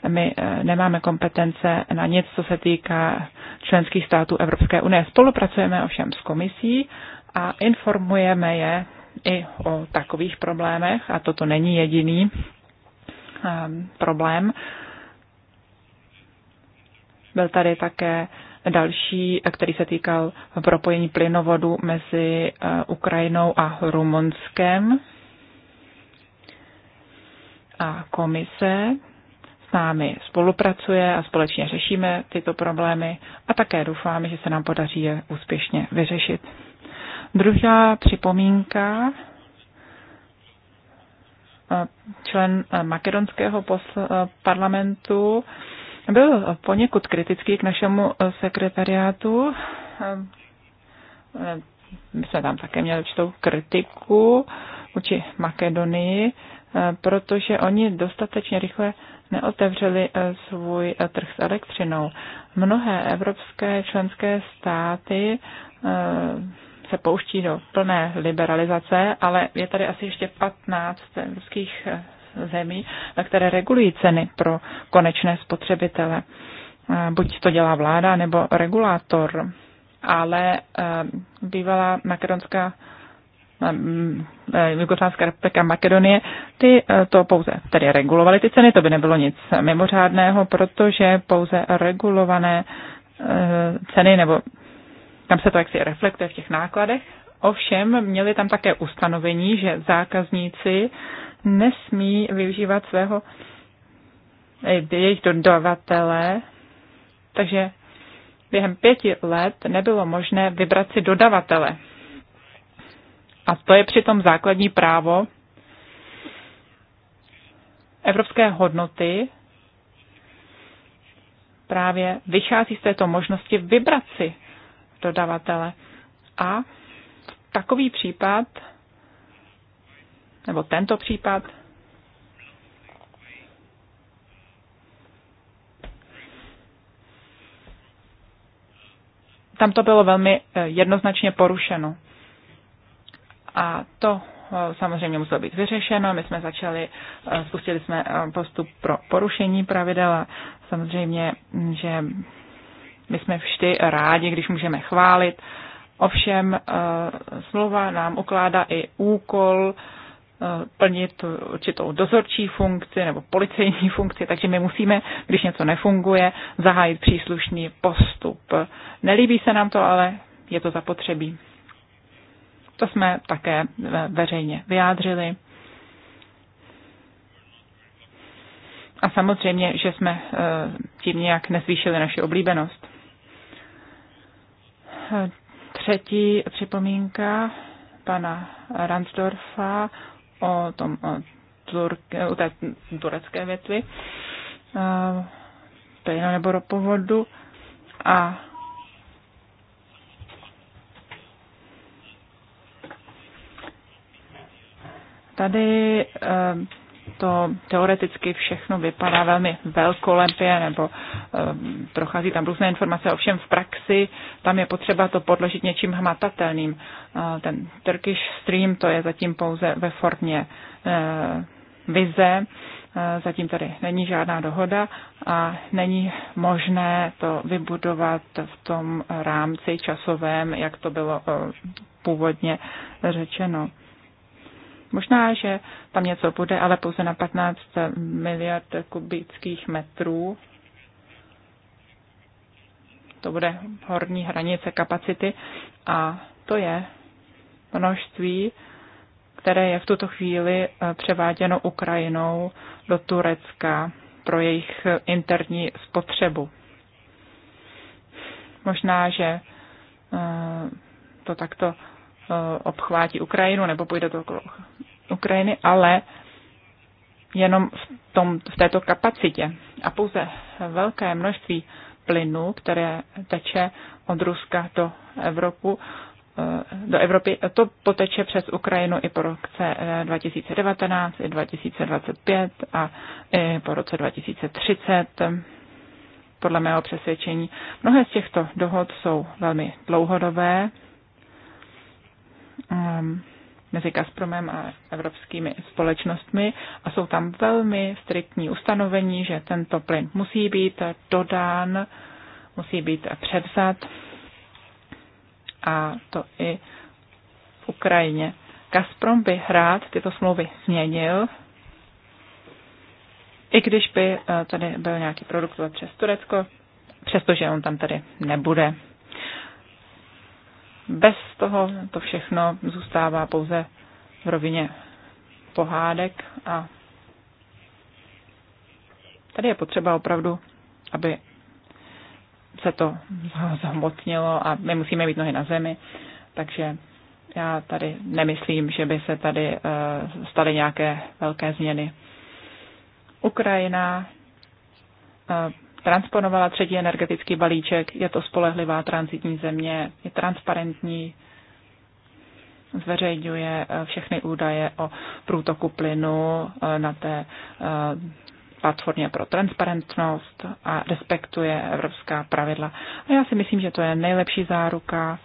My eh, nemáme kompetence na nic, co se týká členských států Evropské unie. Spolupracujeme ovšem s komisí a informujeme je i o takových problémech, a toto není jediný eh, problém. Byl tady také další, který se týkal propojení plynovodu mezi eh, Ukrajinou a Rumunskem. A komise s námi spolupracuje a společně řešíme tyto problémy a také doufáme, že se nám podaří je úspěšně vyřešit. Druhá připomínka eh, člen eh, makedonského parlamentu byl poněkud kritický k našemu eh, sekretariátu. Eh, my jsme tam také měli určitou kritiku vůči Makedonii, eh, protože oni dostatečně rychle neotevřeli svůj trh s elektřinou. Mnohé evropské členské státy se pouští do plné liberalizace, ale je tady asi ještě 15 evropských zemí, které regulují ceny pro konečné spotřebitele. Eh, buď to dělá vláda nebo regulátor, ale eh, bývalá makedonská eh, Jugoslávská republika Makedonie, ty to pouze tedy regulovaly ty ceny, to by nebylo nic mimořádného, protože pouze regulované ceny, nebo tam se to jaksi reflektuje v těch nákladech, Ovšem měli tam také ustanovení, že zákazníci nesmí využívat svého eh, jejich dodavatele, takže během pěti let nebylo možné vybrat si dodavatele. A to je přitom základní právo evropské hodnoty právě vychází z této možnosti vybrat si dodavatele. A takový případ nebo tento případ tam to bylo velmi eh, jednoznačně porušeno. A to eh, samozřejmě muselo být vyřešeno. My jsme začali, eh, spustili jsme postup pro porušení pravidel a samozřejmě, mm, že my jsme vždy rádi, když můžeme chválit. Ovšem, smlouva nám ukládá i úkol plnit určitou dozorčí funkci nebo policejní funkci, takže my musíme, když něco nefunguje, zahájit příslušný postup. Nelíbí se nám to, ale je to zapotřebí. To jsme také veřejně vyjádřili. A samozřejmě, že jsme eh, tím nějak nezvýšili naši oblíbenost. Eh, třetí připomínka pana Ransdorfa o, tom, o, turke, o té turecké větvi plynu nebo ropovodu a tady e, to teoreticky všechno vypadá velmi velkolepě, nebo eh, prochází tam různé informace, ovšem v praxi tam je potřeba to podložit něčím hmatatelným. Eh, ten Turkish Stream to je zatím pouze ve formě uh, vize, zatím tady není žádná dohoda a není možné to vybudovat v tom rámci časovém, jak to bylo původně řečeno. Možná, že tam něco bude, ale pouze na 15 miliard kubických metrů. To bude horní hranice kapacity a to je množství, které je v tuto chvíli eh, převáděno Ukrajinou do Turecka pro jejich interní spotřebu. Možná, že eh, to takto Eh, obchvátí Ukrajinu nebo půjde to okolo Ukrajiny, ale jenom v, tom, v této kapacitě. A pouze velké množství plynu, které teče od Ruska do Evropu, eh, do Evropy, to poteče přes Ukrajinu i po roce 2019, eh, i 2025 a i po roce 2030. Podle mého přesvědčení mnohé z těchto dohod jsou velmi dlouhodobé, Ehm, mezi Gazpromem a evropskými společnostmi a jsou tam velmi striktní ustanovení, že tento plyn musí být dodán, musí být převzat a to i v Ukrajině. Gazprom by rád tyto smlouvy změnil, i když by eh, tady byl nějaký produkt přes Turecko, přestože on tam tady nebude bez toho to všechno zůstává pouze v rovině pohádek a tady je potřeba opravdu, aby se to zhmotnilo a my musíme mít nohy na zemi, takže já tady nemyslím, že by se tady eh, staly nějaké velké změny. Ukrajina eh, transponovala třetí energetický balíček, je to spolehlivá transitní země, je transparentní, zveřejňuje eh, všechny údaje o průtoku plynu eh, na té eh, platformě pro transparentnost a respektuje evropská pravidla. A já si myslím, že to je nejlepší záruka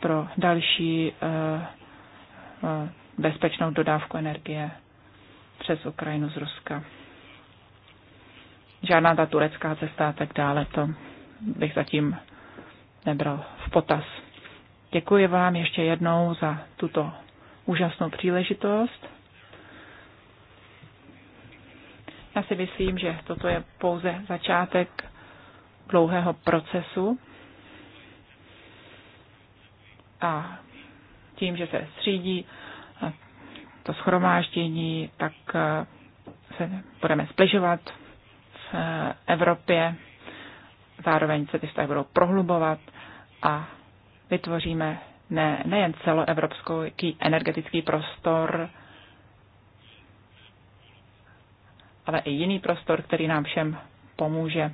pro další bezpečnou dodávku energie přes Ukrajinu z Ruska žádná ta turecká cesta a tak dále, to bych zatím nebral v potaz. Děkuji vám ještě jednou za tuto úžasnou příležitost. Já si myslím, že toto je pouze začátek dlouhého procesu a tím, že se střídí to schromáždění, tak se budeme spližovat Eh, Evropě. Zároveň se ty vztahy budou prohlubovat a vytvoříme ne, nejen celoevropský energetický prostor, ale i jiný prostor, který nám všem pomůže.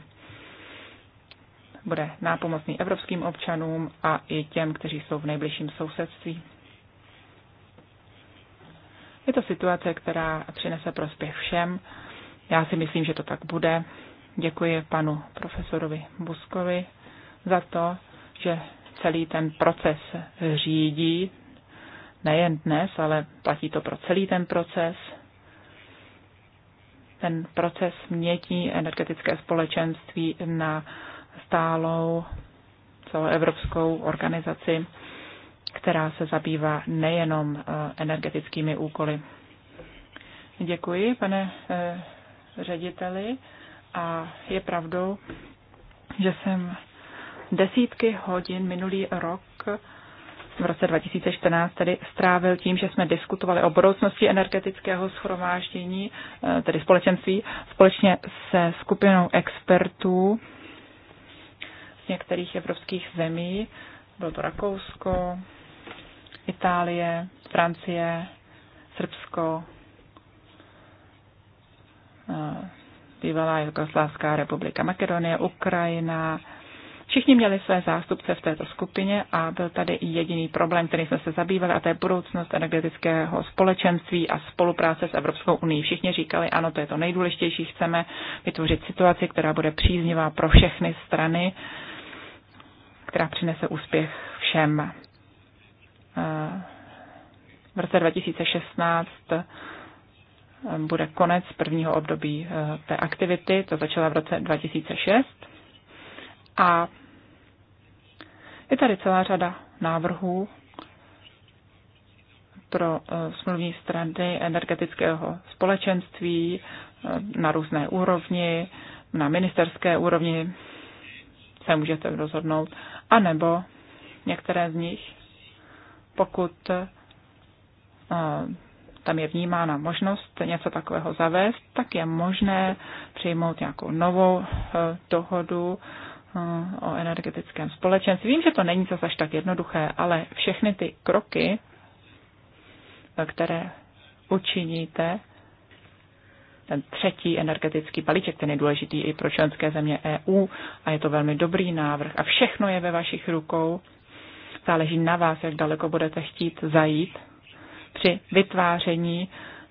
Bude nápomocný evropským občanům a i těm, kteří jsou v nejbližším sousedství. Je to situace, která přinese prospěch všem já si myslím, že to tak bude. Děkuji panu profesorovi Buskovi za to, že celý ten proces řídí, nejen dnes, ale platí to pro celý ten proces. Ten proces mětí energetické společenství na stálou celoevropskou organizaci, která se zabývá nejenom eh, energetickými úkoly. Děkuji, pane eh, řediteli a je pravdou, že jsem desítky hodin minulý rok v roce 2014 tedy strávil tím, že jsme diskutovali o budoucnosti energetického schromáždění, eh, tedy společenství, společně se skupinou expertů z některých evropských zemí. Bylo to Rakousko, Itálie, Francie, Srbsko, Eh, bývalá Jugoslávská republika Makedonie, Ukrajina. Všichni měli své zástupce v této skupině a byl tady jediný problém, který jsme se zabývali, a to je budoucnost energetického společenství a spolupráce s Evropskou unii. Všichni říkali, ano, to je to nejdůležitější, chceme vytvořit situaci, která bude příznivá pro všechny strany, která přinese úspěch všem. Eh, v roce 2016 bude konec prvního období eh, té aktivity, to začala v roce 2006. A je tady celá řada návrhů pro eh, smluvní strany energetického společenství eh, na různé úrovni, na ministerské úrovni se můžete rozhodnout, anebo některé z nich, pokud tam je vnímána možnost něco takového zavést, tak je možné přijmout nějakou novou eh, dohodu eh, o energetickém společenství. Vím, že to není zase až tak jednoduché, ale všechny ty kroky, eh, které učiníte, ten třetí energetický balíček, ten je důležitý i pro členské země EU a je to velmi dobrý návrh a všechno je ve vašich rukou. Záleží na vás, jak daleko budete chtít zajít při vytváření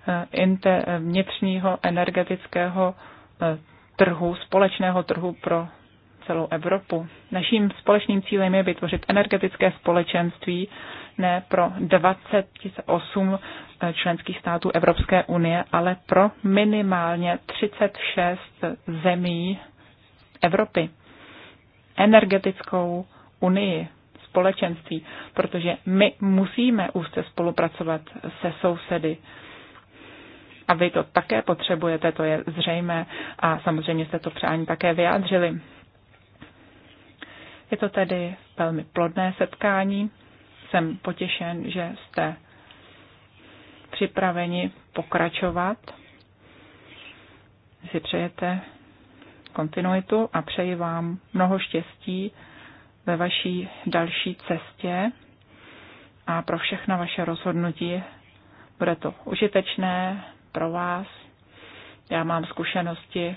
eh, eh, vnitřního energetického eh, trhu, společného trhu pro celou Evropu. Naším společným cílem je vytvořit energetické společenství ne pro 28 členských států Evropské unie, ale pro minimálně 36 zemí Evropy. Energetickou unii společenství, protože my musíme úzce spolupracovat se sousedy. A vy to také potřebujete, to je zřejmé a samozřejmě jste to přání také vyjádřili. Je to tedy velmi plodné setkání. Jsem potěšen, že jste připraveni pokračovat. Si přejete kontinuitu a přeji vám mnoho štěstí ve vaší další cestě a pro všechna vaše rozhodnutí. Bude to užitečné pro vás. Já mám zkušenosti eh,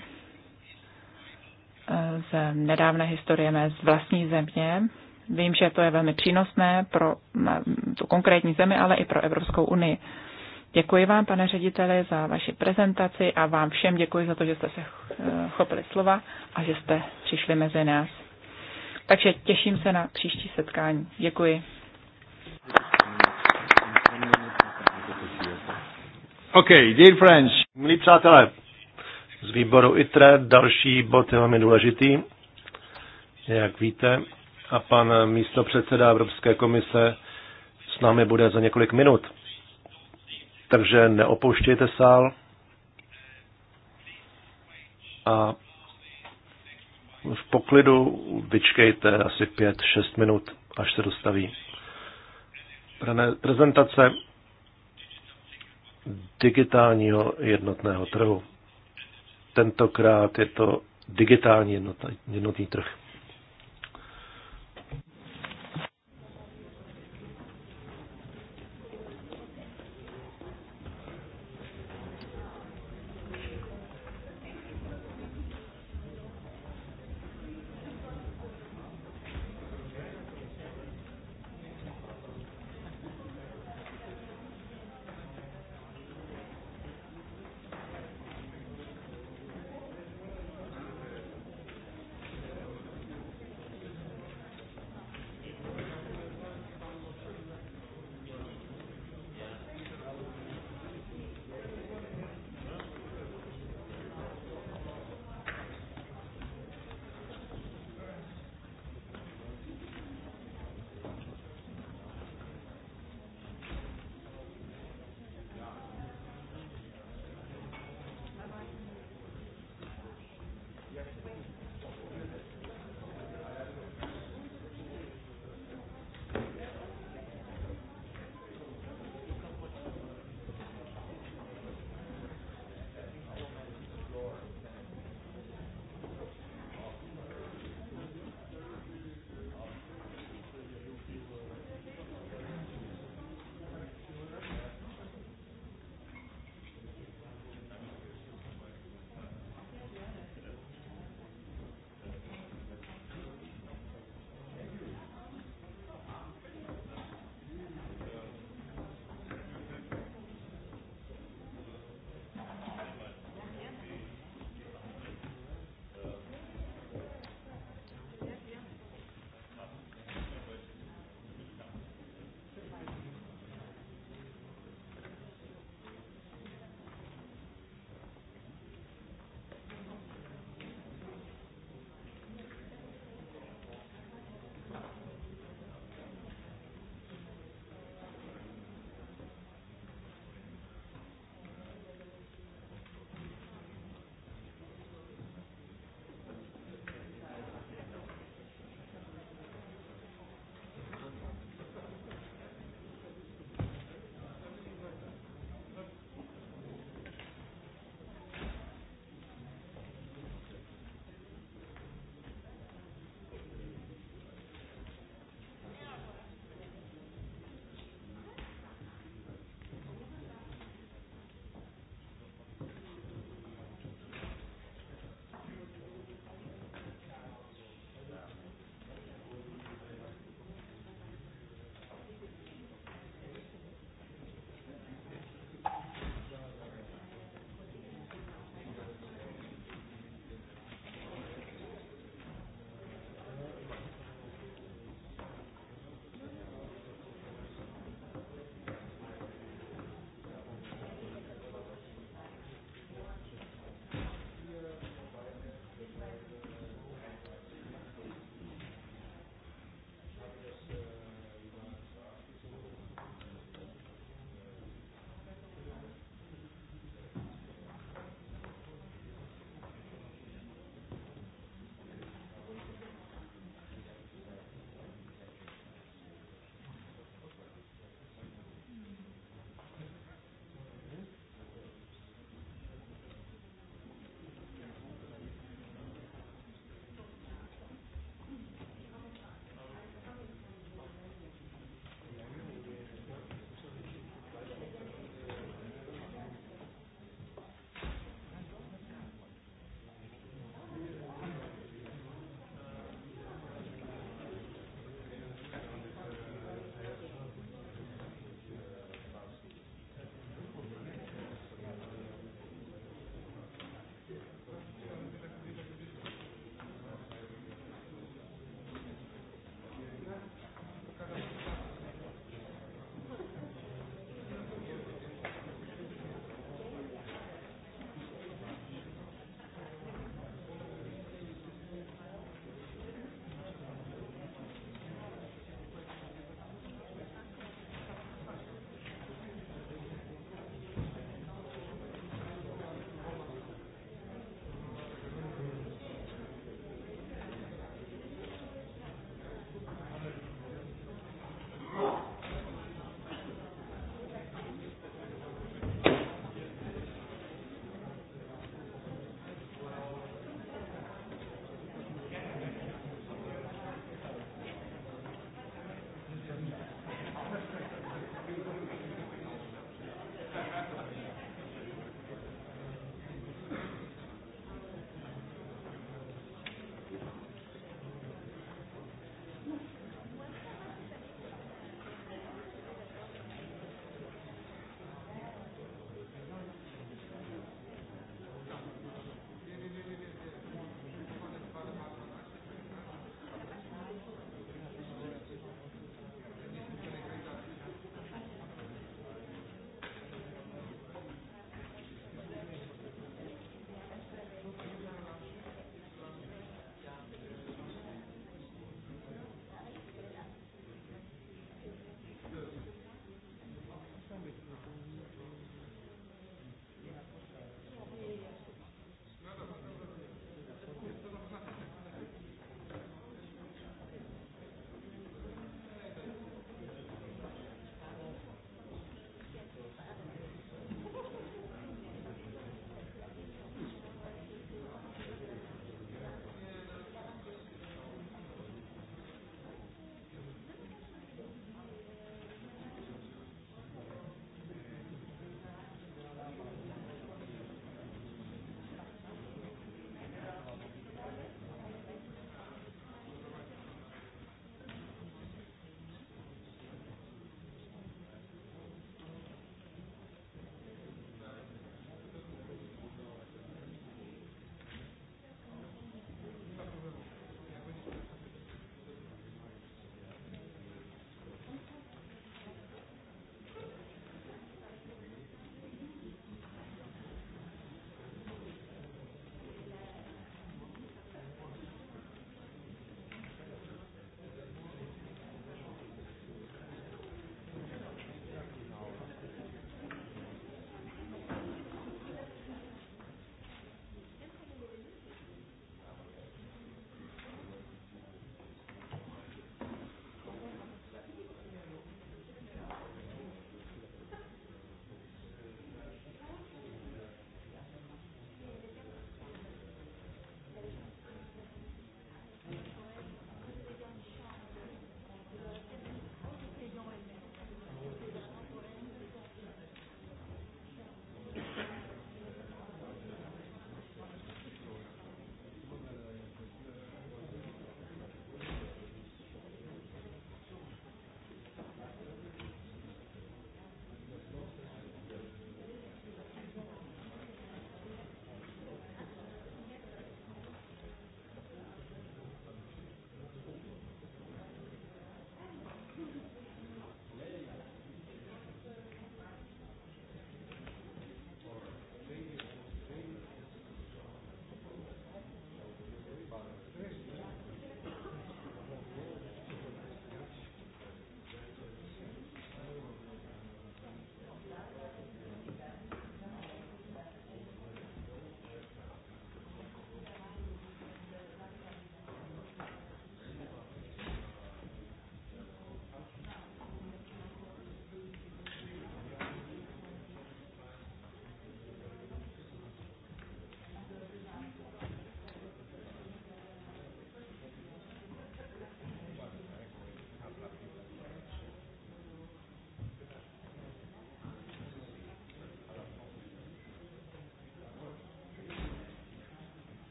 z nedávné historie mé z vlastní země. Vím, že to je velmi přínosné pro tu konkrétní zemi, ale i pro Evropskou unii. Děkuji vám, pane řediteli, za vaši prezentaci a vám všem děkuji za to, že jste se eh, chopili slova a že jste přišli mezi nás. Takže těším se na příští setkání. Děkuji. OK, dear friends, milí přátelé, z výboru ITRE další bod je velmi důležitý, jak víte, a pan místo předseda Evropské komise s námi bude za několik minut. Takže neopouštějte sál a v poklidu vyčkejte asi 5-6 minut, až se dostaví. Prezentace digitálního jednotného trhu. Tentokrát je to digitální jednotný, jednotný trh.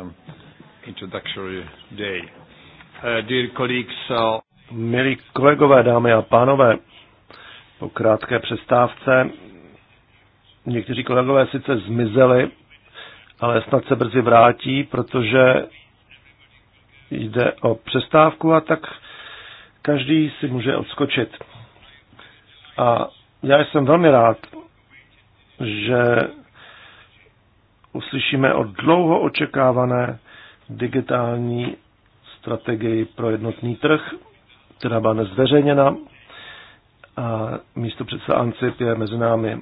um, introductory day. Uh, dear colleagues, uh... Milí kolegové, dámy a pánové, po krátké přestávce někteří kolegové sice zmizeli, ale snad se brzy vrátí, protože jde o přestávku a tak každý si může odskočit. A já jsem velmi rád, že slyšíme o dlouho očekávané digitální strategii pro jednotný trh, která byla nezveřejněna. A místo předseda Ancip je mezi námi.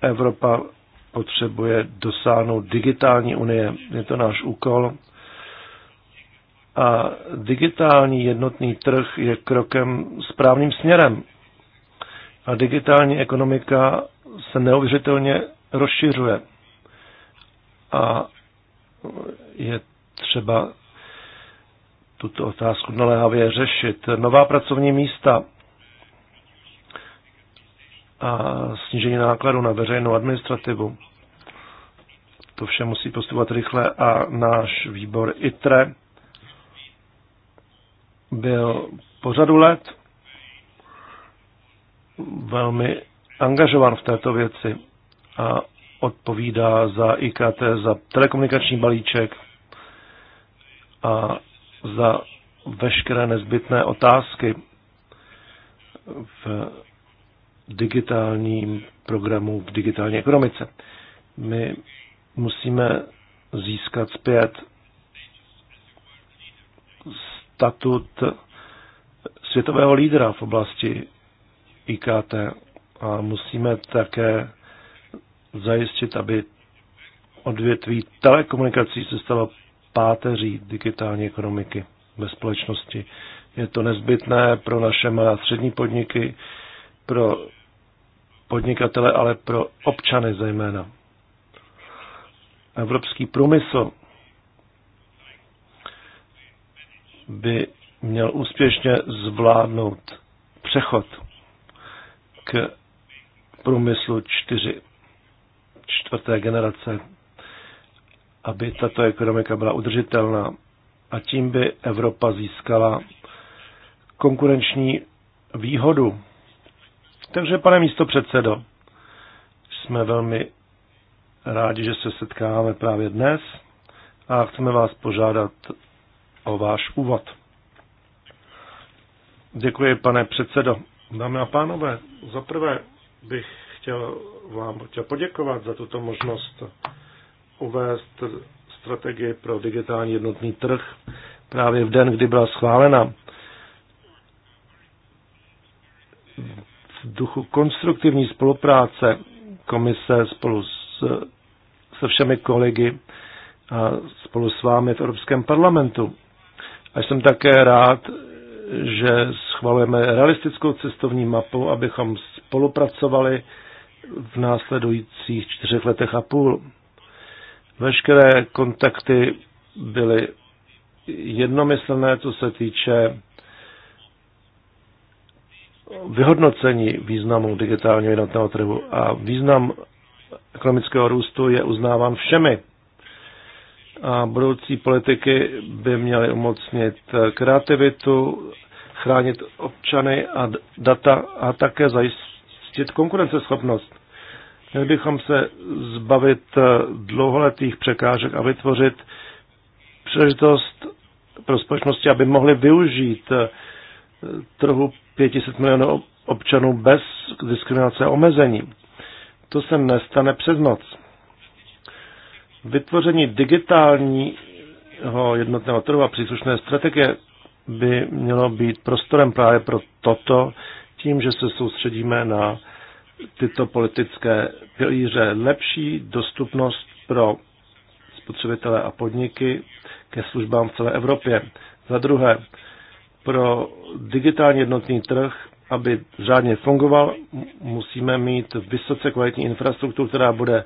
Evropa potřebuje dosáhnout digitální unie. Je to náš úkol. A digitální jednotný trh je krokem správným směrem. A digitální ekonomika se neuvěřitelně rozšiřuje a je třeba tuto otázku naléhavě řešit. Nová pracovní místa a snížení nákladů na veřejnou administrativu. To vše musí postupovat rychle a náš výbor ITRE byl po řadu let velmi angažovan v této věci a odpovídá za IKT, za telekomunikační balíček a za veškeré nezbytné otázky v digitálním programu, v digitální ekonomice. My musíme získat zpět statut světového lídra v oblasti IKT a musíme také zajistit, aby odvětví telekomunikací se stalo páteří digitální ekonomiky ve společnosti. Je to nezbytné pro naše malé a střední podniky, pro podnikatele, ale pro občany zejména. Evropský průmysl by měl úspěšně zvládnout přechod k průmyslu čtvrté generace, aby tato ekonomika byla udržitelná. A tím by Evropa získala konkurenční výhodu. Takže, pane místo předsedo, jsme velmi rádi, že se setkáváme právě dnes a chceme vás požádat o váš úvod. Děkuji, pane předsedo. Dámy a pánové, zaprvé bych chtěl vám chtěl poděkovat za tuto možnost uvést strategii pro digitální jednotný trh právě v den, kdy byla schválena. V duchu konstruktivní spolupráce komise spolu s, se všemi kolegy a spolu s vámi v Evropském parlamentu. A jsem také rád, že schvalujeme realistickou cestovní mapu, abychom spolupracovali v následujících čtyřech letech a půl. Veškeré kontakty byly jednomyslné, co se týče vyhodnocení významu digitálního jednotného trhu a význam ekonomického růstu je uznáván všemi. A budoucí politiky by měly umocnit kreativitu, chránit občany a data a také zajistit konkurenceschopnost. Měli bychom se zbavit eh, dlouholetých překážek a vytvořit příležitost pro společnosti, aby mohly využít eh, trhu 500 milionů občanů bez diskriminace a omezení. To se nestane přes noc. Vytvoření digitálního jednotného trhu a příslušné strategie by mělo být prostorem právě pro toto, tím, že se soustředíme na tyto politické pilíře lepší dostupnost pro spotřebitele a podniky ke službám v celé Evropě. Za druhé, pro digitálně jednotný trh, aby řádně fungoval, musíme mít vysoce kvalitní infrastrukturu, která bude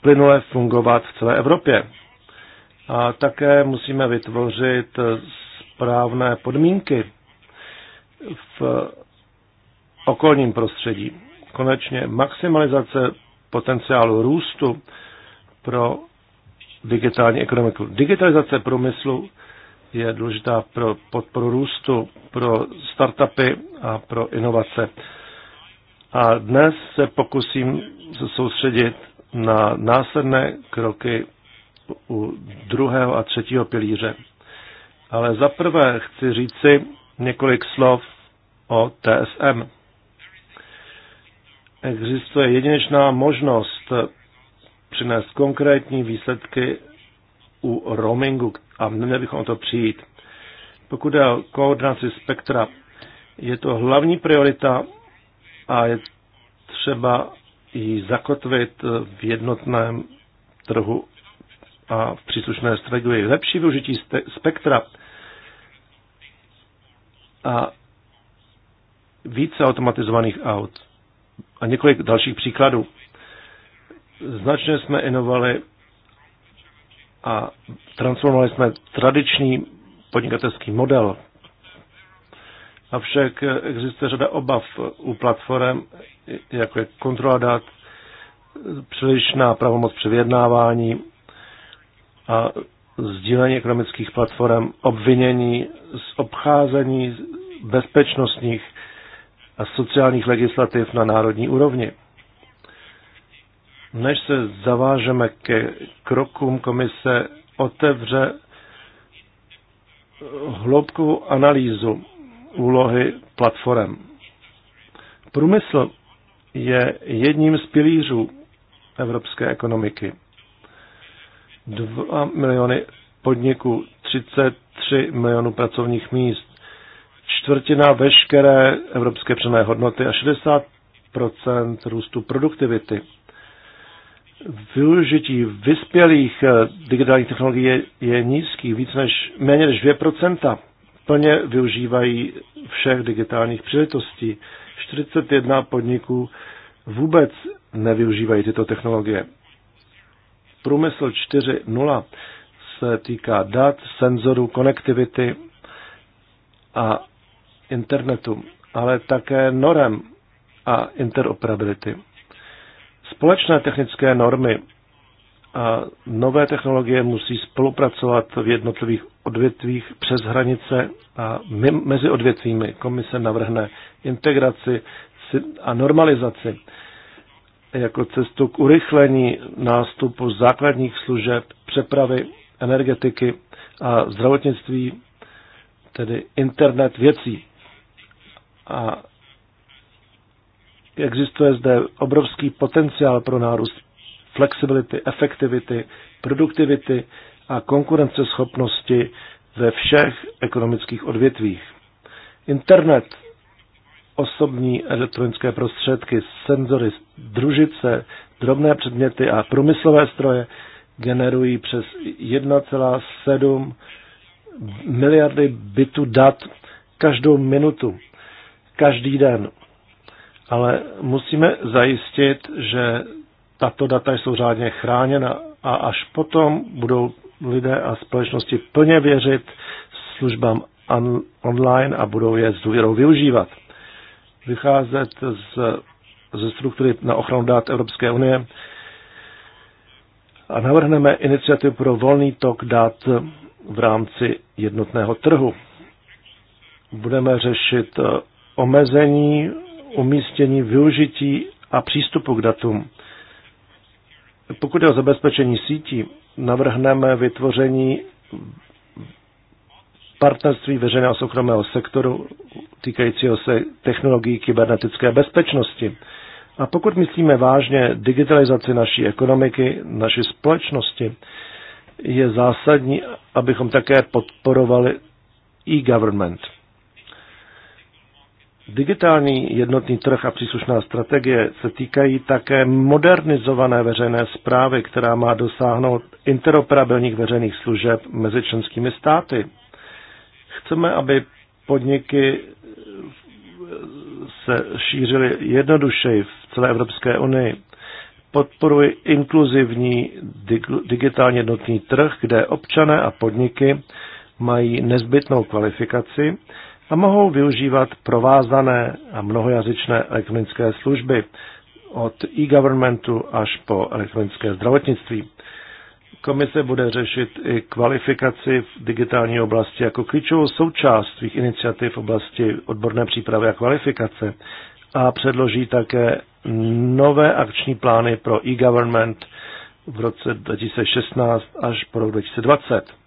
plynule fungovat v celé Evropě. A také musíme vytvořit správné podmínky v okolním prostředí konečně maximalizace potenciálu růstu pro digitální ekonomiku. Digitalizace průmyslu je důležitá pro podporu růstu, pro startupy a pro inovace. A dnes se pokusím se soustředit na následné kroky u druhého a třetího pilíře. Ale zaprvé chci říci několik slov o TSM existuje jedinečná možnost přinést konkrétní výsledky u roamingu a měli bychom o to přijít. Pokud je o koordinaci spektra, je to hlavní priorita a je třeba ji zakotvit v jednotném trhu a v příslušné strategii. Lepší využití spektra a více automatizovaných aut a několik dalších příkladů. Značně jsme inovali a transformovali jsme tradiční podnikatelský model. Avšak existuje řada obav u platform, jako je kontrola dat, přílišná pravomoc při vyjednávání a sdílení ekonomických platform, obvinění z obcházení bezpečnostních a sociálních legislativ na národní úrovni. Než se zavážeme ke krokům komise, otevře hloubkovou analýzu úlohy platform. Průmysl je jedním z pilířů evropské ekonomiky. 2 miliony podniků, 33 milionů pracovních míst, čtvrtina veškeré evropské přené hodnoty a 60 růstu produktivity. Využití vyspělých eh, digitálních technologií je, je nízký, víc než, méně než 2 plně využívají všech digitálních příležitostí. 41 podniků vůbec nevyužívají tyto technologie. Průmysl 4.0 se týká dat, senzorů, konektivity a internetu, ale také norem a interoperability. Společné technické normy a nové technologie musí spolupracovat v jednotlivých odvětvích přes hranice a mezi odvětvími. Komise navrhne integraci a normalizaci jako cestu k urychlení nástupu základních služeb, přepravy, energetiky a zdravotnictví, tedy internet věcí. A existuje zde obrovský potenciál pro nárůst flexibility, efektivity, produktivity a konkurenceschopnosti ve všech ekonomických odvětvích. Internet, osobní elektronické prostředky, senzory, družice, drobné předměty a průmyslové stroje generují přes 1,7 miliardy bitů dat každou minutu každý den. Ale musíme zajistit, že tato data jsou řádně chráněna a až potom budou lidé a společnosti plně věřit službám online a budou je s důvěrou využívat. Vycházet z, ze struktury na ochranu dát Evropské unie a navrhneme iniciativu pro volný tok dat v rámci jednotného trhu. Budeme řešit omezení umístění, využití a přístupu k datům. Pokud je o zabezpečení sítí, navrhneme vytvoření partnerství veřejného soukromého sektoru týkajícího se technologií kybernetické bezpečnosti. A pokud myslíme vážně digitalizaci naší ekonomiky, naší společnosti, je zásadní, abychom také podporovali e-government. Digitální jednotný trh a příslušná strategie se týkají také modernizované veřejné zprávy, která má dosáhnout interoperabilních veřejných služeb mezi členskými státy. Chceme, aby podniky se šířily jednodušeji v celé Evropské unii. Podporuji inkluzivní digitálně jednotný trh, kde občané a podniky mají nezbytnou kvalifikaci a mohou využívat provázané a mnohojazyčné elektronické služby od e-governmentu až po elektronické zdravotnictví. Komise bude řešit i kvalifikaci v digitální oblasti jako klíčovou součást svých iniciativ v oblasti odborné přípravy a kvalifikace a předloží také nové akční plány pro e-government v roce 2016 až po rok 2020.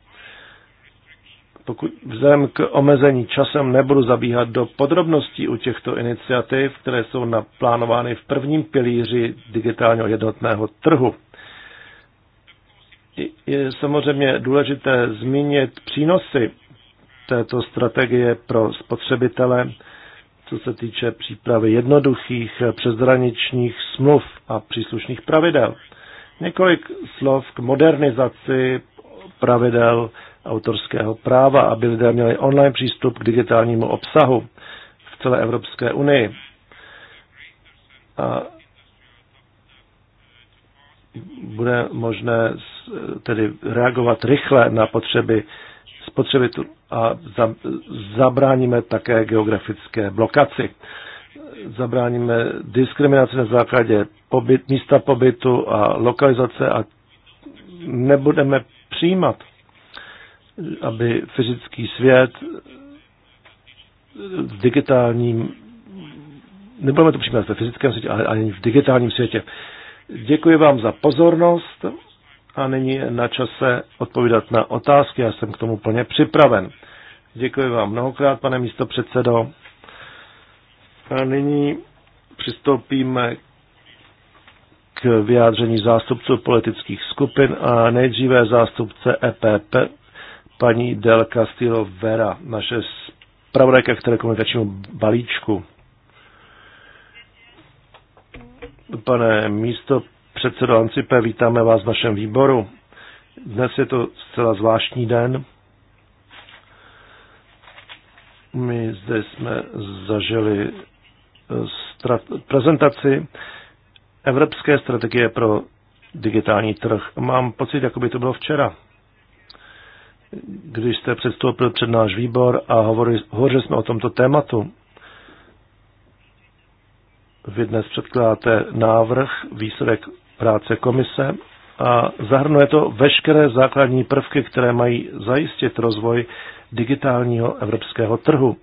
Pokud vzhledem k omezení časem nebudu zabíhat do podrobností u těchto iniciativ, které jsou naplánovány v prvním pilíři digitálního jednotného trhu. Je samozřejmě důležité zmínit přínosy této strategie pro spotřebitele, co se týče přípravy jednoduchých přezraničních smluv a příslušných pravidel. Několik slov k modernizaci pravidel autorského práva, aby lidé měli online přístup k digitálnímu obsahu v celé Evropské unii. A bude možné tedy reagovat rychle na potřeby spotřebitelů a za, zabráníme také geografické blokaci. Zabráníme diskriminaci na základě pobyt, místa pobytu a lokalizace a nebudeme přijímat aby fyzický svět v digitálním, nebudeme to přijímat ve fyzickém světě, ale ani v digitálním světě. Děkuji vám za pozornost a nyní je na čase odpovídat na otázky. Já jsem k tomu plně připraven. Děkuji vám mnohokrát, pane místo předsedo. A nyní přistoupíme k vyjádření zástupců politických skupin a nejdříve zástupce EPP, paní Del Castillo Vera, naše zpravodajka k telekomunikačnímu balíčku. Pane místo předsedo Ancipe, vítáme vás v našem výboru. Dnes je to zcela zvláštní den. My zde jsme zažili eh, prezentaci Evropské strategie pro digitální trh. Mám pocit, jako by to bylo včera když jste předstoupil před náš výbor a hovorili, hovořili jsme o tomto tématu. Vy dnes předkládáte návrh, výsledek práce komise a zahrnuje to veškeré základní prvky, které mají zajistit rozvoj digitálního evropského trhu.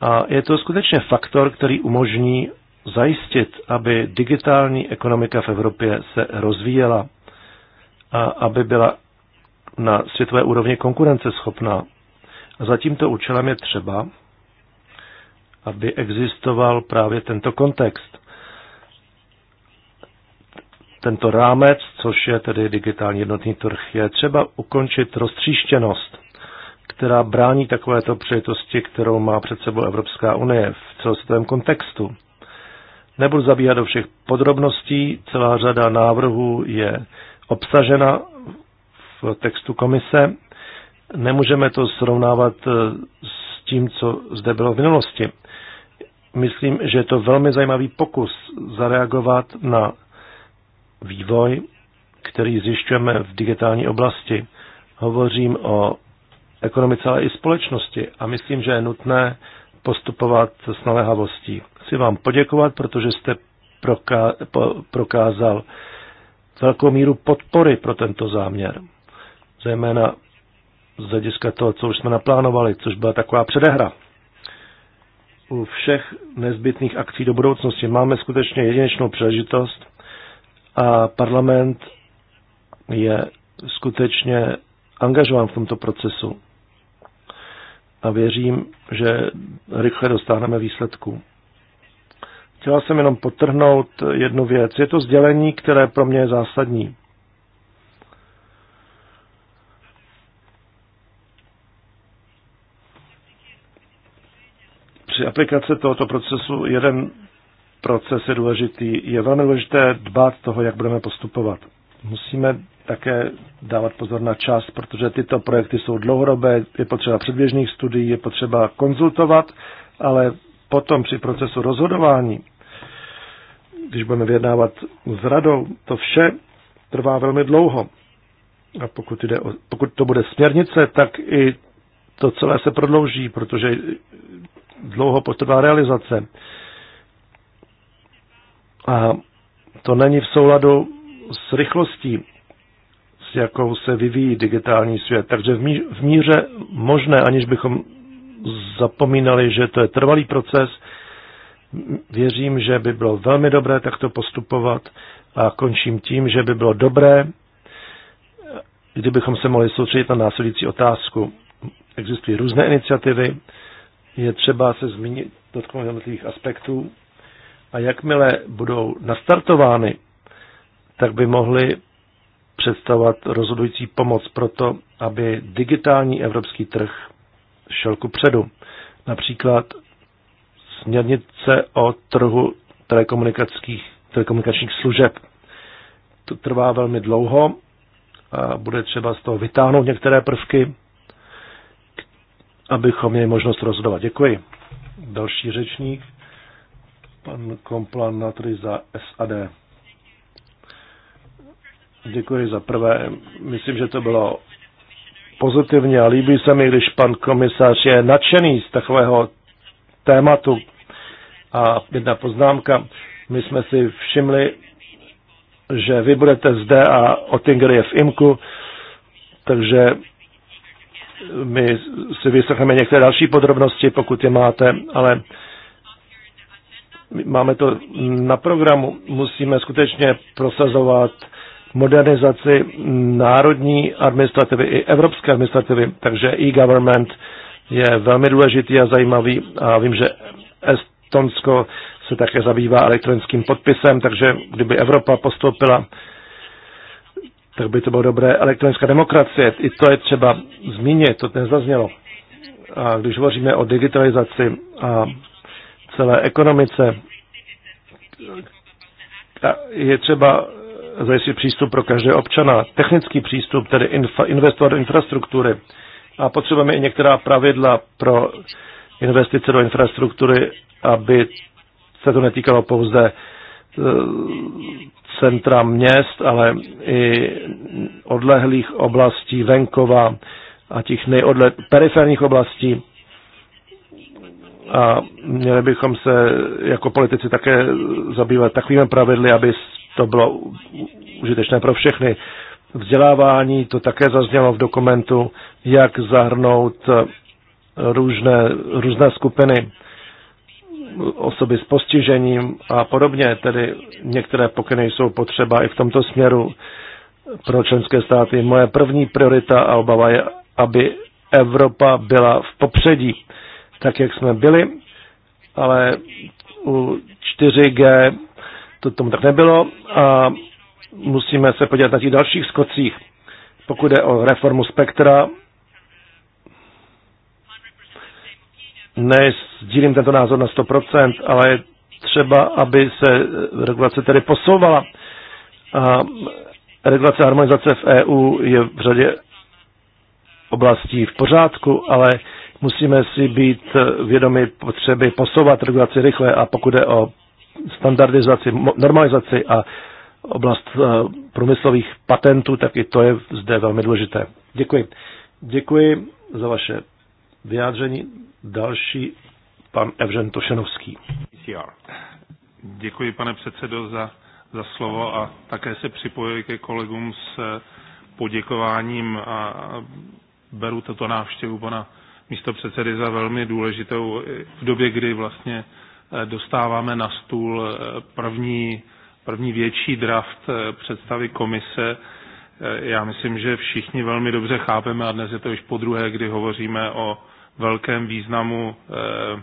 A je to skutečně faktor, který umožní zajistit, aby digitální ekonomika v Evropě se rozvíjela a aby byla na světové úrovni konkurenceschopná. A za tímto účelem je třeba, aby existoval právě tento kontext, tento rámec, což je tedy digitální jednotný trh, je třeba ukončit roztříštěnost, která brání takovéto přejitosti, kterou má před sebou Evropská unie v celosvětovém kontextu. Nebudu zabíhat do všech podrobností, celá řada návrhů je obsažena textu komise. Nemůžeme to srovnávat eh, s tím, co zde bylo v minulosti. Myslím, že je to velmi zajímavý pokus zareagovat na vývoj, který zjišťujeme v digitální oblasti. Hovořím o ekonomice, ale i společnosti a myslím, že je nutné postupovat s naléhavostí. Chci vám poděkovat, protože jste prokázal velkou míru podpory pro tento záměr zejména z hlediska toho, co už jsme naplánovali, což byla taková předehra. U všech nezbytných akcí do budoucnosti máme skutečně jedinečnou příležitost a parlament je skutečně angažován v tomto procesu. A věřím, že rychle dostáhneme výsledků. Chtěla jsem jenom potrhnout jednu věc. Je to sdělení, které pro mě je zásadní. Při aplikaci tohoto procesu jeden proces je důležitý. Je velmi důležité dbát toho, jak budeme postupovat. Musíme také dávat pozor na čas, protože tyto projekty jsou dlouhodobé, je potřeba předběžných studií, je potřeba konzultovat, ale potom při procesu rozhodování, když budeme vyjednávat s radou, to vše trvá velmi dlouho. A pokud, jde o, pokud to bude směrnice, tak i to celé se prodlouží, protože dlouho potrvá realizace. A to není v souladu s rychlostí, s jakou se vyvíjí digitální svět. Takže v míře možné, aniž bychom zapomínali, že to je trvalý proces, věřím, že by bylo velmi dobré takto postupovat a končím tím, že by bylo dobré, kdybychom se mohli soustředit na následující otázku. Existují různé iniciativy, je třeba se zmínit dotknout jednotlivých aspektů a jakmile budou nastartovány, tak by mohly představovat rozhodující pomoc pro to, aby digitální evropský trh šel ku předu. Například směrnice o trhu telekomunikačních služeb. To trvá velmi dlouho a bude třeba z toho vytáhnout některé prvky abychom měli možnost rozhodovat. Děkuji. Další řečník, pan Komplan Natry za SAD. Děkuji za prvé. Myslím, že to bylo pozitivně a líbí se mi, když pan komisař je nadšený z takového tématu. A jedna poznámka. My jsme si všimli, že vy budete zde a Ottinger je v IMKU, takže my si vyslechneme některé další podrobnosti, pokud je máte, ale máme to na programu. Musíme skutečně prosazovat modernizaci národní administrativy i evropské administrativy, takže e-government je velmi důležitý a zajímavý a vím, že Estonsko se také zabývá elektronickým podpisem, takže kdyby Evropa postoupila tak by to bylo dobré. Elektronická demokracie, i to je třeba zmínit, to nezaznělo. A když hovoříme o digitalizaci a celé ekonomice, je třeba zajistit přístup pro každého občana, technický přístup, tedy infa, investovat do infrastruktury. A potřebujeme i některá pravidla pro investice do infrastruktury, aby se to netýkalo pouze centra měst, ale i odlehlých oblastí venkova a těch nejodle, periferních oblastí. A měli bychom se jako politici také zabývat takovými pravidly, aby to bylo užitečné pro všechny. Vzdělávání, to také zaznělo v dokumentu, jak zahrnout různé, různé skupiny osoby s postižením a podobně. Tedy některé pokyny jsou potřeba i v tomto směru pro členské státy. Moje první priorita a obava je, aby Evropa byla v popředí, tak jak jsme byli, ale u 4G to tomu tak nebylo a musíme se podívat na těch dalších skocích. Pokud je o reformu spektra, ne sdílím tento názor na 100%, ale je třeba, aby se regulace tedy posouvala. A regulace a harmonizace v EU je v řadě oblastí v pořádku, ale musíme si být vědomi potřeby posouvat regulaci rychle a pokud je o standardizaci, normalizaci a oblast e, průmyslových patentů, tak i to je zde velmi důležité. Děkuji. Děkuji za vaše vyjádření. Další pan Evžen Tošenovský. Děkuji, pane předsedo, za, za slovo a také se připojuji ke kolegům s eh, poděkováním a beru toto návštěvu pana místo předsedy za velmi důležitou v době, kdy vlastně eh, dostáváme na stůl eh, první, první větší draft představy komise. Já myslím, že všichni velmi dobře chápeme a dnes je to už po druhé, kdy hovoříme o velkém významu eh,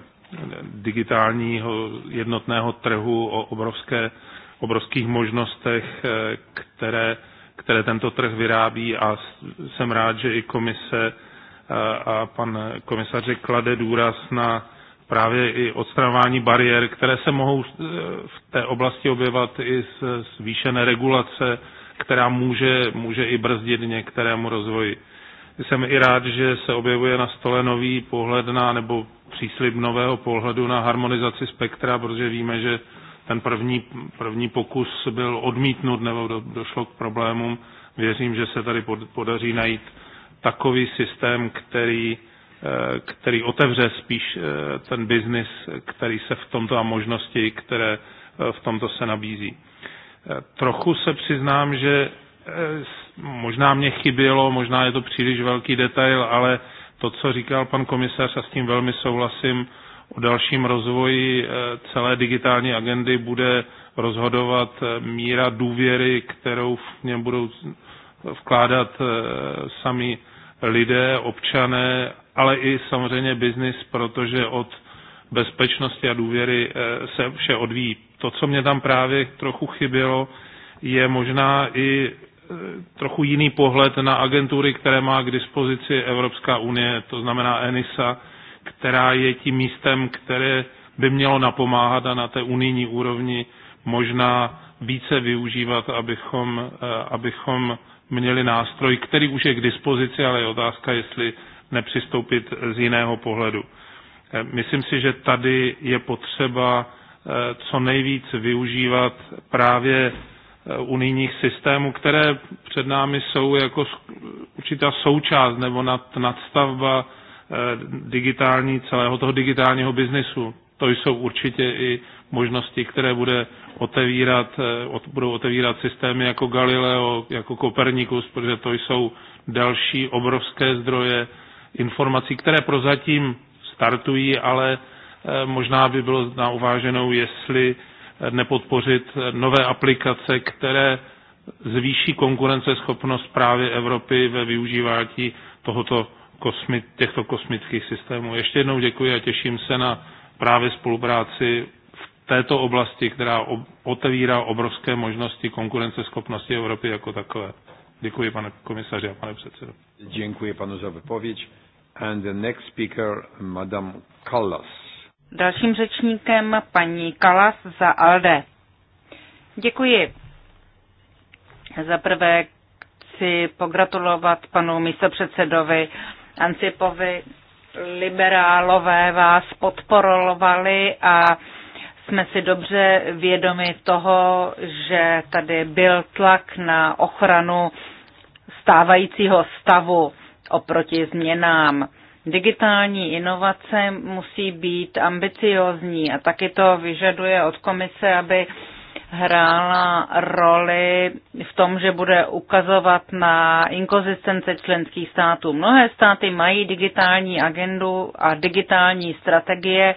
digitálního jednotného trhu, o obrovské, obrovských možnostech, eh, které, které tento trh vyrábí a jsem rád, že i komise eh, a pan komisař klade důraz na právě i odstraňování bariér, které se mohou v té oblasti objevat i z zvýšené regulace, která může, může i brzdit některému rozvoji. Jsem i rád, že se objevuje na stole nový pohled na, nebo příslib nového pohledu na harmonizaci spektra, protože víme, že ten první, první pokus byl odmítnut nebo do, došlo k problémům. Věřím, že se tady pod, podaří najít takový systém, který, eh, který otevře spíš eh, ten biznis, který se v tomto a možnosti, které eh, v tomto se nabízí. Trochu se přiznám, že Eh, možná mě chybělo, možná je to příliš velký detail, ale to, co říkal pan komisař, a s tím velmi souhlasím, o dalším rozvoji eh, celé digitální agendy bude rozhodovat eh, míra důvěry, kterou v něm budou vkládat sami lidé, občané, ale i samozřejmě biznis, protože od bezpečnosti a důvěry se vše odvíjí. To, co mě tam právě trochu chybělo, je možná i Eh, trochu jiný pohled na agentury, které má k dispozici Evropská unie, to znamená ENISA, která je tím místem, které by mělo napomáhat a na té unijní úrovni možná více využívat, abychom, eh, abychom měli nástroj, který už je k dispozici, ale je otázka, jestli nepřistoupit z jiného pohledu. Eh, myslím si, že tady je potřeba co nejvíc využívat právě Eh, unijních systémů, které před námi jsou jako určitá součást nebo nad, nadstavba eh, digitální, celého toho digitálního biznisu. To jsou určitě i možnosti, které bude otevírat, eh, budou otevírat systémy jako Galileo, jako Kopernikus, protože to jsou další obrovské zdroje informací, které prozatím startují, ale možná by bylo na uváženou, jestli nepodpořit nové aplikace, které zvýší konkurenceschopnost právě Evropy ve využívání tohoto kosmi, těchto kosmických systémů. Ještě jednou děkuji a těším se na právě spolupráci v této oblasti, která otevírá obrovské možnosti konkurenceschopnosti Evropy jako takové. Děkuji, pane komisaři a pane předsedo. Děkuji panu za odpověď. And the next speaker, Madame Callas. Dalším řečníkem paní Kalas za ALDE. Děkuji. Za prvé chci pogratulovat panu místopředsedovi Ancipovi. Liberálové vás podporovali a jsme si dobře vědomi toho, že tady byl tlak na ochranu stávajícího stavu oproti změnám. Digitální inovace musí být ambiciozní a taky to vyžaduje od komise, aby hrála roli v tom, že bude ukazovat na inkonzistence členských států. Mnohé státy mají digitální agendu a digitální strategie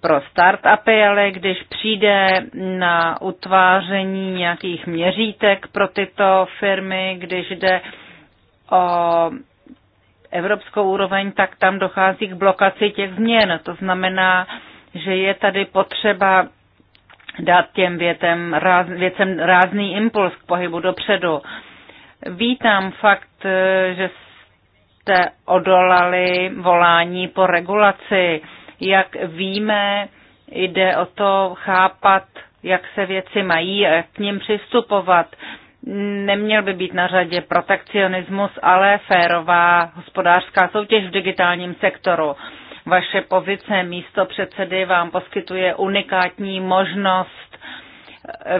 pro startupy, ale když přijde na utváření nějakých měřítek pro tyto firmy, když jde o evropskou úroveň, tak tam dochází k blokaci těch změn. To znamená, že je tady potřeba dát těm větem, ráz, věcem rázný impuls k pohybu dopředu. Vítám fakt, že jste odolali volání po regulaci. Jak víme, jde o to chápat, jak se věci mají a jak k ním přistupovat neměl by být na řadě protekcionismus, ale férová hospodářská soutěž v digitálním sektoru. Vaše pozice místo předsedy vám poskytuje unikátní možnost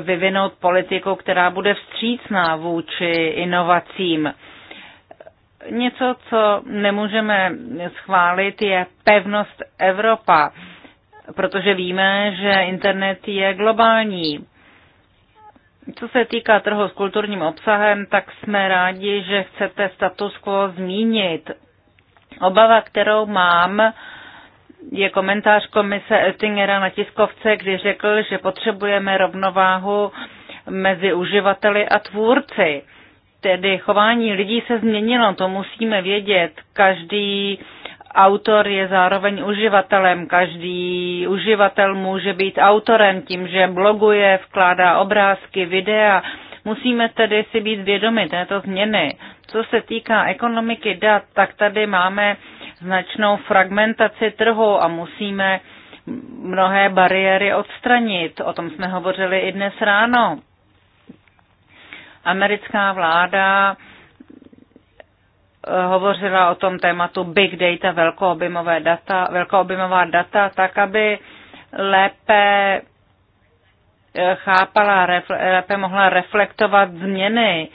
vyvinout politiku, která bude vstřícná vůči inovacím. Něco, co nemůžeme schválit, je pevnost Evropa, protože víme, že internet je globální co se týká trhu s kulturním obsahem, tak jsme rádi, že chcete status quo zmínit. Obava, kterou mám, je komentář komise Ettingera na tiskovce, kdy řekl, že potřebujeme rovnováhu mezi uživateli a tvůrci. Tedy chování lidí se změnilo, to musíme vědět. Každý autor je zároveň uživatelem. Každý uživatel může být autorem tím, že bloguje, vkládá obrázky, videa. Musíme tedy si být vědomi této změny. Co se týká ekonomiky dat, tak tady máme značnou fragmentaci trhu a musíme mnohé bariéry odstranit. O tom jsme hovořili i dnes ráno. Americká vláda hovořila o tom tématu big data, velkoobjemové data, velkoobjemová data, tak aby lépe eh, chápala, lépe mohla reflektovat změny.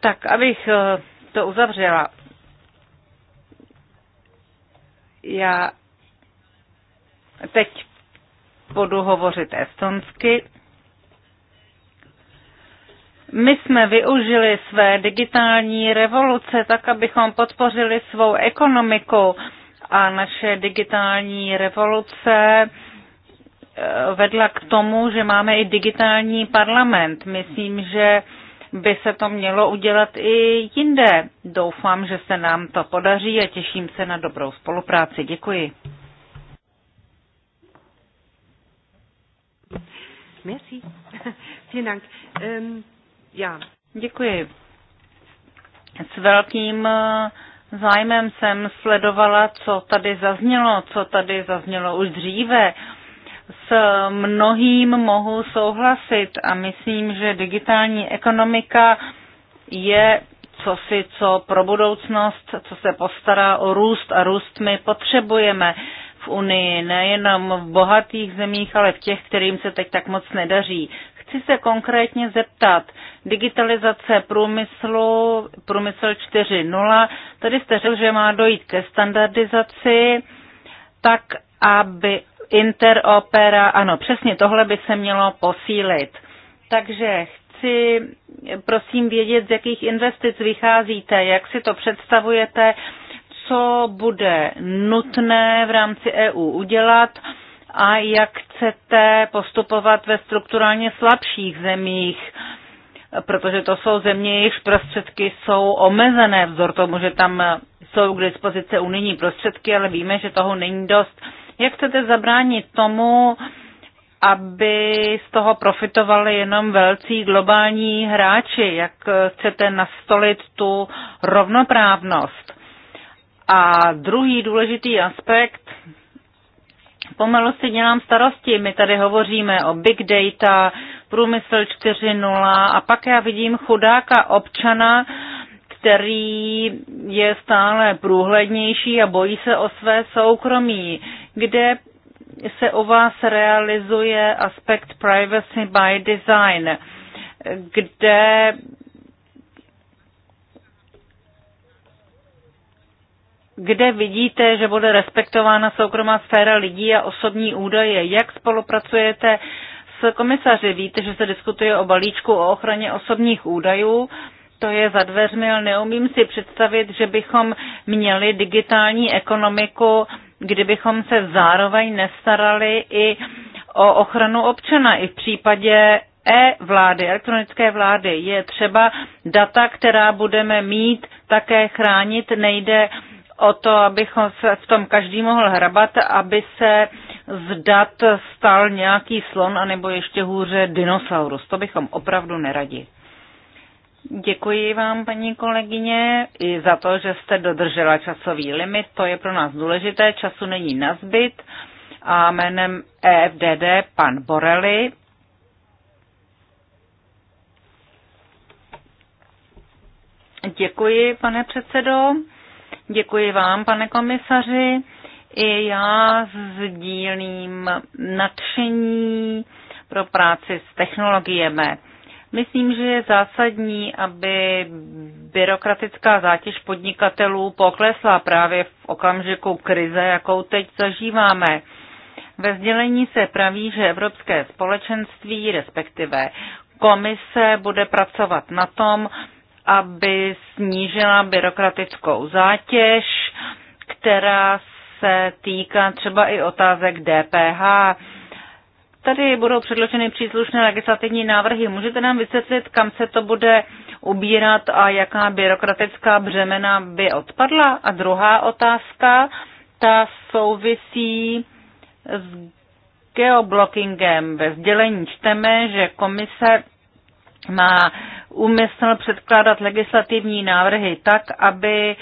Tak, abych eh, to uzavřela. Já teď budu hovořit estonsky. My jsme využili své digitální revoluce tak, abychom podpořili svou ekonomiku a naše digitální revoluce eh, vedla k tomu, že máme i digitální parlament. Myslím, že by se to mělo udělat i jinde. Doufám, že se nám to podaří a těším se na dobrou spolupráci. Děkuji. Merci. Vielen Dank. Ähm, já. Děkuji. S velkým eh, zájmem jsem sledovala, co tady zaznělo, co tady zaznělo už dříve. S mnohým mohu souhlasit a myslím, že digitální ekonomika je co si co pro budoucnost, co se postará o růst a růst my potřebujeme v Unii, nejenom v bohatých zemích, ale v těch, kterým se teď tak moc nedaří. Chci se konkrétně zeptat, digitalizace průmyslu, průmysl 4.0, tady jste řekl, že má dojít ke standardizaci, tak aby interopera, ano, přesně tohle by se mělo posílit. Takže chci prosím vědět, z jakých investic vycházíte, jak si to představujete, co bude nutné v rámci EU udělat, a jak chcete postupovat ve strukturálně slabších zemích, protože to jsou země, jejichž prostředky jsou omezené, vzor tomu, že tam jsou k dispozici unijní prostředky, ale víme, že toho není dost. Jak chcete zabránit tomu, aby z toho profitovali jenom velcí globální hráči? Jak chcete nastolit tu rovnoprávnost? A druhý důležitý aspekt, Pomalu si dělám starosti. My tady hovoříme o big data, průmysl 4.0 a pak já vidím chudáka občana, který je stále průhlednější a bojí se o své soukromí. Kde se u vás realizuje aspekt privacy by design? Kde kde vidíte, že bude respektována soukromá sféra lidí a osobní údaje? Jak spolupracujete s komisaři? Víte, že se diskutuje o balíčku o ochraně osobních údajů. To je za dveřmi, ale neumím si představit, že bychom měli digitální ekonomiku, kdybychom se zároveň nestarali i o ochranu občana. I v případě e-vlády, elektronické vlády je třeba data, která budeme mít, také chránit. Nejde o to, abychom se v tom každý mohl hrabat, aby se z dat stal nějaký slon, anebo ještě hůře dinosaurus. To bychom opravdu neradi. Děkuji vám, paní kolegyně, i za to, že jste dodržela časový limit. To je pro nás důležité, času není na zbyt. A jménem EFDD pan Borelli. Děkuji, pane předsedo. Děkuji vám, pane komisaři. I já sdílím nadšení pro práci s technologiemi. Myslím, že je zásadní, aby byrokratická zátěž podnikatelů poklesla právě v okamžiku krize, jakou teď zažíváme. Ve sdělení se praví, že Evropské společenství, respektive komise, bude pracovat na tom, aby snížila byrokratickou zátěž, která se týká třeba i otázek DPH. Tady budou předloženy příslušné legislativní návrhy. Můžete nám vysvětlit, kam se to bude ubírat a jaká byrokratická břemena by odpadla? A druhá otázka, ta souvisí s geoblockingem. Ve sdělení čteme, že komise má úmysl předkládat legislativní návrhy tak, aby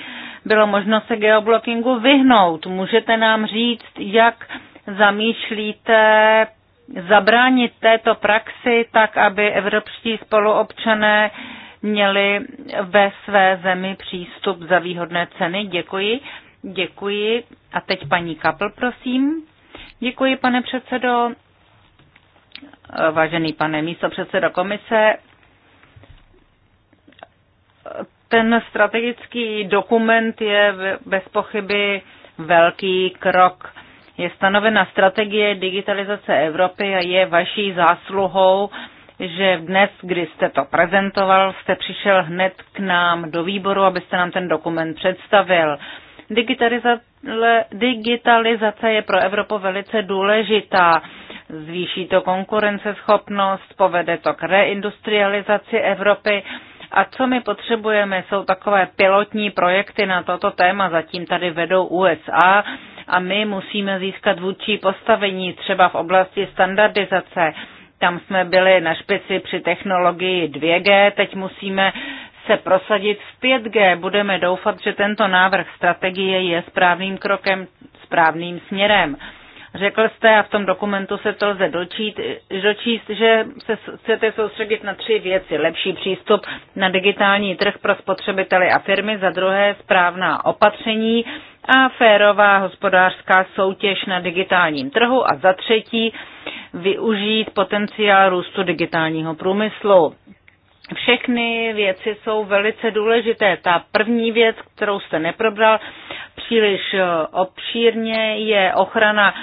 bylo možno se geoblockingu vyhnout. Můžete nám říct, jak zamýšlíte zabránit této praxi tak, aby evropští spoluobčané měli ve své zemi přístup za výhodné ceny. Děkuji. Děkuji. A teď paní Kapl, prosím. Děkuji, pane předsedo. Vážený pane místo předsedo komise, ten strategický dokument je bez pochyby velký krok. Je stanovena strategie digitalizace Evropy a je vaší zásluhou, že dnes, kdy jste to prezentoval, jste přišel hned k nám do výboru, abyste nám ten dokument představil. Digitalizace je pro Evropu velice důležitá. Zvýší to konkurenceschopnost, povede to k reindustrializaci Evropy a co my potřebujeme, jsou takové pilotní projekty na toto téma, zatím tady vedou USA a my musíme získat vůdčí postavení třeba v oblasti standardizace. Tam jsme byli na špici při technologii 2G, teď musíme se prosadit v 5G. Budeme doufat, že tento návrh strategie je správným krokem, správným směrem. Řekl jste, a v tom dokumentu se to lze dočít, dočíst, že se chcete soustředit na tři věci. Lepší přístup na digitální trh pro spotřebitele a firmy, za druhé správná opatření a férová hospodářská soutěž na digitálním trhu a za třetí využít potenciál růstu digitálního průmyslu. Všechny věci jsou velice důležité. Ta první věc, kterou jste neprobral příliš obšírně, je ochrana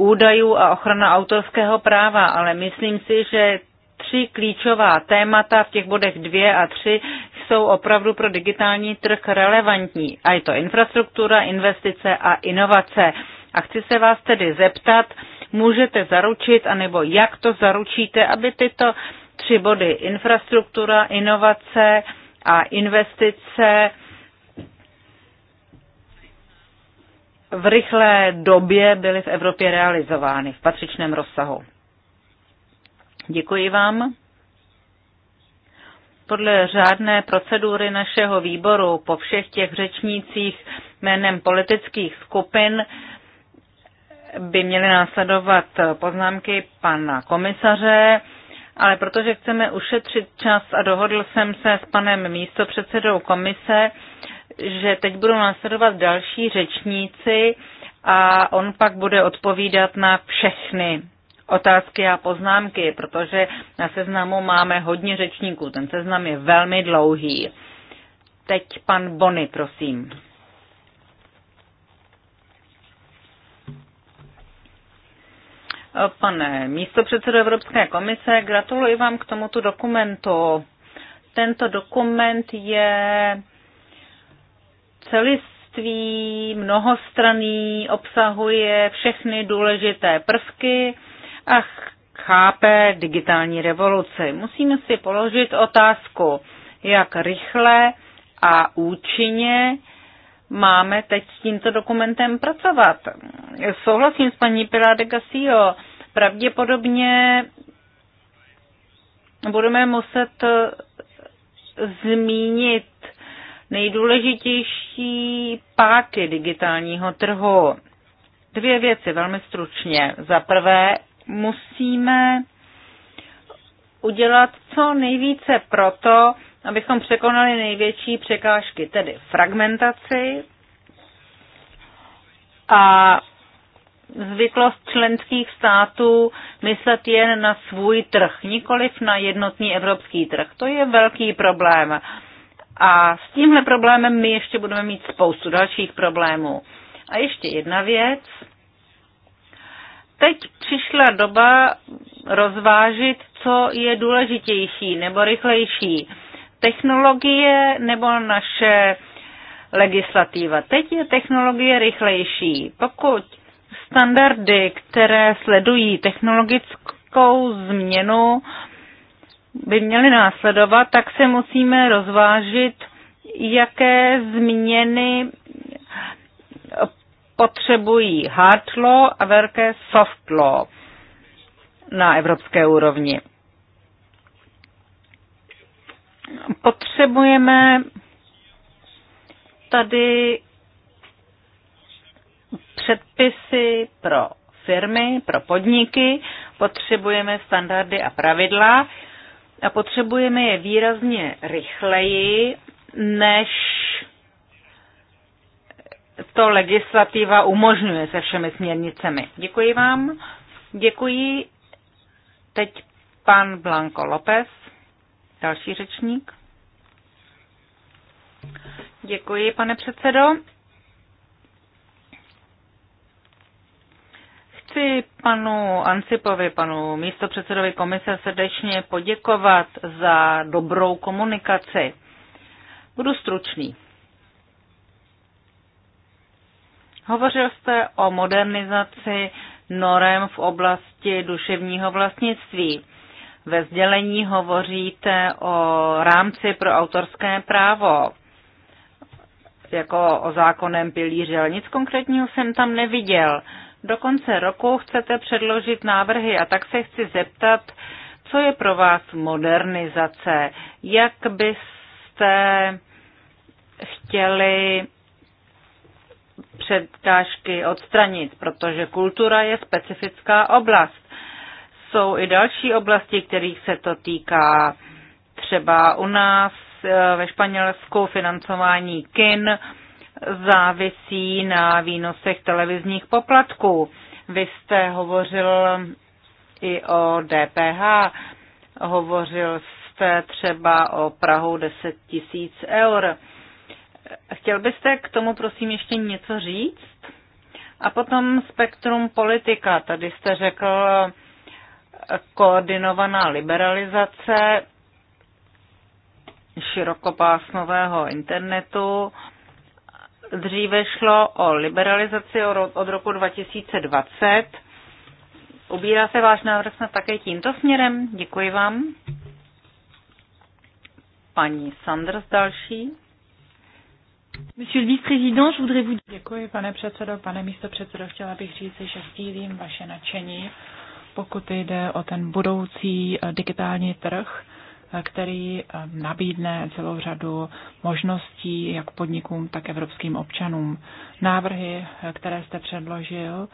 údajů a ochrana autorského práva, ale myslím si, že tři klíčová témata v těch bodech dvě a tři jsou opravdu pro digitální trh relevantní. A je to infrastruktura, investice a inovace. A chci se vás tedy zeptat, můžete zaručit, anebo jak to zaručíte, aby tyto tři body infrastruktura, inovace a investice v rychlé době byly v Evropě realizovány v patřičném rozsahu. Děkuji vám. Podle řádné procedury našeho výboru po všech těch řečnících jménem politických skupin by měly následovat poznámky pana komisaře, ale protože chceme ušetřit čas a dohodl jsem se s panem místopředsedou komise, že teď budou následovat další řečníci a on pak bude odpovídat na všechny otázky a poznámky, protože na seznamu máme hodně řečníků. Ten seznam je velmi dlouhý. Teď pan Bony, prosím. Pane předsedo Evropské komise, gratuluji vám k tomuto dokumentu. Tento dokument je celiství mnohostranný, obsahuje všechny důležité prvky a chápe digitální revoluci. Musíme si položit otázku, jak rychle a účinně máme teď s tímto dokumentem pracovat. Souhlasím s paní Pilar de Pravděpodobně budeme muset zmínit nejdůležitější páky digitálního trhu. Dvě věci velmi stručně. Za prvé, musíme udělat co nejvíce proto, abychom překonali největší překážky, tedy fragmentaci a zvyklost členských států myslet jen na svůj trh, nikoliv na jednotný evropský trh. To je velký problém. A s tímhle problémem my ještě budeme mít spoustu dalších problémů. A ještě jedna věc. Teď přišla doba rozvážit, co je důležitější nebo rychlejší. Technologie nebo naše legislativa. Teď je technologie rychlejší. Pokud standardy, které sledují technologickou změnu, by měly následovat, tak se musíme rozvážit, jaké změny potřebují hard law a velké soft law na evropské úrovni. Potřebujeme tady předpisy pro firmy, pro podniky, potřebujeme standardy a pravidla, a potřebujeme je výrazně rychleji, než to legislativa umožňuje se všemi směrnicemi. Děkuji vám. Děkuji. Teď pan Blanco López, další řečník. Děkuji, pane předsedo. Chci panu Ancipovi, panu místopředsedovi komise srdečně poděkovat za dobrou komunikaci. Budu stručný. Hovořil jste o modernizaci norem v oblasti duševního vlastnictví. Ve sdělení hovoříte o rámci pro autorské právo, jako o zákonem pilíři, ale nic konkrétního jsem tam neviděl. Do konce roku chcete předložit návrhy a tak se chci zeptat, co je pro vás modernizace? Jak byste chtěli předkážky odstranit, protože kultura je specifická oblast. Jsou i další oblasti, kterých se to týká. Třeba u nás eh, ve Španělsku financování kin, závisí na výnosech televizních poplatků. Vy jste hovořil i o DPH, hovořil jste třeba o Prahu 10 tisíc eur. Chtěl byste k tomu prosím ještě něco říct? A potom spektrum politika. Tady jste řekl koordinovaná liberalizace širokopásmového internetu. Dříve šlo o liberalizaci od roku 2020. Ubírá se váš návrh snad také tímto směrem? Děkuji vám. Paní Sanders další. Monsieur le vice-président, je voudrais vous... Děkuji, pane předsedo, pane místo předsedo, chtěla bych říct, že sdílím vaše nadšení, pokud jde o ten budoucí eh, digitální trh který eh, nabídne celou řadu možností jak podnikům, tak evropským občanům. Návrhy, eh, které jste předložil,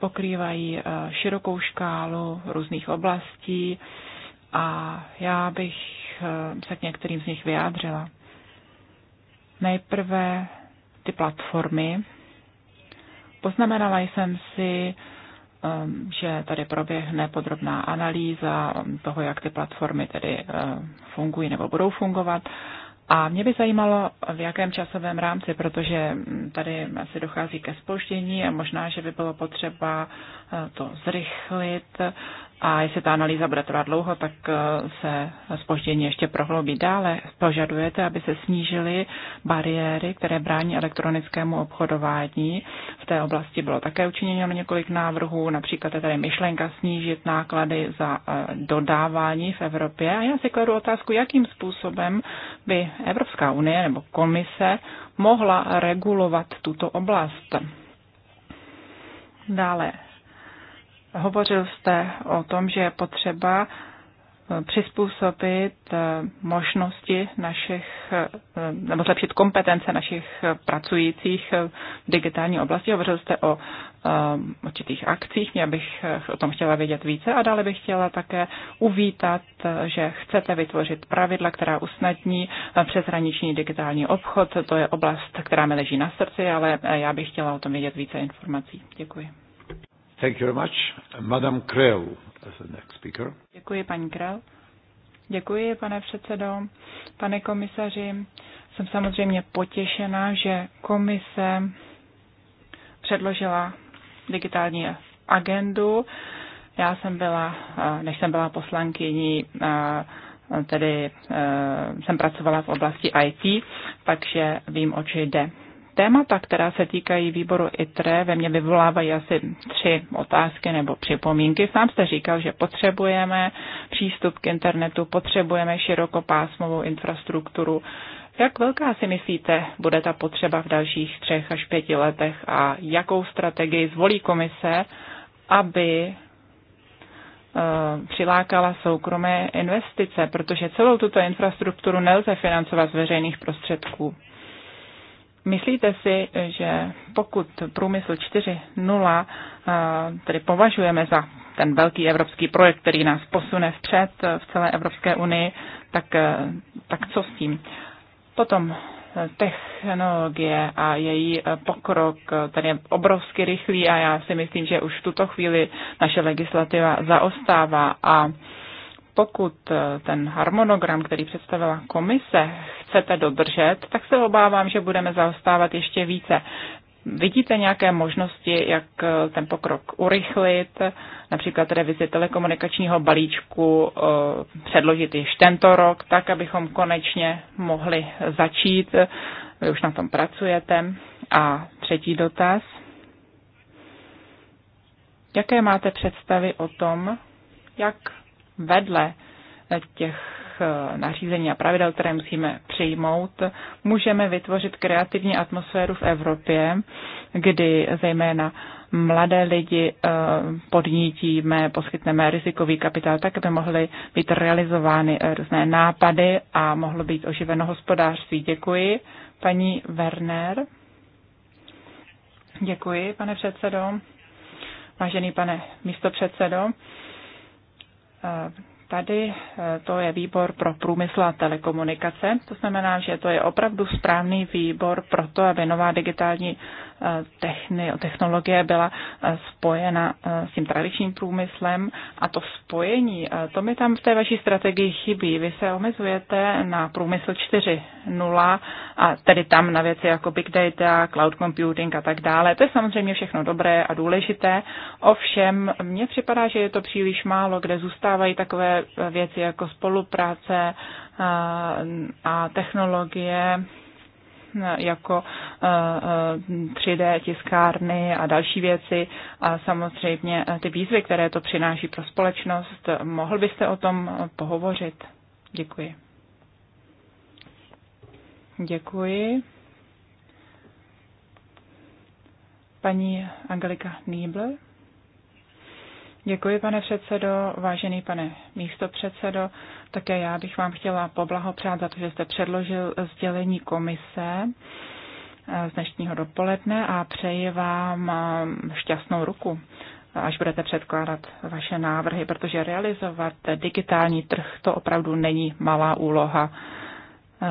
pokrývají eh, širokou škálu různých oblastí a já bych se k některým z nich vyjádřila. Nejprve ty platformy. Poznamenala jsem si Um, že tady proběhne podrobná analýza toho, jak ty platformy tedy uh, fungují nebo budou fungovat. A mě by zajímalo, v jakém časovém rámci, protože mm, tady asi dochází ke spoždění a možná, že by bylo potřeba uh, to zrychlit, a jestli ta analýza bude trvat dlouho, tak eh, se spoždění ještě prohloubí. Dále požadujete, aby se snížily bariéry, které brání elektronickému obchodování. V té oblasti bylo také učiněno několik návrhů, například je tady myšlenka snížit náklady za eh, dodávání v Evropě. A já si kladu otázku, jakým způsobem by Evropská unie nebo komise mohla regulovat tuto oblast. Dále Hovořil jste o tom, že je potřeba eh, přizpůsobit eh, možnosti našich, eh, nebo zlepšit kompetence našich pracujících v digitální oblasti. Hovořil jste o určitých akcích, já bych o tom chtěla vědět více a dále bych chtěla také uvítat, že chcete vytvořit pravidla, která usnadní přeshraniční digitální obchod. To je oblast, která mi leží na srdci, ale já bych chtěla o tom vědět více informací. Děkuji. Thank you very much. Krell as the next speaker. Děkuji, paní Krell. Děkuji, pane předsedo. Pane komisaři, jsem samozřejmě potěšena, že komise předložila digitální agendu. Já jsem byla, než jsem byla poslankyní, tedy eh, jsem pracovala v oblasti IT, takže vím, o čem jde. Témata, která se týkají výboru ITRE, ve mně vyvolávají asi tři otázky nebo připomínky. Sám jste říkal, že potřebujeme přístup k internetu, potřebujeme širokopásmovou infrastrukturu. Jak velká si myslíte, bude ta potřeba v dalších třech až pěti letech a jakou strategii zvolí komise, aby eh, přilákala soukromé investice, protože celou tuto infrastrukturu nelze financovat z veřejných prostředků. Myslíte si, že pokud průmysl 4.0 eh, tedy považujeme za ten velký evropský projekt, který nás posune vpřed eh, v celé Evropské unii, tak, eh, tak co s tím? Potom technologie a její pokrok, ten je obrovsky rychlý a já si myslím, že už v tuto chvíli naše legislativa zaostává a pokud eh, ten harmonogram, který představila komise, chcete dodržet, tak se obávám, že budeme zaostávat ještě více. Vidíte nějaké možnosti, jak eh, ten pokrok urychlit, například revizi telekomunikačního balíčku eh, předložit již tento rok, tak, abychom konečně mohli začít. Vy už na tom pracujete. A třetí dotaz. Jaké máte představy o tom, jak vedle těch eh, nařízení a pravidel, které musíme přijmout, můžeme vytvořit kreativní atmosféru v Evropě, kdy zejména mladé lidi eh, podnítíme, poskytneme rizikový kapitál, tak aby mohly být realizovány eh, různé nápady a mohlo být oživeno hospodářství. Děkuji. Paní Werner. Děkuji, pane předsedo. Vážený pane místopředsedo, tady eh, to je výbor pro průmysl a telekomunikace. To znamená, že to je opravdu správný výbor pro to, aby nová digitální techni- technologie byla eh, spojena eh, s tím tradičním průmyslem a to spojení, eh, to mi tam v té vaší strategii chybí. Vy se omezujete na průmysl 4.0 a tedy tam na věci jako big data, cloud computing a tak dále. To je samozřejmě všechno dobré a důležité, ovšem mně připadá, že je to příliš málo, kde zůstávají takové věci jako spolupráce a technologie jako 3D eh, eh, tiskárny a další věci a samozřejmě eh, ty výzvy, které to přináší pro společnost. Mohl byste o tom pohovořit? Děkuji. Děkuji. Paní Angelika Niebler. Děkuji, pane předsedo, vážený pane místopředsedo. Také já bych vám chtěla poblahopřát za to, že jste předložil sdělení komise eh, z dnešního dopoledne a přeji vám eh, šťastnou ruku až budete předkládat vaše návrhy, protože realizovat digitální trh to opravdu není malá úloha. Eh,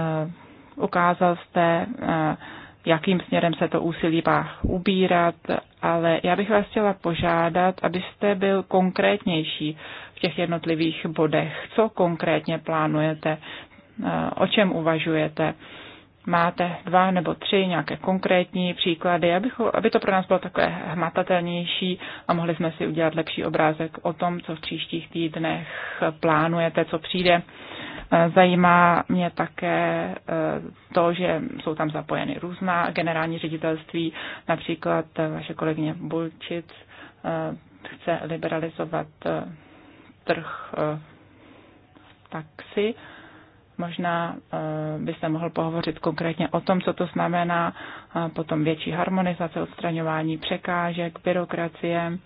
ukázal jste, jakým směrem se to úsilí má ubírat, ale já bych vás chtěla požádat, abyste byl konkrétnější, těch jednotlivých bodech. Co konkrétně plánujete? Eh, o čem uvažujete? Máte dva nebo tři nějaké konkrétní příklady, abych, aby to pro nás bylo takové hmatatelnější a mohli jsme si udělat lepší obrázek o tom, co v příštích týdnech plánujete, co přijde. Eh, zajímá mě také eh, to, že jsou tam zapojeny různá generální ředitelství, například vaše kolegyně Bulčic chce liberalizovat trh eh, taxi. Možná eh, byste mohl pohovořit konkrétně o tom, co to znamená, eh, potom větší harmonizace, odstraňování překážek, byrokracie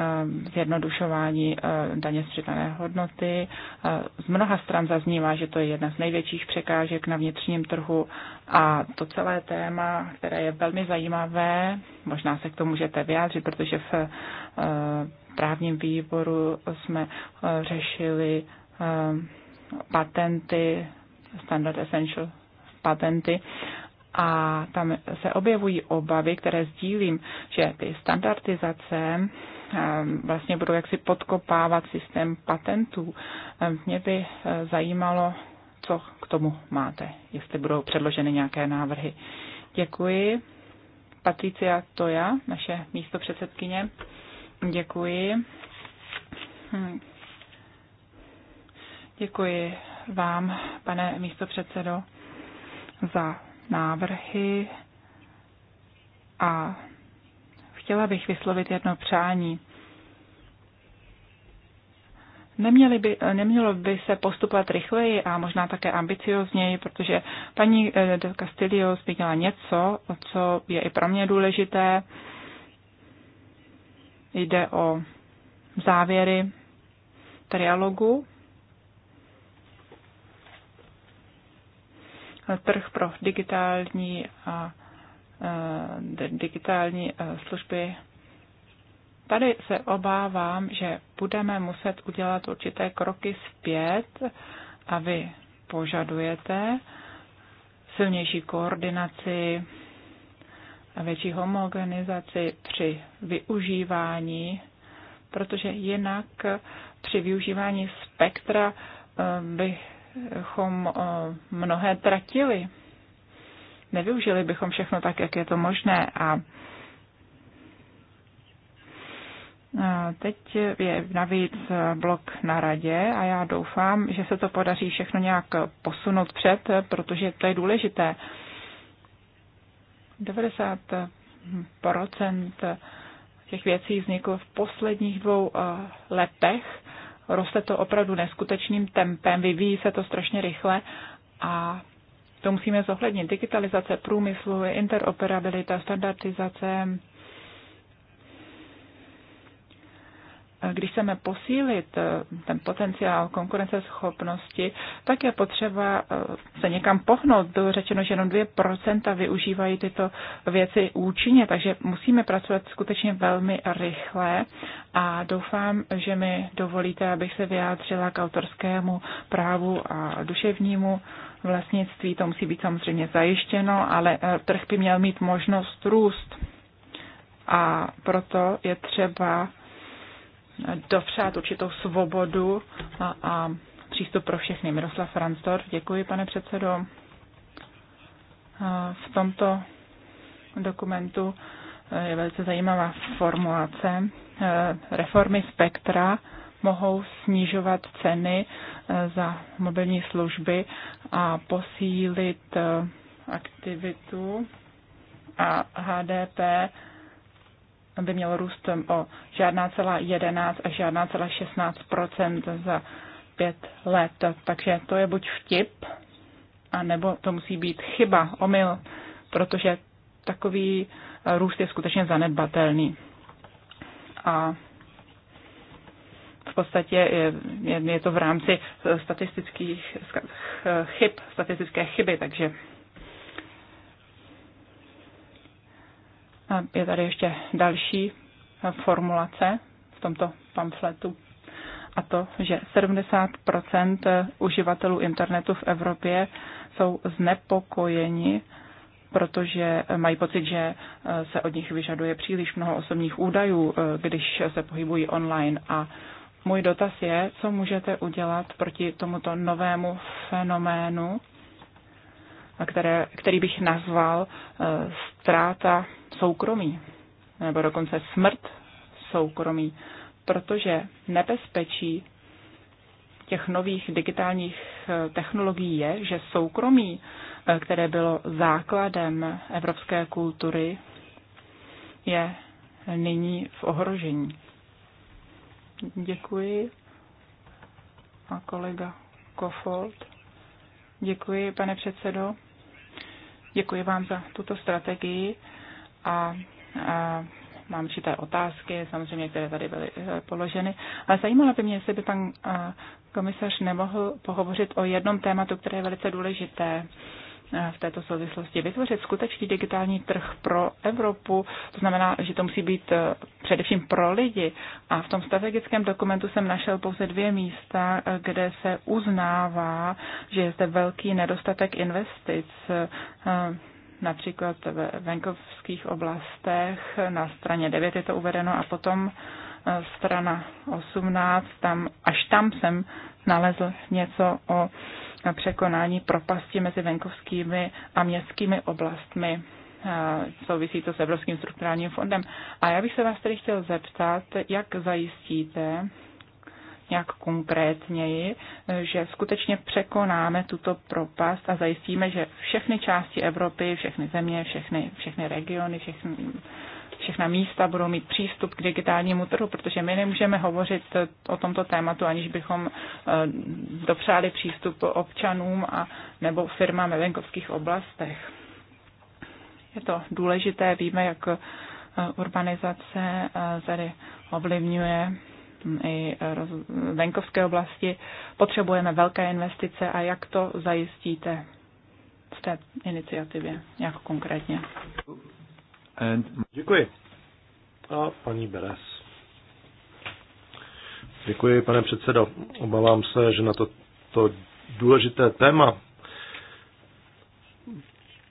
Eh, zjednodušování eh, daně z přidané hodnoty. Eh, z mnoha stran zaznívá, že to je jedna z největších překážek na vnitřním trhu a to celé téma, které je velmi zajímavé, možná se k tomu můžete vyjádřit, protože v právním výboru jsme řešili patenty, standard essential patenty a tam se objevují obavy, které sdílím, že ty standardizace Eh, vlastně budou jaksi podkopávat systém patentů. Eh, mě by eh, zajímalo, co k tomu máte, jestli budou předloženy nějaké návrhy. Děkuji. Patricia Toja, naše místo předsedkyně. Děkuji. Hm. Děkuji vám, pane místopředsedo, za návrhy a chtěla bych vyslovit jedno přání. Neměli by, nemělo by se postupovat rychleji a možná také ambiciozněji, protože paní eh, del Castillo zmínila něco, co je i pro mě důležité. Jde o závěry trialogu. Trh pro digitální a Eh, digitální eh, služby. Tady se obávám, že budeme muset udělat určité kroky zpět a vy požadujete silnější koordinaci a větší homogenizaci při využívání, protože jinak při využívání spektra eh, bychom mnohé tratili nevyužili bychom všechno tak, jak je to možné. A Teď je navíc blok na radě a já doufám, že se to podaří všechno nějak posunout před, protože to je důležité. 90 těch věcí vzniklo v posledních dvou letech. Roste to opravdu neskutečným tempem, vyvíjí se to strašně rychle a to musíme zohlednit. Digitalizace průmyslu, interoperabilita, standardizace. Když chceme posílit eh, ten potenciál konkurenceschopnosti, tak je potřeba eh, se někam pohnout. Bylo řečeno, že jenom 2% využívají tyto věci účinně, takže musíme pracovat skutečně velmi rychle a doufám, že mi dovolíte, abych se vyjádřila k autorskému právu a duševnímu vlastnictví. To musí být samozřejmě zajištěno, ale eh, trh by měl mít možnost růst. A proto je třeba eh, dopřát určitou svobodu a, a přístup pro všechny. Miroslav Ransdorf, děkuji, pane předsedo. Eh, v tomto dokumentu je velice zajímavá formulace reformy spektra mohou snižovat ceny eh, za mobilní služby a posílit eh, aktivitu a HDP by mělo růst o žádná celá 11 až žádná celá 16 za pět let. Takže to je buď vtip, anebo to musí být chyba, omyl, protože takový růst je skutečně zanedbatelný. A podstatě je, je to v rámci statistických chyb, statistické chyby, takže A je tady ještě další formulace v tomto pamfletu a to, že 70 uživatelů internetu v Evropě jsou znepokojeni, protože mají pocit, že eh, se od nich vyžaduje příliš mnoho osobních údajů, eh, když se pohybují online a můj dotaz je, co můžete udělat proti tomuto novému fenoménu, které, který bych nazval uh, ztráta soukromí, nebo dokonce smrt soukromí, protože nebezpečí těch nových digitálních eh, technologií je, že soukromí, eh, které bylo základem evropské kultury, je nyní v ohrožení. Děkuji. A kolega Kofold. Děkuji, pane předsedo. Děkuji vám za tuto strategii a, a mám určité otázky, samozřejmě, které tady byly eh, položeny. Ale zajímalo by mě, jestli by pan eh, komisař nemohl pohovořit o jednom tématu, které je velice důležité v této souvislosti vytvořit skutečný digitální trh pro Evropu. To znamená, že to musí být eh, především pro lidi. A v tom strategickém dokumentu jsem našel pouze dvě místa, eh, kde se uznává, že je zde velký nedostatek investic eh, například ve venkovských oblastech. Na straně 9 je to uvedeno a potom strana 18, tam, až tam jsem nalezl něco o na překonání propasti mezi venkovskými a městskými oblastmi. Eh, souvisí to s Evropským strukturálním fondem. A já bych se vás tedy chtěl zeptat, jak zajistíte nějak konkrétněji, že skutečně překonáme tuto propast a zajistíme, že všechny části Evropy, všechny země, všechny, všechny regiony, všechny všechna místa budou mít přístup k digitálnímu trhu, protože my nemůžeme hovořit eh, o tomto tématu, aniž bychom eh, dopřáli přístup občanům a nebo firmám ve venkovských oblastech. Je to důležité, víme, jak eh, urbanizace tady ovlivňuje hm, i venkovské oblasti. Potřebujeme velké investice a jak to zajistíte v té iniciativě, jak konkrétně? And... Děkuji. A paní Beres. Děkuji, pane předsedo. Obávám se, že na to, to důležité téma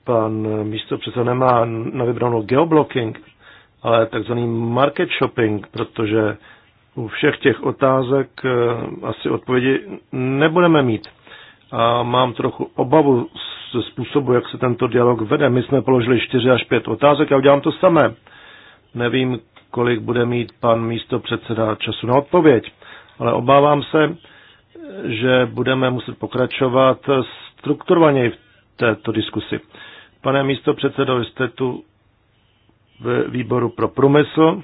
pan místo předseda nemá na vybranou geoblocking, ale takzvaný market shopping, protože u všech těch otázek eh, asi odpovědi nebudeme mít. A mám trochu obavu způsobu, jak se tento dialog vede. My jsme položili 4 až 5 otázek a udělám to samé. Nevím, kolik bude mít pan místo předseda času na odpověď, ale obávám se, že budeme muset pokračovat strukturovaněji v této diskusi. Pane místo předsedo, jste tu v výboru pro průmysl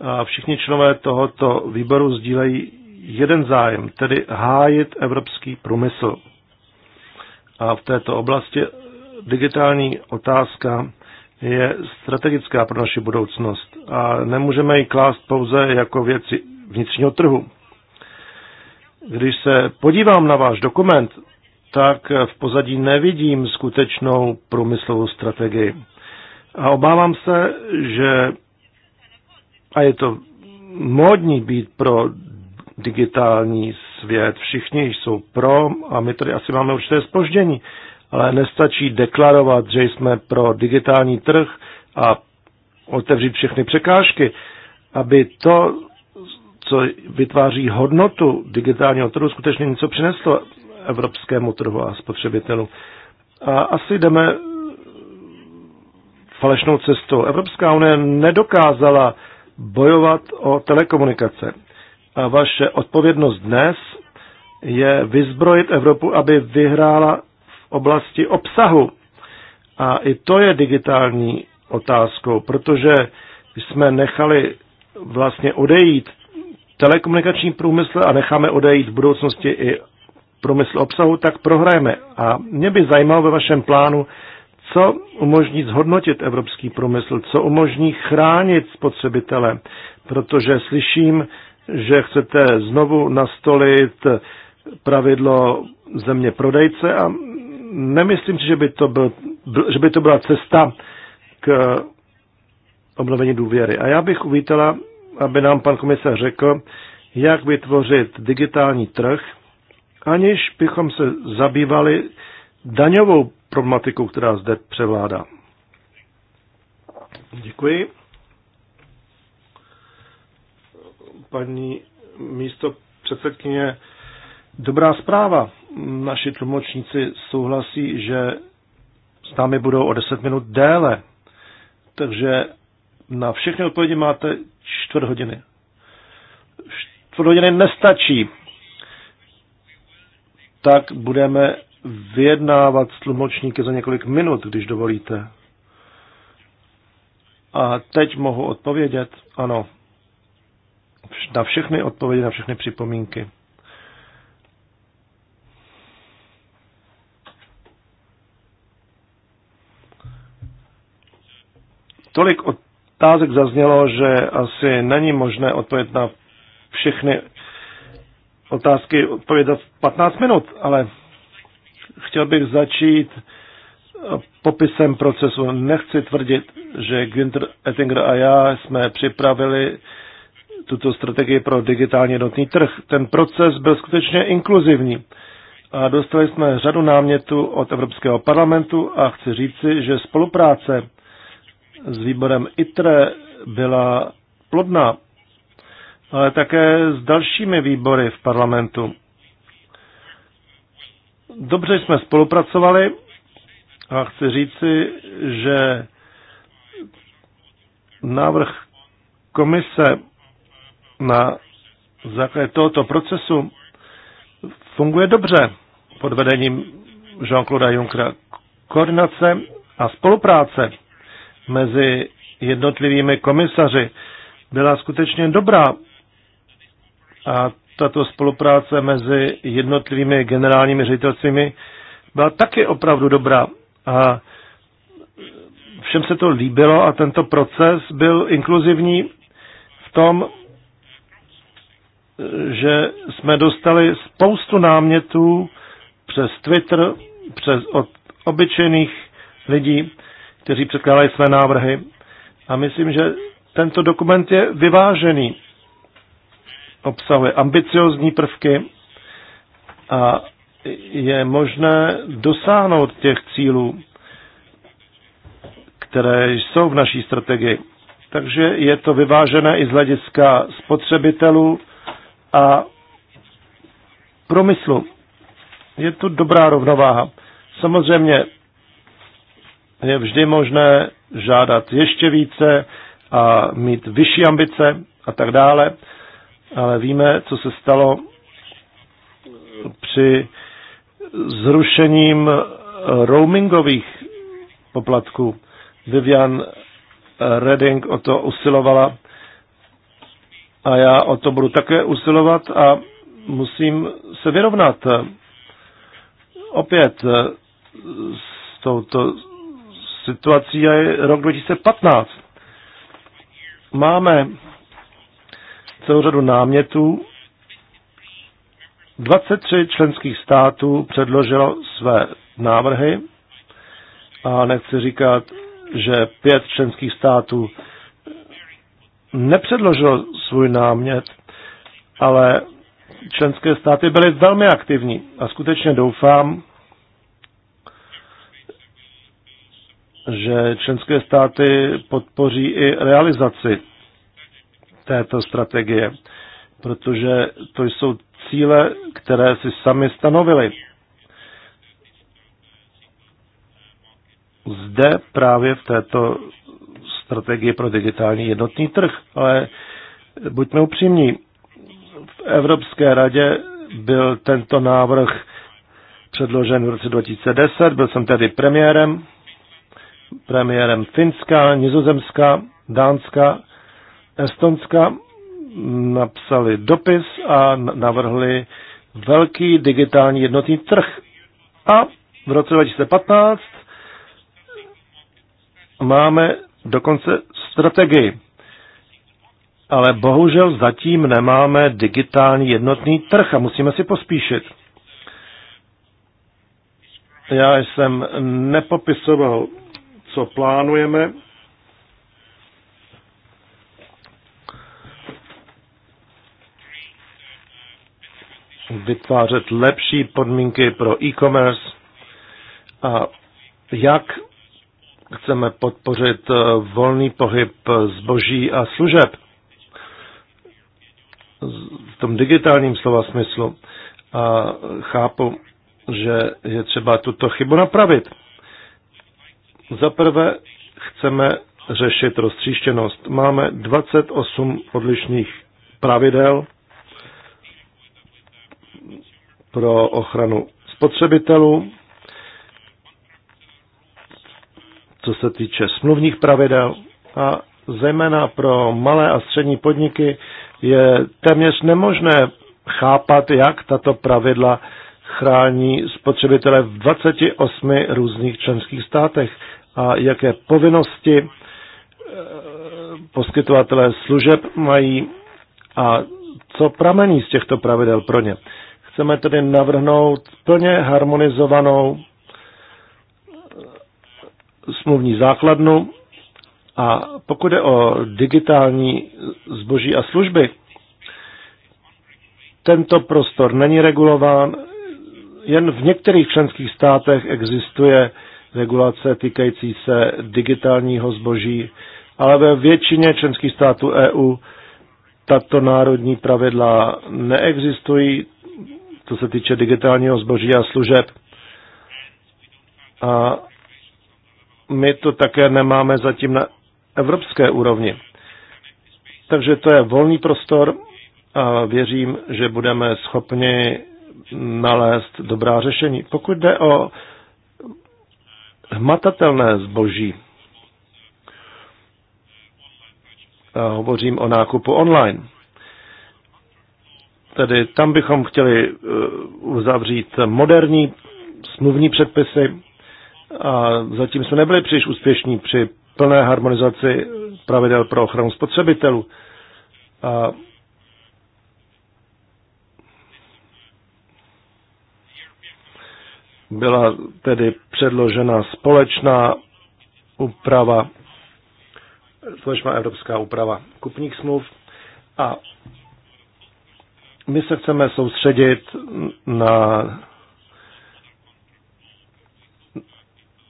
a všichni členové tohoto výboru sdílejí jeden zájem, tedy hájit evropský průmysl a v této oblasti digitální otázka je strategická pro naši budoucnost a nemůžeme ji klást pouze jako věci vnitřního trhu. Když se podívám na váš dokument, tak v pozadí nevidím skutečnou průmyslovou strategii. A obávám se, že, a je to módní být pro digitální svět, všichni jsou pro a my tady asi máme určité spoždění, ale nestačí deklarovat, že jsme pro digitální trh a otevřít všechny překážky, aby to, co vytváří hodnotu digitálního trhu, skutečně něco přineslo evropskému trhu a spotřebitelům. A asi jdeme falešnou cestou. Evropská unie nedokázala bojovat o telekomunikace. A vaše odpovědnost dnes je vyzbrojit Evropu, aby vyhrála v oblasti obsahu. A i to je digitální otázkou, protože jsme nechali vlastně odejít telekomunikační průmysl a necháme odejít v budoucnosti i průmysl obsahu, tak prohrajeme. A mě by zajímalo ve vašem plánu, co umožní zhodnotit evropský průmysl, co umožní chránit spotřebitele, protože slyším, že chcete znovu nastolit pravidlo země prodejce a nemyslím si, že by to, byl, že by to byla cesta k obnovení důvěry. A já bych uvítala, aby nám pan komisař řekl, jak vytvořit digitální trh, aniž bychom se zabývali daňovou problematikou, která zde převládá. Děkuji. paní místo předsedkyně. Dobrá zpráva. Naši tlumočníci souhlasí, že s námi budou o 10 minut déle. Takže na všechny odpovědi máte čtvrt hodiny. Čtvrt hodiny nestačí. Tak budeme vyjednávat s tlumočníky za několik minut, když dovolíte. A teď mohu odpovědět? Ano na všechny odpovědi, na všechny připomínky. Tolik otázek zaznělo, že asi není možné odpovědět na všechny otázky odpovědět v 15 minut, ale chtěl bych začít popisem procesu. Nechci tvrdit, že Günther Ettinger a já jsme připravili tuto strategii pro digitálně jednotný trh. Ten proces byl skutečně inkluzivní. A dostali jsme řadu námětů od Evropského parlamentu a chci říci, že spolupráce s výborem ITRE byla plodná, ale také s dalšími výbory v parlamentu. Dobře jsme spolupracovali a chci říci, že návrh komise na základě tohoto procesu funguje dobře pod vedením Jean-Claude Junckera. Koordinace a spolupráce mezi jednotlivými komisaři byla skutečně dobrá a tato spolupráce mezi jednotlivými generálními ředitelstvími byla taky opravdu dobrá. A všem se to líbilo a tento proces byl inkluzivní v tom, že jsme dostali spoustu námětů přes Twitter, přes od obyčejných lidí, kteří předkládají své návrhy. A myslím, že tento dokument je vyvážený. Obsahuje ambiciozní prvky a je možné dosáhnout těch cílů, které jsou v naší strategii. Takže je to vyvážené i z hlediska spotřebitelů, a promyslu. Je tu dobrá rovnováha. Samozřejmě je vždy možné žádat ještě více a mít vyšší ambice a tak dále, ale víme, co se stalo při zrušením roamingových poplatků. Vivian Redding o to usilovala a já o to budu také usilovat a musím se vyrovnat opět eh, s touto situací je rok 2015. Máme celou řadu námětů. 23 členských států předložilo své návrhy a nechci říkat, že pět členských států Nepředložil svůj námět, ale členské státy byly velmi aktivní a skutečně doufám, že členské státy podpoří i realizaci této strategie, protože to jsou cíle, které si sami stanovili. Zde právě v této strategii pro digitální jednotný trh, ale buďme upřímní, v Evropské radě byl tento návrh předložen v roce 2010, byl jsem tedy premiérem, premiérem Finska, Nizozemska, Dánska, Estonska, napsali dopis a navrhli velký digitální jednotný trh. A v roce 2015 máme dokonce strategii. Ale bohužel zatím nemáme digitální jednotný trh a musíme si pospíšit. Já jsem nepopisoval, co plánujeme. Vytvářet lepší podmínky pro e-commerce a jak chceme podpořit eh, volný pohyb zboží a služeb v tom digitálním slova smyslu. A chápu, že je třeba tuto chybu napravit. Za prvé chceme řešit roztříštěnost. Máme 28 odlišných pravidel pro ochranu spotřebitelů, co se týče smluvních pravidel a zejména pro malé a střední podniky je téměř nemožné chápat, jak tato pravidla chrání spotřebitele v 28 různých členských státech a jaké povinnosti eh, poskytovatelé služeb mají a co pramení z těchto pravidel pro ně. Chceme tedy navrhnout plně harmonizovanou smluvní základnu a pokud je o digitální zboží a služby, tento prostor není regulován, jen v některých členských státech existuje regulace týkající se digitálního zboží, ale ve většině členských států EU tato národní pravidla neexistují, co se týče digitálního zboží a služeb. A my to také nemáme zatím na evropské úrovni. Takže to je volný prostor a věřím, že budeme schopni nalézt dobrá řešení. Pokud jde o hmatatelné zboží, a hovořím o nákupu online, tedy tam bychom chtěli eh, uzavřít moderní smluvní předpisy, a zatím jsme nebyli příliš úspěšní při plné harmonizaci pravidel pro ochranu spotřebitelů. A byla tedy předložena společná úprava, společná evropská úprava kupních smluv a my se chceme soustředit na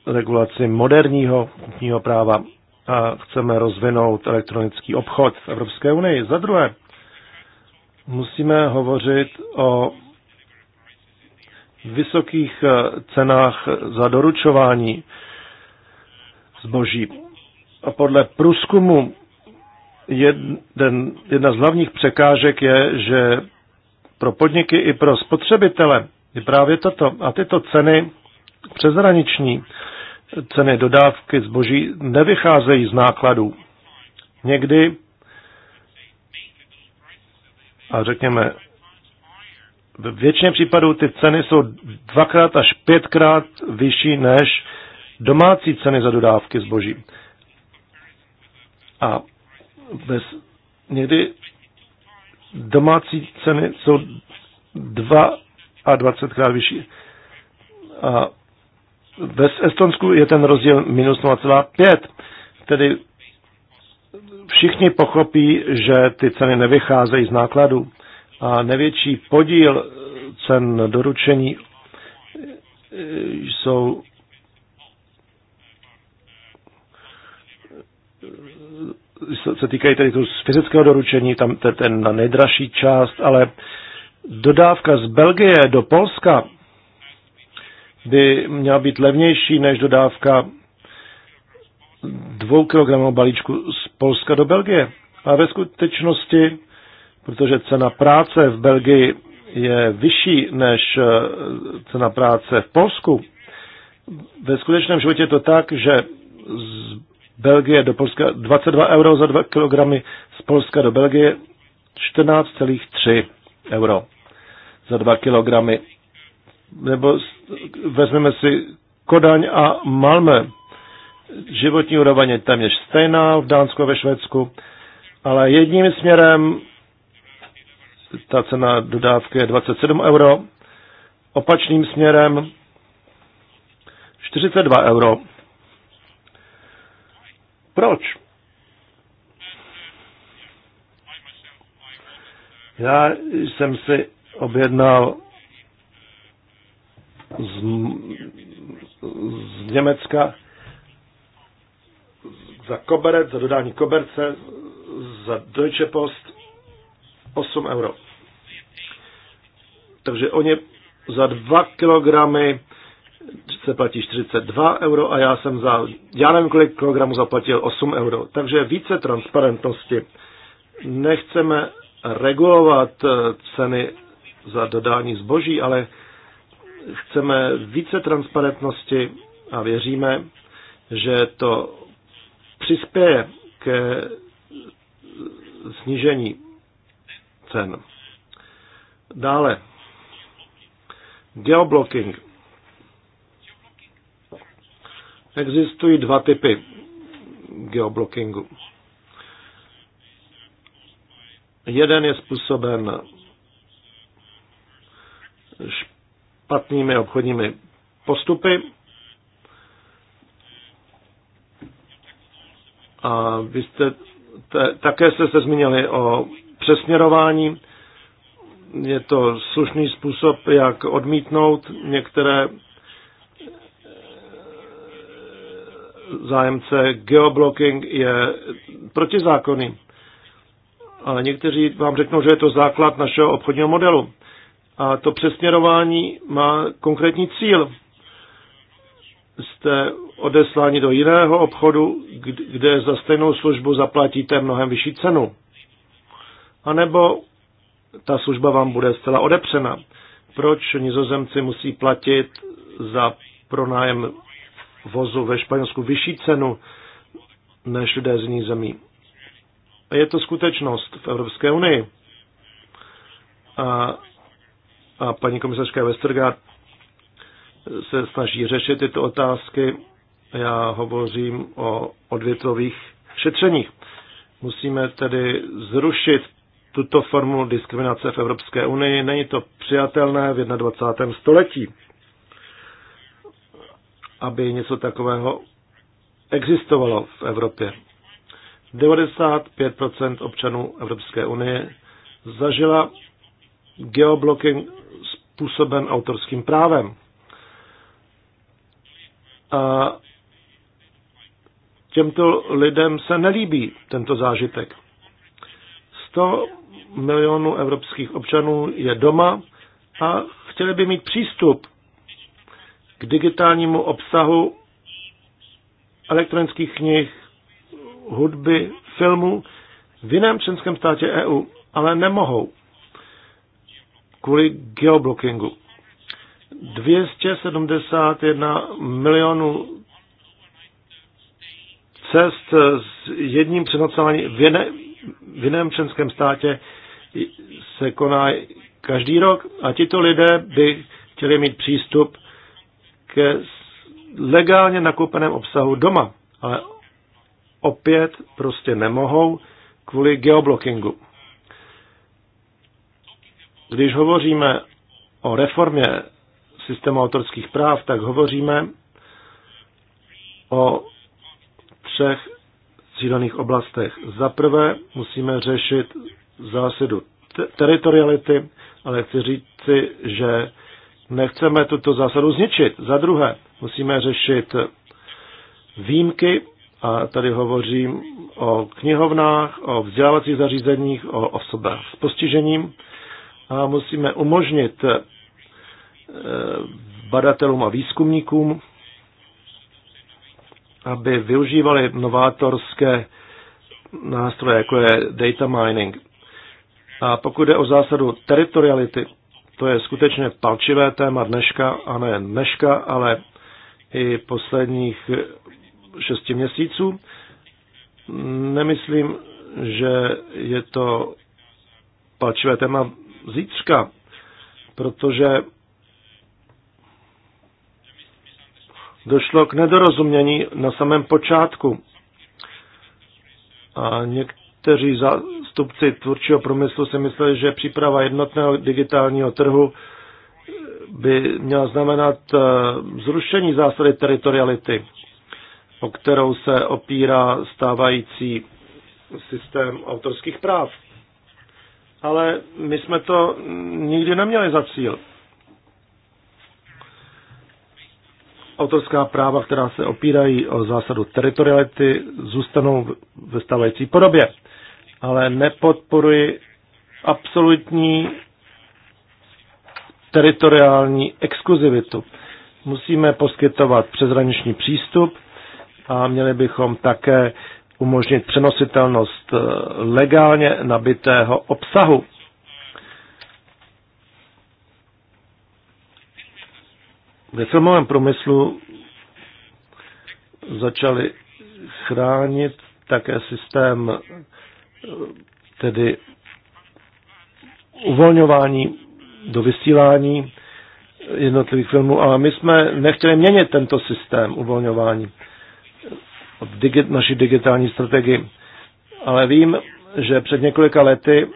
regulaci moderního kupního práva a chceme rozvinout elektronický obchod v Evropské unii. Za druhé, musíme hovořit o vysokých eh, cenách za doručování zboží. A podle průzkumu jeden, jedna z hlavních překážek je, že pro podniky i pro spotřebitele je právě toto. A tyto ceny přezraniční ceny dodávky zboží nevycházejí z nákladů. Někdy, a řekněme, v většině případů ty ceny jsou dvakrát až pětkrát vyšší než domácí ceny za dodávky zboží. A bez, někdy domácí ceny jsou dva a dvacetkrát vyšší. A ve Estonsku je ten rozdíl minus 0,5, tedy všichni pochopí, že ty ceny nevycházejí z nákladů. A největší podíl cen doručení eh, jsou eh, se týkají tedy tu fyzického doručení, tam ten, ten nejdražší část, ale dodávka z Belgie do Polska by měla být levnější než dodávka dvou kilogramů balíčku z Polska do Belgie. A ve skutečnosti, protože cena práce v Belgii je vyšší než eh, cena práce v Polsku, ve skutečném životě je to tak, že z Belgie do Polska 22 euro za 2 kilogramy, z Polska do Belgie 14,3 euro za 2 kilogramy nebo vezmeme si Kodaň a Malmö. Životní úroveň je téměř stejná v Dánsku a ve Švédsku, ale jedním směrem ta cena dodávky je 27 euro, opačným směrem 42 euro. Proč? Já jsem si objednal z, z Německa za koberec, za dodání koberce, za Deutsche Post 8 euro. Takže oni za 2 kilogramy se platí 42 euro a já jsem za, já nevím kolik kilogramů zaplatil, 8 euro. Takže více transparentnosti. Nechceme regulovat eh, ceny za dodání zboží, ale Chceme více transparentnosti a věříme, že to přispěje ke snížení cen. Dále. Geoblocking. Existují dva typy geoblockingu. Jeden je způsoben špatnými obchodními postupy. A vy jste te, také jste se zmínili o přesměrování. Je to slušný způsob, jak odmítnout některé eh, zájemce. Geoblocking je protizákonný. A někteří vám řeknou, že je to základ našeho obchodního modelu. A to přesměrování má konkrétní cíl. Jste odesláni do jiného obchodu, kde za stejnou službu zaplatíte mnohem vyšší cenu. A nebo ta služba vám bude zcela odepřena. Proč nizozemci musí platit za pronájem vozu ve Španělsku vyšší cenu než lidé z jiných zemí? A je to skutečnost v Evropské unii. A a paní komisařka Westergaard se snaží řešit tyto otázky. Já hovořím o odvětových šetřeních. Musíme tedy zrušit tuto formu diskriminace v Evropské unii. Není to přijatelné v 21. století, aby něco takového existovalo v Evropě. 95 občanů Evropské unie zažila geoblocking působen autorským právem. A těmto lidem se nelíbí tento zážitek. 100 milionů evropských občanů je doma a chtěli by mít přístup k digitálnímu obsahu elektronických knih, hudby, filmů v jiném členském státě EU, ale nemohou kvůli geoblockingu. 271 milionů cest s jedním přenocováním v, jiné, v jiném členském státě se koná každý rok a tito lidé by chtěli mít přístup ke legálně nakoupeném obsahu doma, ale opět prostě nemohou kvůli geoblockingu. Když hovoříme o reformě systému autorských práv, tak hovoříme o třech cílených oblastech. Za prvé musíme řešit zásadu teritoriality, ale chci říci, že nechceme tuto zásadu zničit. Za druhé musíme řešit výjimky, a tady hovořím o knihovnách, o vzdělávacích zařízeních, o osobách s postižením a musíme umožnit eh, badatelům a výzkumníkům, aby využívali novátorské nástroje, jako je data mining. A pokud jde o zásadu teritoriality, to je skutečně palčivé téma dneška, a ne dneška, ale i posledních šesti měsíců. Nemyslím, že je to palčivé téma zítřka, protože došlo k nedorozumění na samém počátku. A někteří zástupci tvůrčího průmyslu si mysleli, že příprava jednotného digitálního trhu by měla znamenat eh, zrušení zásady teritoriality, o kterou se opírá stávající systém autorských práv ale my jsme to nikdy neměli za cíl. Autorská práva, která se opírají o zásadu teritoriality, zůstanou ve stávající podobě, ale nepodporuji absolutní teritoriální exkluzivitu. Musíme poskytovat přezraniční přístup a měli bychom také umožnit přenositelnost eh, legálně nabitého obsahu. Ve filmovém průmyslu začali chránit také systém eh, tedy uvolňování do vysílání jednotlivých filmů, ale my jsme nechtěli měnit tento systém uvolňování digi- naší digitální strategii. Ale vím, že před několika lety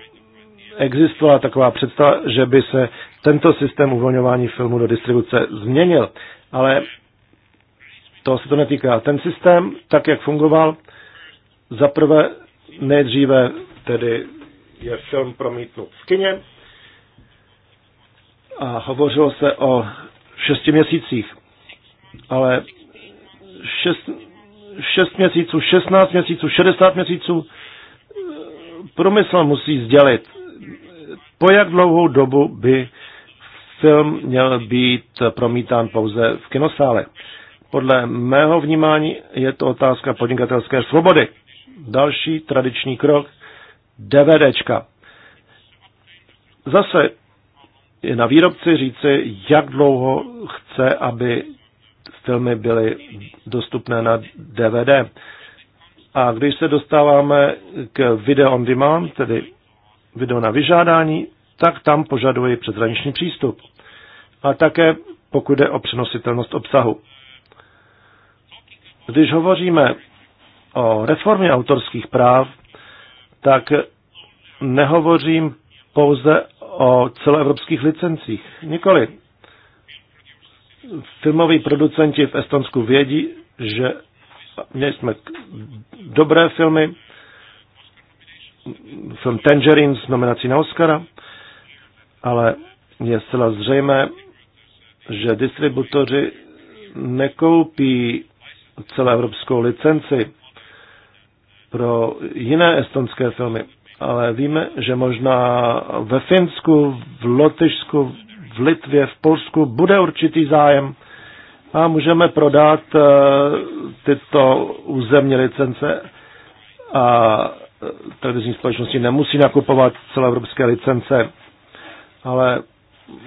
existovala taková představa, že by se tento systém uvolňování filmu do distribuce změnil. Ale toho se to netýká. Ten systém, tak jak fungoval, zaprvé nejdříve tedy je film promítnut v kině a hovořilo se o šesti měsících, ale šest 6 měsíců, 16 měsíců, 60 měsíců. Promysl musí sdělit, po jak dlouhou dobu by film měl být promítán pouze v kinosále. Podle mého vnímání je to otázka podnikatelské svobody. Další tradiční krok DVDčka. Zase je na výrobci říci, jak dlouho chce, aby filmy byly dostupné na DVD. A když se dostáváme k video on demand, tedy video na vyžádání, tak tam požaduji přeshraniční přístup. A také pokud jde o přenositelnost obsahu. Když hovoříme o reformě autorských práv, tak nehovořím pouze o celoevropských licencích. Nikoli filmoví producenti v Estonsku vědí, že měli jsme dobré filmy, film Tangerine s nominací na Oscara, ale je zcela zřejmé, že distributoři nekoupí celoevropskou licenci pro jiné estonské filmy, ale víme, že možná ve Finsku, v Lotyšsku, v Litvě, v Polsku bude určitý zájem a můžeme prodat eh, tyto územní licence a eh, televizní společnosti nemusí nakupovat celoevropské licence, ale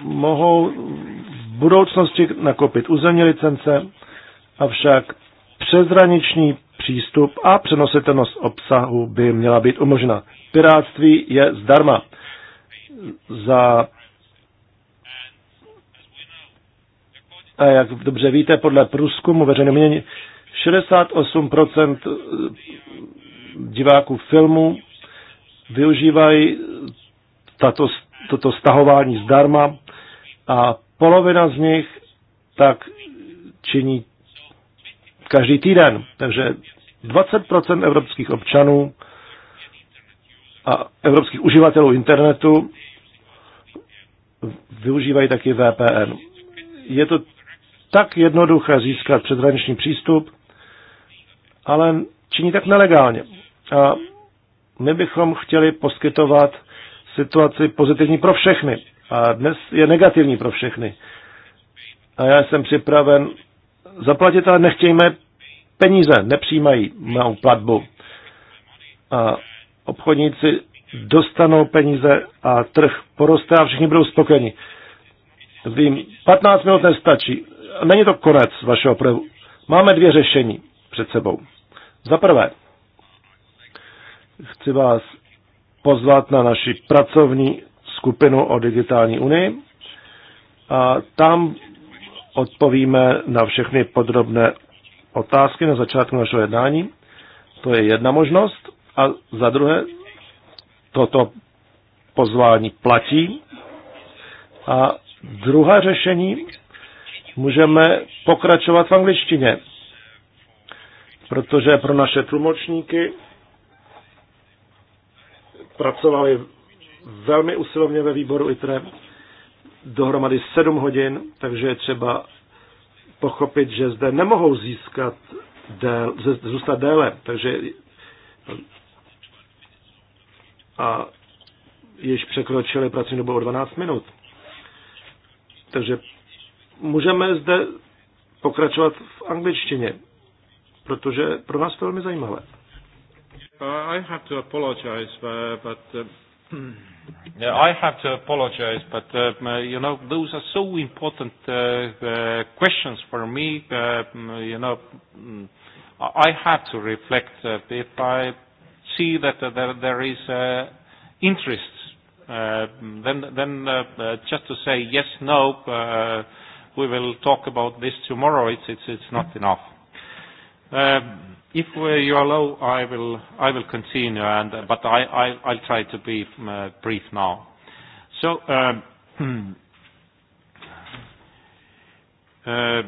mohou v budoucnosti nakoupit územní licence, avšak přezraniční přístup a přenositelnost obsahu by měla být umožněna. Piráctví je zdarma. Za A jak dobře víte, podle průzkumu veřejné mění 68% diváků filmu využívají tato, toto stahování zdarma a polovina z nich tak činí každý týden. Takže 20% evropských občanů a evropských uživatelů internetu využívají taky VPN. Je to tak jednoduché získat předhraniční přístup, ale činí tak nelegálně. A my bychom chtěli poskytovat situaci pozitivní pro všechny. A dnes je negativní pro všechny. A já jsem připraven zaplatit, ale nechtějme peníze, nepřijímají mou platbu. A obchodníci dostanou peníze a trh poroste a všichni budou spokojeni. Vím, 15 minut nestačí není to konec vašeho projevu. Máme dvě řešení před sebou. Za prvé, chci vás pozvat na naši pracovní skupinu o digitální unii a tam odpovíme na všechny podrobné otázky na začátku našeho jednání. To je jedna možnost. A za druhé, toto pozvání platí. A druhé řešení můžeme pokračovat v angličtině, protože pro naše tlumočníky pracovali velmi usilovně ve výboru ITRE dohromady 7 hodin, takže je třeba pochopit, že zde nemohou získat dél, zůstat déle, takže a již překročili pracovní dobu o 12 minut. Takže Můžeme zde pokračovat v angličtině, protože pro nás to velmi zajímavé. Uh, I have to apologize, uh, but uh, Yeah, I have to apologize, but uh, you know those are so important uh, uh, questions for me. Uh, you know, I have to reflect. Uh, if I see that uh, there, there is uh, interest, uh, then then uh, uh, just to say yes, no. Uh, we will talk about this tomorrow. It's, it's, it's not enough. Um, if we, you allow, I will, I will continue, and, but I, I, I'll try to be uh, brief now. So, um, uh,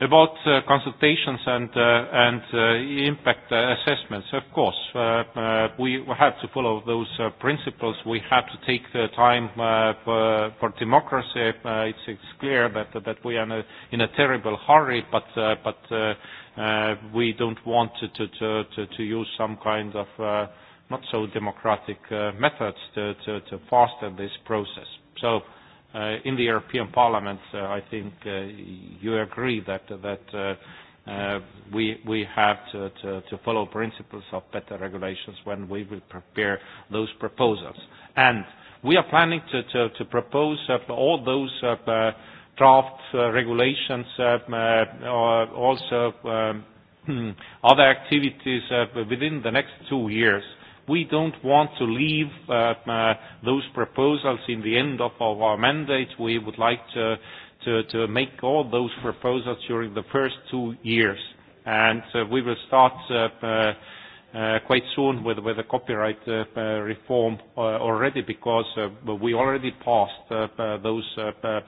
About uh, consultations and, uh, and uh, impact uh, assessments, of course, uh, uh, we have to follow those uh, principles. We have to take the time uh, for, for democracy. Uh, it's, it's clear that, that we are in a, in a terrible hurry, but, uh, but uh, uh, we don't want to, to, to, to use some kind of uh, not so democratic uh, methods to, to, to fasten this process. So uh, in the European Parliament, uh, I think uh, you agree that that uh, uh, we we have to, to, to follow principles of better regulations when we will prepare those proposals. And we are planning to to, to propose uh, all those. Uh, uh, draft uh, regulations, uh, uh, also um, other activities uh, within the next two years. We don't want to leave uh, uh, those proposals in the end of, of our mandate. We would like to, to, to make all those proposals during the first two years. And uh, we will start uh, uh, Uh, quite soon with, with the copyright uh, uh, reform uh, already because uh, we already passed uh, those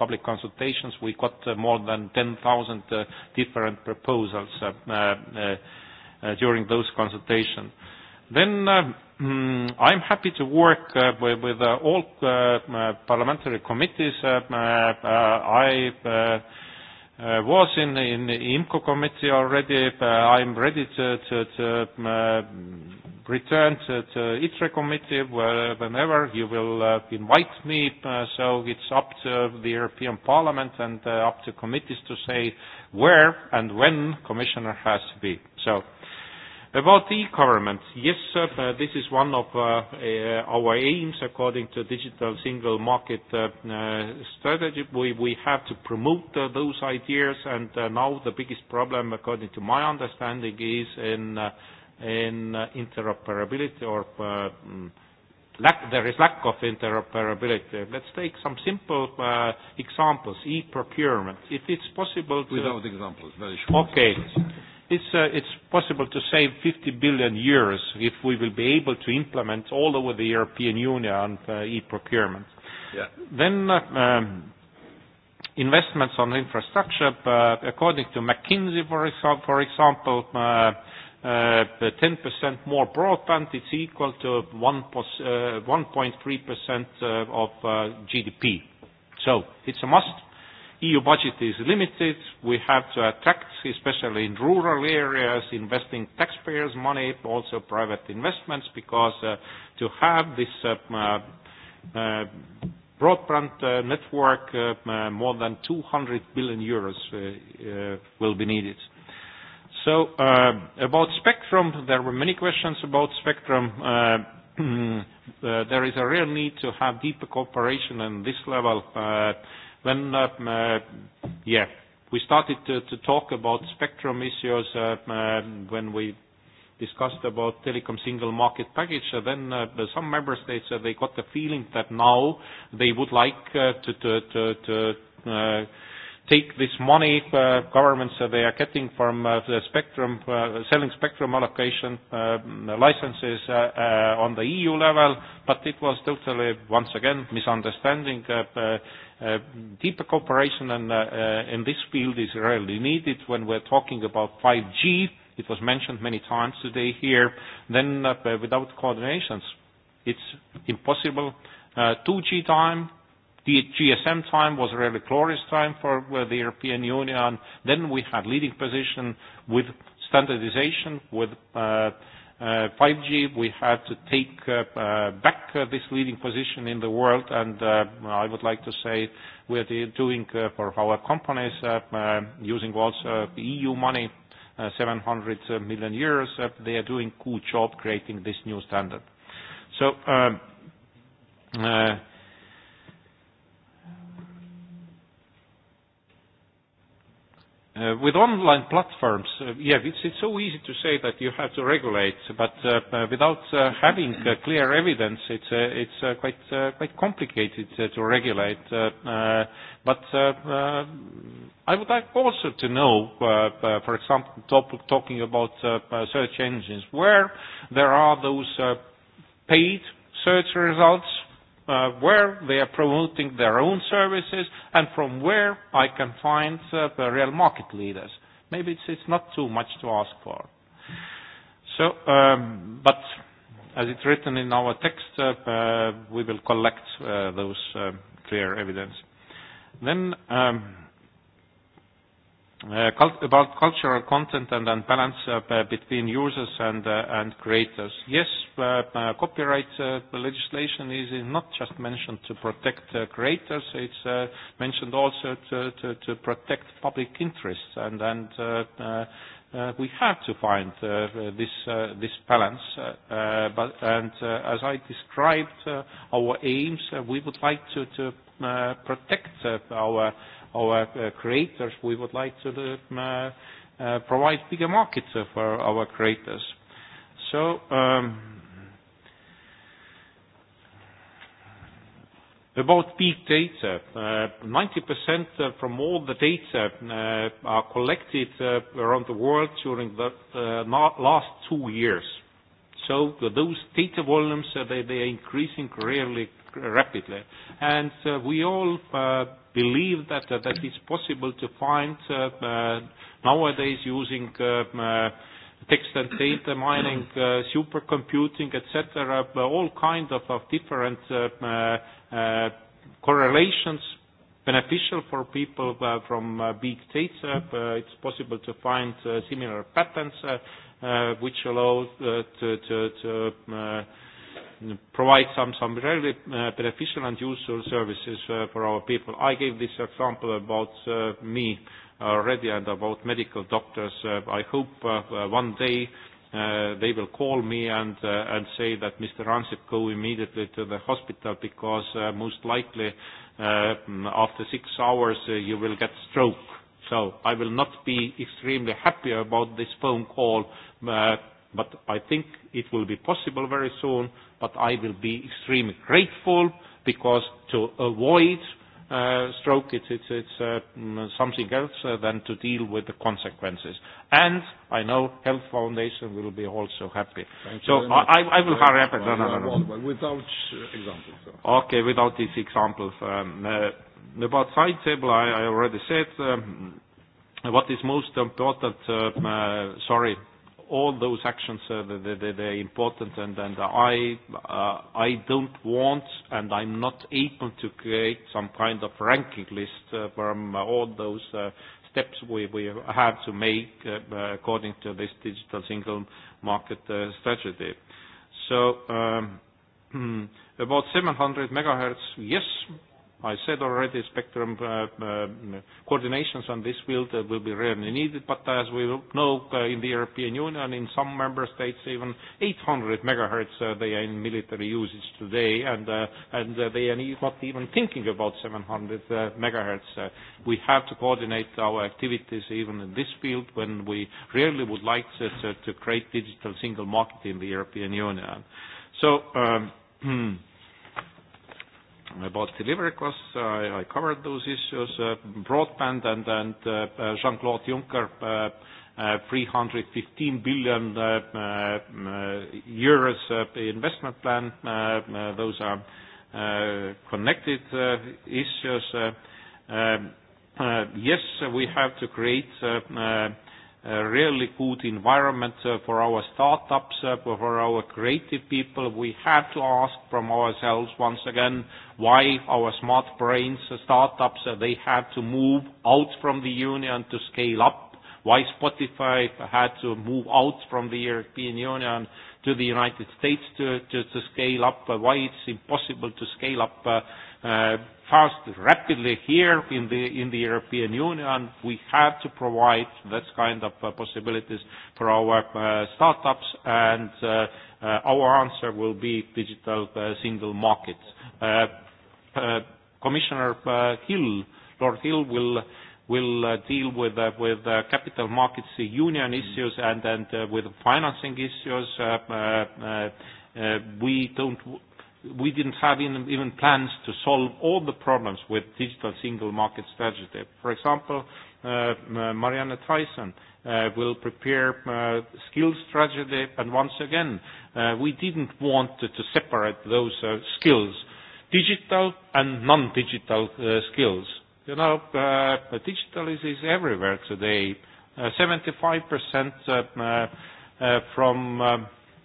public consultations. We got more than 10,000 different proposals during those consultations. Then uh, hmm, I'm happy to work uh, with, with uh, all uh, uh parliamentary committees. Uh, uh, uh, I uh, uh, was in, in the IMCO committee already. Uh, I'm ready to, to, to uh, return to, to ITRE committee whenever you will uh, invite me. Uh, so it's up to the European Parliament and uh, up to committees to say where and when Commissioner has to be. So. About e-government, yes, sir, uh, this is one of uh, uh, our aims according to Digital Single Market strategy. We, we have to promote those ideas, and now the biggest problem, according to my understanding, is in, in interoperability or mm, lack, there is lack of interoperability. Let's take some simple uh, examples. E-procurement. If it's possible to... Without examples, very short. Okay. Examples it's, uh, it's possible to save 50 billion euros if we will be able to implement all over the European Union uh, e-procurement. Yeah. Then, uh, um, investments on infrastructure, uh, according to McKinsey, for, exa for example, 10% uh, uh, more broadband, it's equal to 1.3% of GDP. So it's a must EU budget is limited. We have to attract, especially in rural areas, investing taxpayers' money, also private investments, because uh, to have this uh, uh, uh, broadband uh, network, uh, uh, more than 200 billion euros uh, uh, will be needed. So uh, about spectrum, there were many questions about spectrum. Uh, uh, there is a real need to have deeper cooperation on this level. Uh, When, uh, uh, yeah, we started to, to talk about spectrum issues uh, uh, when we discussed about telecom single market package, then uh, some member states, uh, they got the feeling that now they would like uh, to, to, to, to uh, take this money uh, governments uh, they are getting from uh, the spectrum, uh, selling spectrum allocation uh, licenses uh, uh, on the EU level, but it was totally, once again, misunderstanding. Uh, uh, uh deeper cooperation uh, uh, in this field is really needed when we're talking about 5G. It was mentioned many times today here. Then uh, without coordinations, it's impossible. Uh, 2G time, The GSM time was really glorious time for the European Union. Then we had leading position with standardization, with uh, Uh, 5G, we had to take uh, uh, back uh, this leading position in the world, and uh, I would like to say we are doing uh, for our companies using also EU money, 700 million euros. They are doing good job creating this new standard. So, um, Uh, with online platforms, uh, yeah, it's, it's so easy to say that you have to regulate, but uh, uh, without uh, having uh, clear evidence, it's, uh, it's uh, quite, uh, quite complicated uh, to regulate. Uh, uh, but uh, uh, I would like also to know, uh, uh, for example, top, talking about uh, uh search engines, where there are those uh, paid search results uh, where they are promoting their own services and from where I can find uh, the real market leaders. Maybe it's, it's not too much to ask for. So, um, but as it's written in our text, uh, uh, we will collect uh, those uh, clear evidence. Then um, Uh, about cultural content and, then balance uh, between users and, uh, and creators. Yes, uh, uh, copyright uh, legislation is not just mentioned to protect uh, creators, it's uh, mentioned also to, to, to protect public interests and, and uh, uh, uh, we have to find uh, this, uh, this balance. Uh, uh but, and uh, as I described uh, our aims, uh, we would like to, to uh, protect uh, our uh, our uh, creators, we would like to uh, uh, provide bigger markets for our creators. So um, About big data, uh, 90% from all the data uh, are collected uh, around the world during the last two years. So Those data volumes, they, they are increasing really rapidly. And uh, we all uh, believe that uh, that it's possible to find uh, uh, nowadays using uh, uh, text and data mining, uh, supercomputing, etc., uh, all kind of, of different uh, uh, uh, correlations beneficial for people uh, from uh, big data. Uh, it's possible to find uh, similar patterns uh, uh, which allow uh, to, to, to uh, provide some, some really uh, beneficial and useful services uh, for our people. I gave this example about uh, me already and about medical doctors. Uh, I hope uh, uh one day uh, they will call me and, uh, and say that Mr. Ansip go immediately to the hospital because uh, most likely uh, mm, after six hours uh, you will get stroke. So I will not be extremely happy about this phone call, uh, but I think it will be possible very soon, but I will be extremely grateful because to avoid uh, stroke, it's, it's, it's uh, mm, something else uh, than to deal with the consequences. And I know Health Foundation will be also happy. Thank so you I, I, I will hurry up. No, no, no, no. no. Without uh, examples. So. Okay, without these examples. Um, uh, about side table, I, I already said um, what is most important. Um, uh, sorry all those actions, uh, they're important, and, and I, uh, I don't want, and I'm not able to create some kind of ranking list uh, from uh, all those uh, steps we, we have to make uh, uh, according to this digital single market uh, strategy. So um, about 700 megahertz, yes, i said already spectrum uh, um, coordinations on this field uh, will be really needed, but as we know uh, in the European Union, in some member states, even 800 megahertz, uh, they are in military usage today, and, uh, and uh, they are not even thinking about 700 uh, megahertz. Uh, we have to coordinate our activities even in this field when we really would like to, to, to create digital single market in the European Union. So, um, About delivery costs, I covered those issues. Uh, broadband and uh, uh, Jean-Claude Juncker, 315 billion euros investment plan. Those are connected issues. Um, yes, we have to create a really good environment uh, for our startups, uh, for our creative people. We have to ask from ourselves once again why our smart brains uh, startups, they had to move out from the union to scale up, why Spotify had to move out from the European Union to the United States to scale up, why it's impossible to scale up fast, rapidly here in the, in the European Union. We have to provide that kind of uh, possibilities for our uh, startups, and uh, uh, our answer will be digital uh, single market. Uh, uh, Commissioner uh, Hill, Lord Hill, will will uh, deal with uh, with uh, capital markets union issues and and uh, with financing issues. Uh, uh, uh, we don't we didn't have even plans to solve all the problems with digital single market strategy. For example, uh, Marianne Tyson uh, will prepare uh, skills strategy, and once again, uh, we didn't want to, to separate those uh, skills, digital and non-digital uh, skills. You know, uh, digital is, is everywhere today. Uh, 75% uh, uh, uh, from uh,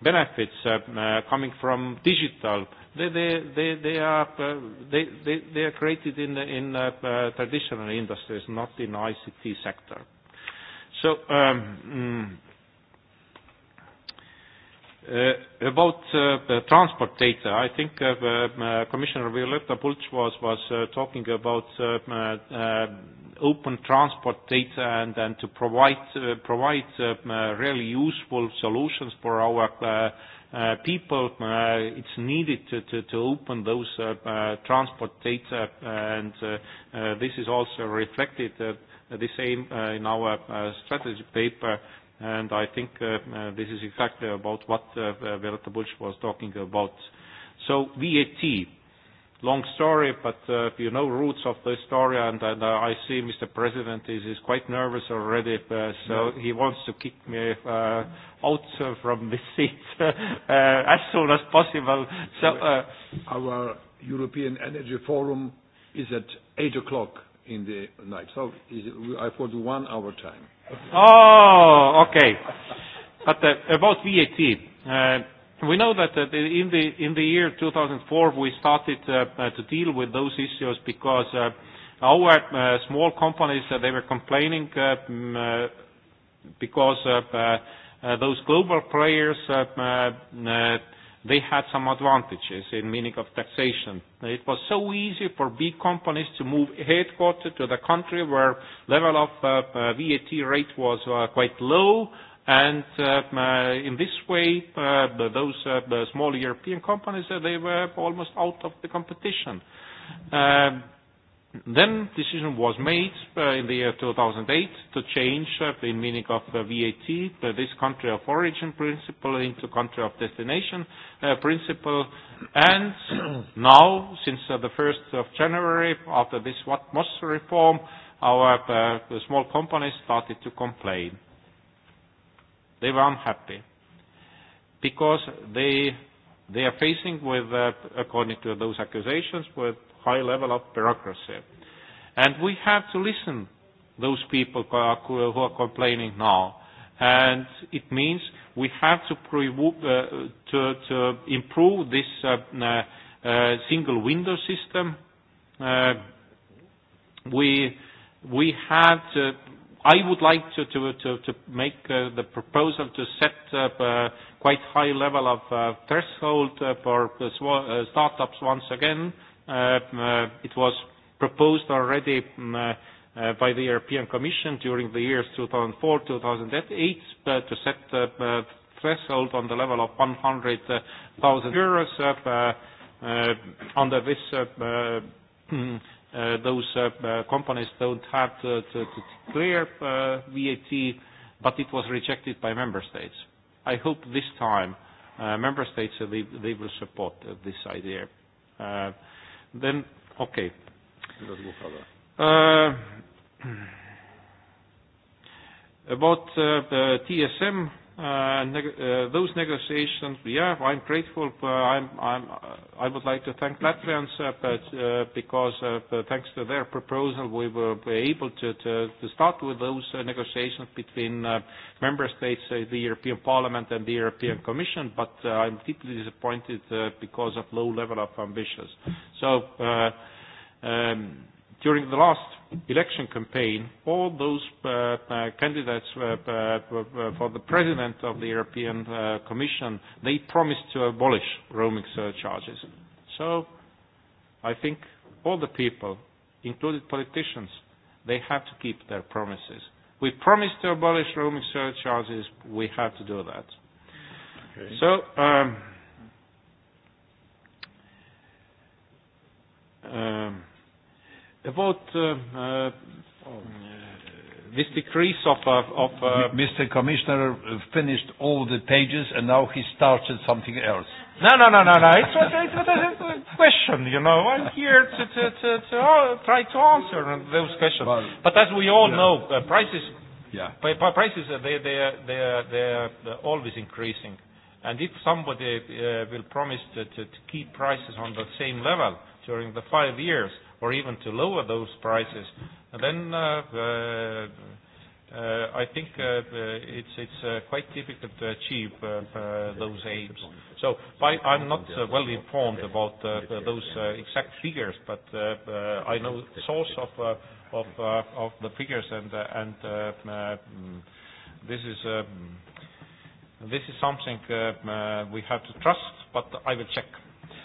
benefits uh, uh, coming from digital uh, they they they they are uh, they they, they are created in in uh, uh, traditional industries, not in ICT sector. So um, mm, uh, about uh, transport data, I think uh, uh, uh Commissioner Violeta Bulc was was uh, talking about uh, uh, open transport data and and to provide uh, provide uh, uh really useful solutions for our uh, Uh, people, uh, it's needed to, to, to open those uh, uh, transport data, uh, and uh, uh, this is also reflected uh, the same uh, in our uh, strategy paper. And I think uh, uh, this is exactly about what uh, Verata was talking about. So VAT, long story, but uh, you know roots of the story, and, and uh, I see Mr. President is, is quite nervous already, uh, so no. he wants to kick me uh, out uh, from this seat uh, as soon as possible. So uh, our European Energy Forum is at eight o'clock in the night, so is it, I thought one hour time. Oh, okay. but uh, about VAT. Uh, We know that uh, in the in the year 2004, we started uh, uh, to deal with those issues because uh, our small companies, they were complaining mm, because those global players, mm, they had some advantages in meaning of taxation. It was so easy for big companies to move headquarters to the country where level of VAT rate was quite low, And uh, uh, in this way, uh, those uh, the small European companies, uh, they were almost out of the competition. Uh, then decision was made uh, in the year 2008 to change uh, the meaning of uh, VAT, uh, this country of origin principle into country of destination uh, principle. And now, since uh, the 1st of January, after this WATMOS reform, our uh, small companies started to complain they were unhappy because they they are facing with, uh, according to those accusations, with high level of bureaucracy. And we have to listen those people who are, complaining now. And it means we have to, pre- uh, to, to improve this uh, uh, uh, single window system. Uh, we, we have to i would like to, to, to, to make uh, the proposal to set up a quite high level of uh, threshold uh, for uh, startups once again. Uh, uh, it was proposed already um, uh, by the European Commission during the years 2004, 2008 uh, to set the uh, threshold on the level of 100,000 euros uh, uh, under this uh, uh, mm, Uh, those uh, uh, companies don't have to, clear VAT, but it was rejected by member states. I hope this time member states they, will support this idea. then, okay. about TSM, uh, neg uh, those negotiations, yeah, I'm grateful. Uh, I'm, I'm, uh, I would like to thank Latvians, uh, but, uh, because uh, thanks to their proposal, we were able to, to, to start with those uh, negotiations between uh, member states, uh, the European Parliament, and the European Commission. But uh, I'm deeply disappointed uh, because of low level of ambitions. So. Uh, um, during the last election campaign, all those uh, uh, candidates uh, uh, uh, for the president of the European uh, Commission, they promised to abolish roaming surcharges. So I think all the people, including politicians, they have to keep their promises. We promised to abolish roaming surcharges. We have to do that. Okay. So. Um, um, About uh, uh, this decrease of... Uh, of uh, Mr. Commissioner uh, finished all the pages and now he started something else. No, no, no, no, no. It's, what, it's, a uh, question, you know. I'm here to, to, to, to uh, try to answer those questions. Well, but as we all yeah. know, uh, prices, yeah. p- p- prices uh, they, they, they, they are always increasing. And if somebody uh, will promise to, to, to keep prices on the same level during the five years, or even to lower those prices, then uh, uh, uh I think uh, uh, it's it's uh, quite difficult to achieve uh, those aims. So I'm not well informed about those exact figures, but I know source of of of the figures, and and mm, this is mm, this is something mm, we have to trust, but I will check.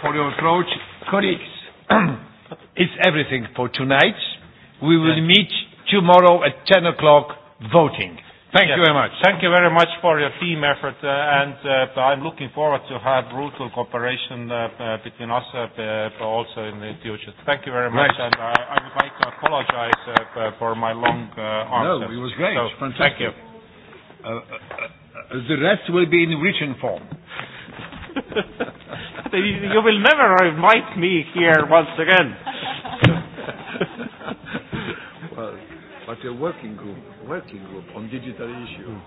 for your approach. Colleagues, it's everything for tonight. We will yes. meet tomorrow at 10 o'clock voting. Thank yes. you very much. Thank you very much for your team effort, uh, and uh, I'm looking forward to have brutal cooperation uh, uh, between us uh, uh, also in the future. Thank you very much, right. and I, I would like to apologize uh, for my long uh, no, answer. No, it was great. So, Fantastic. Thank you. Uh, uh, uh, the rest will be in written form. you will never invite me here once again. well, but a working group, working group on digital issues.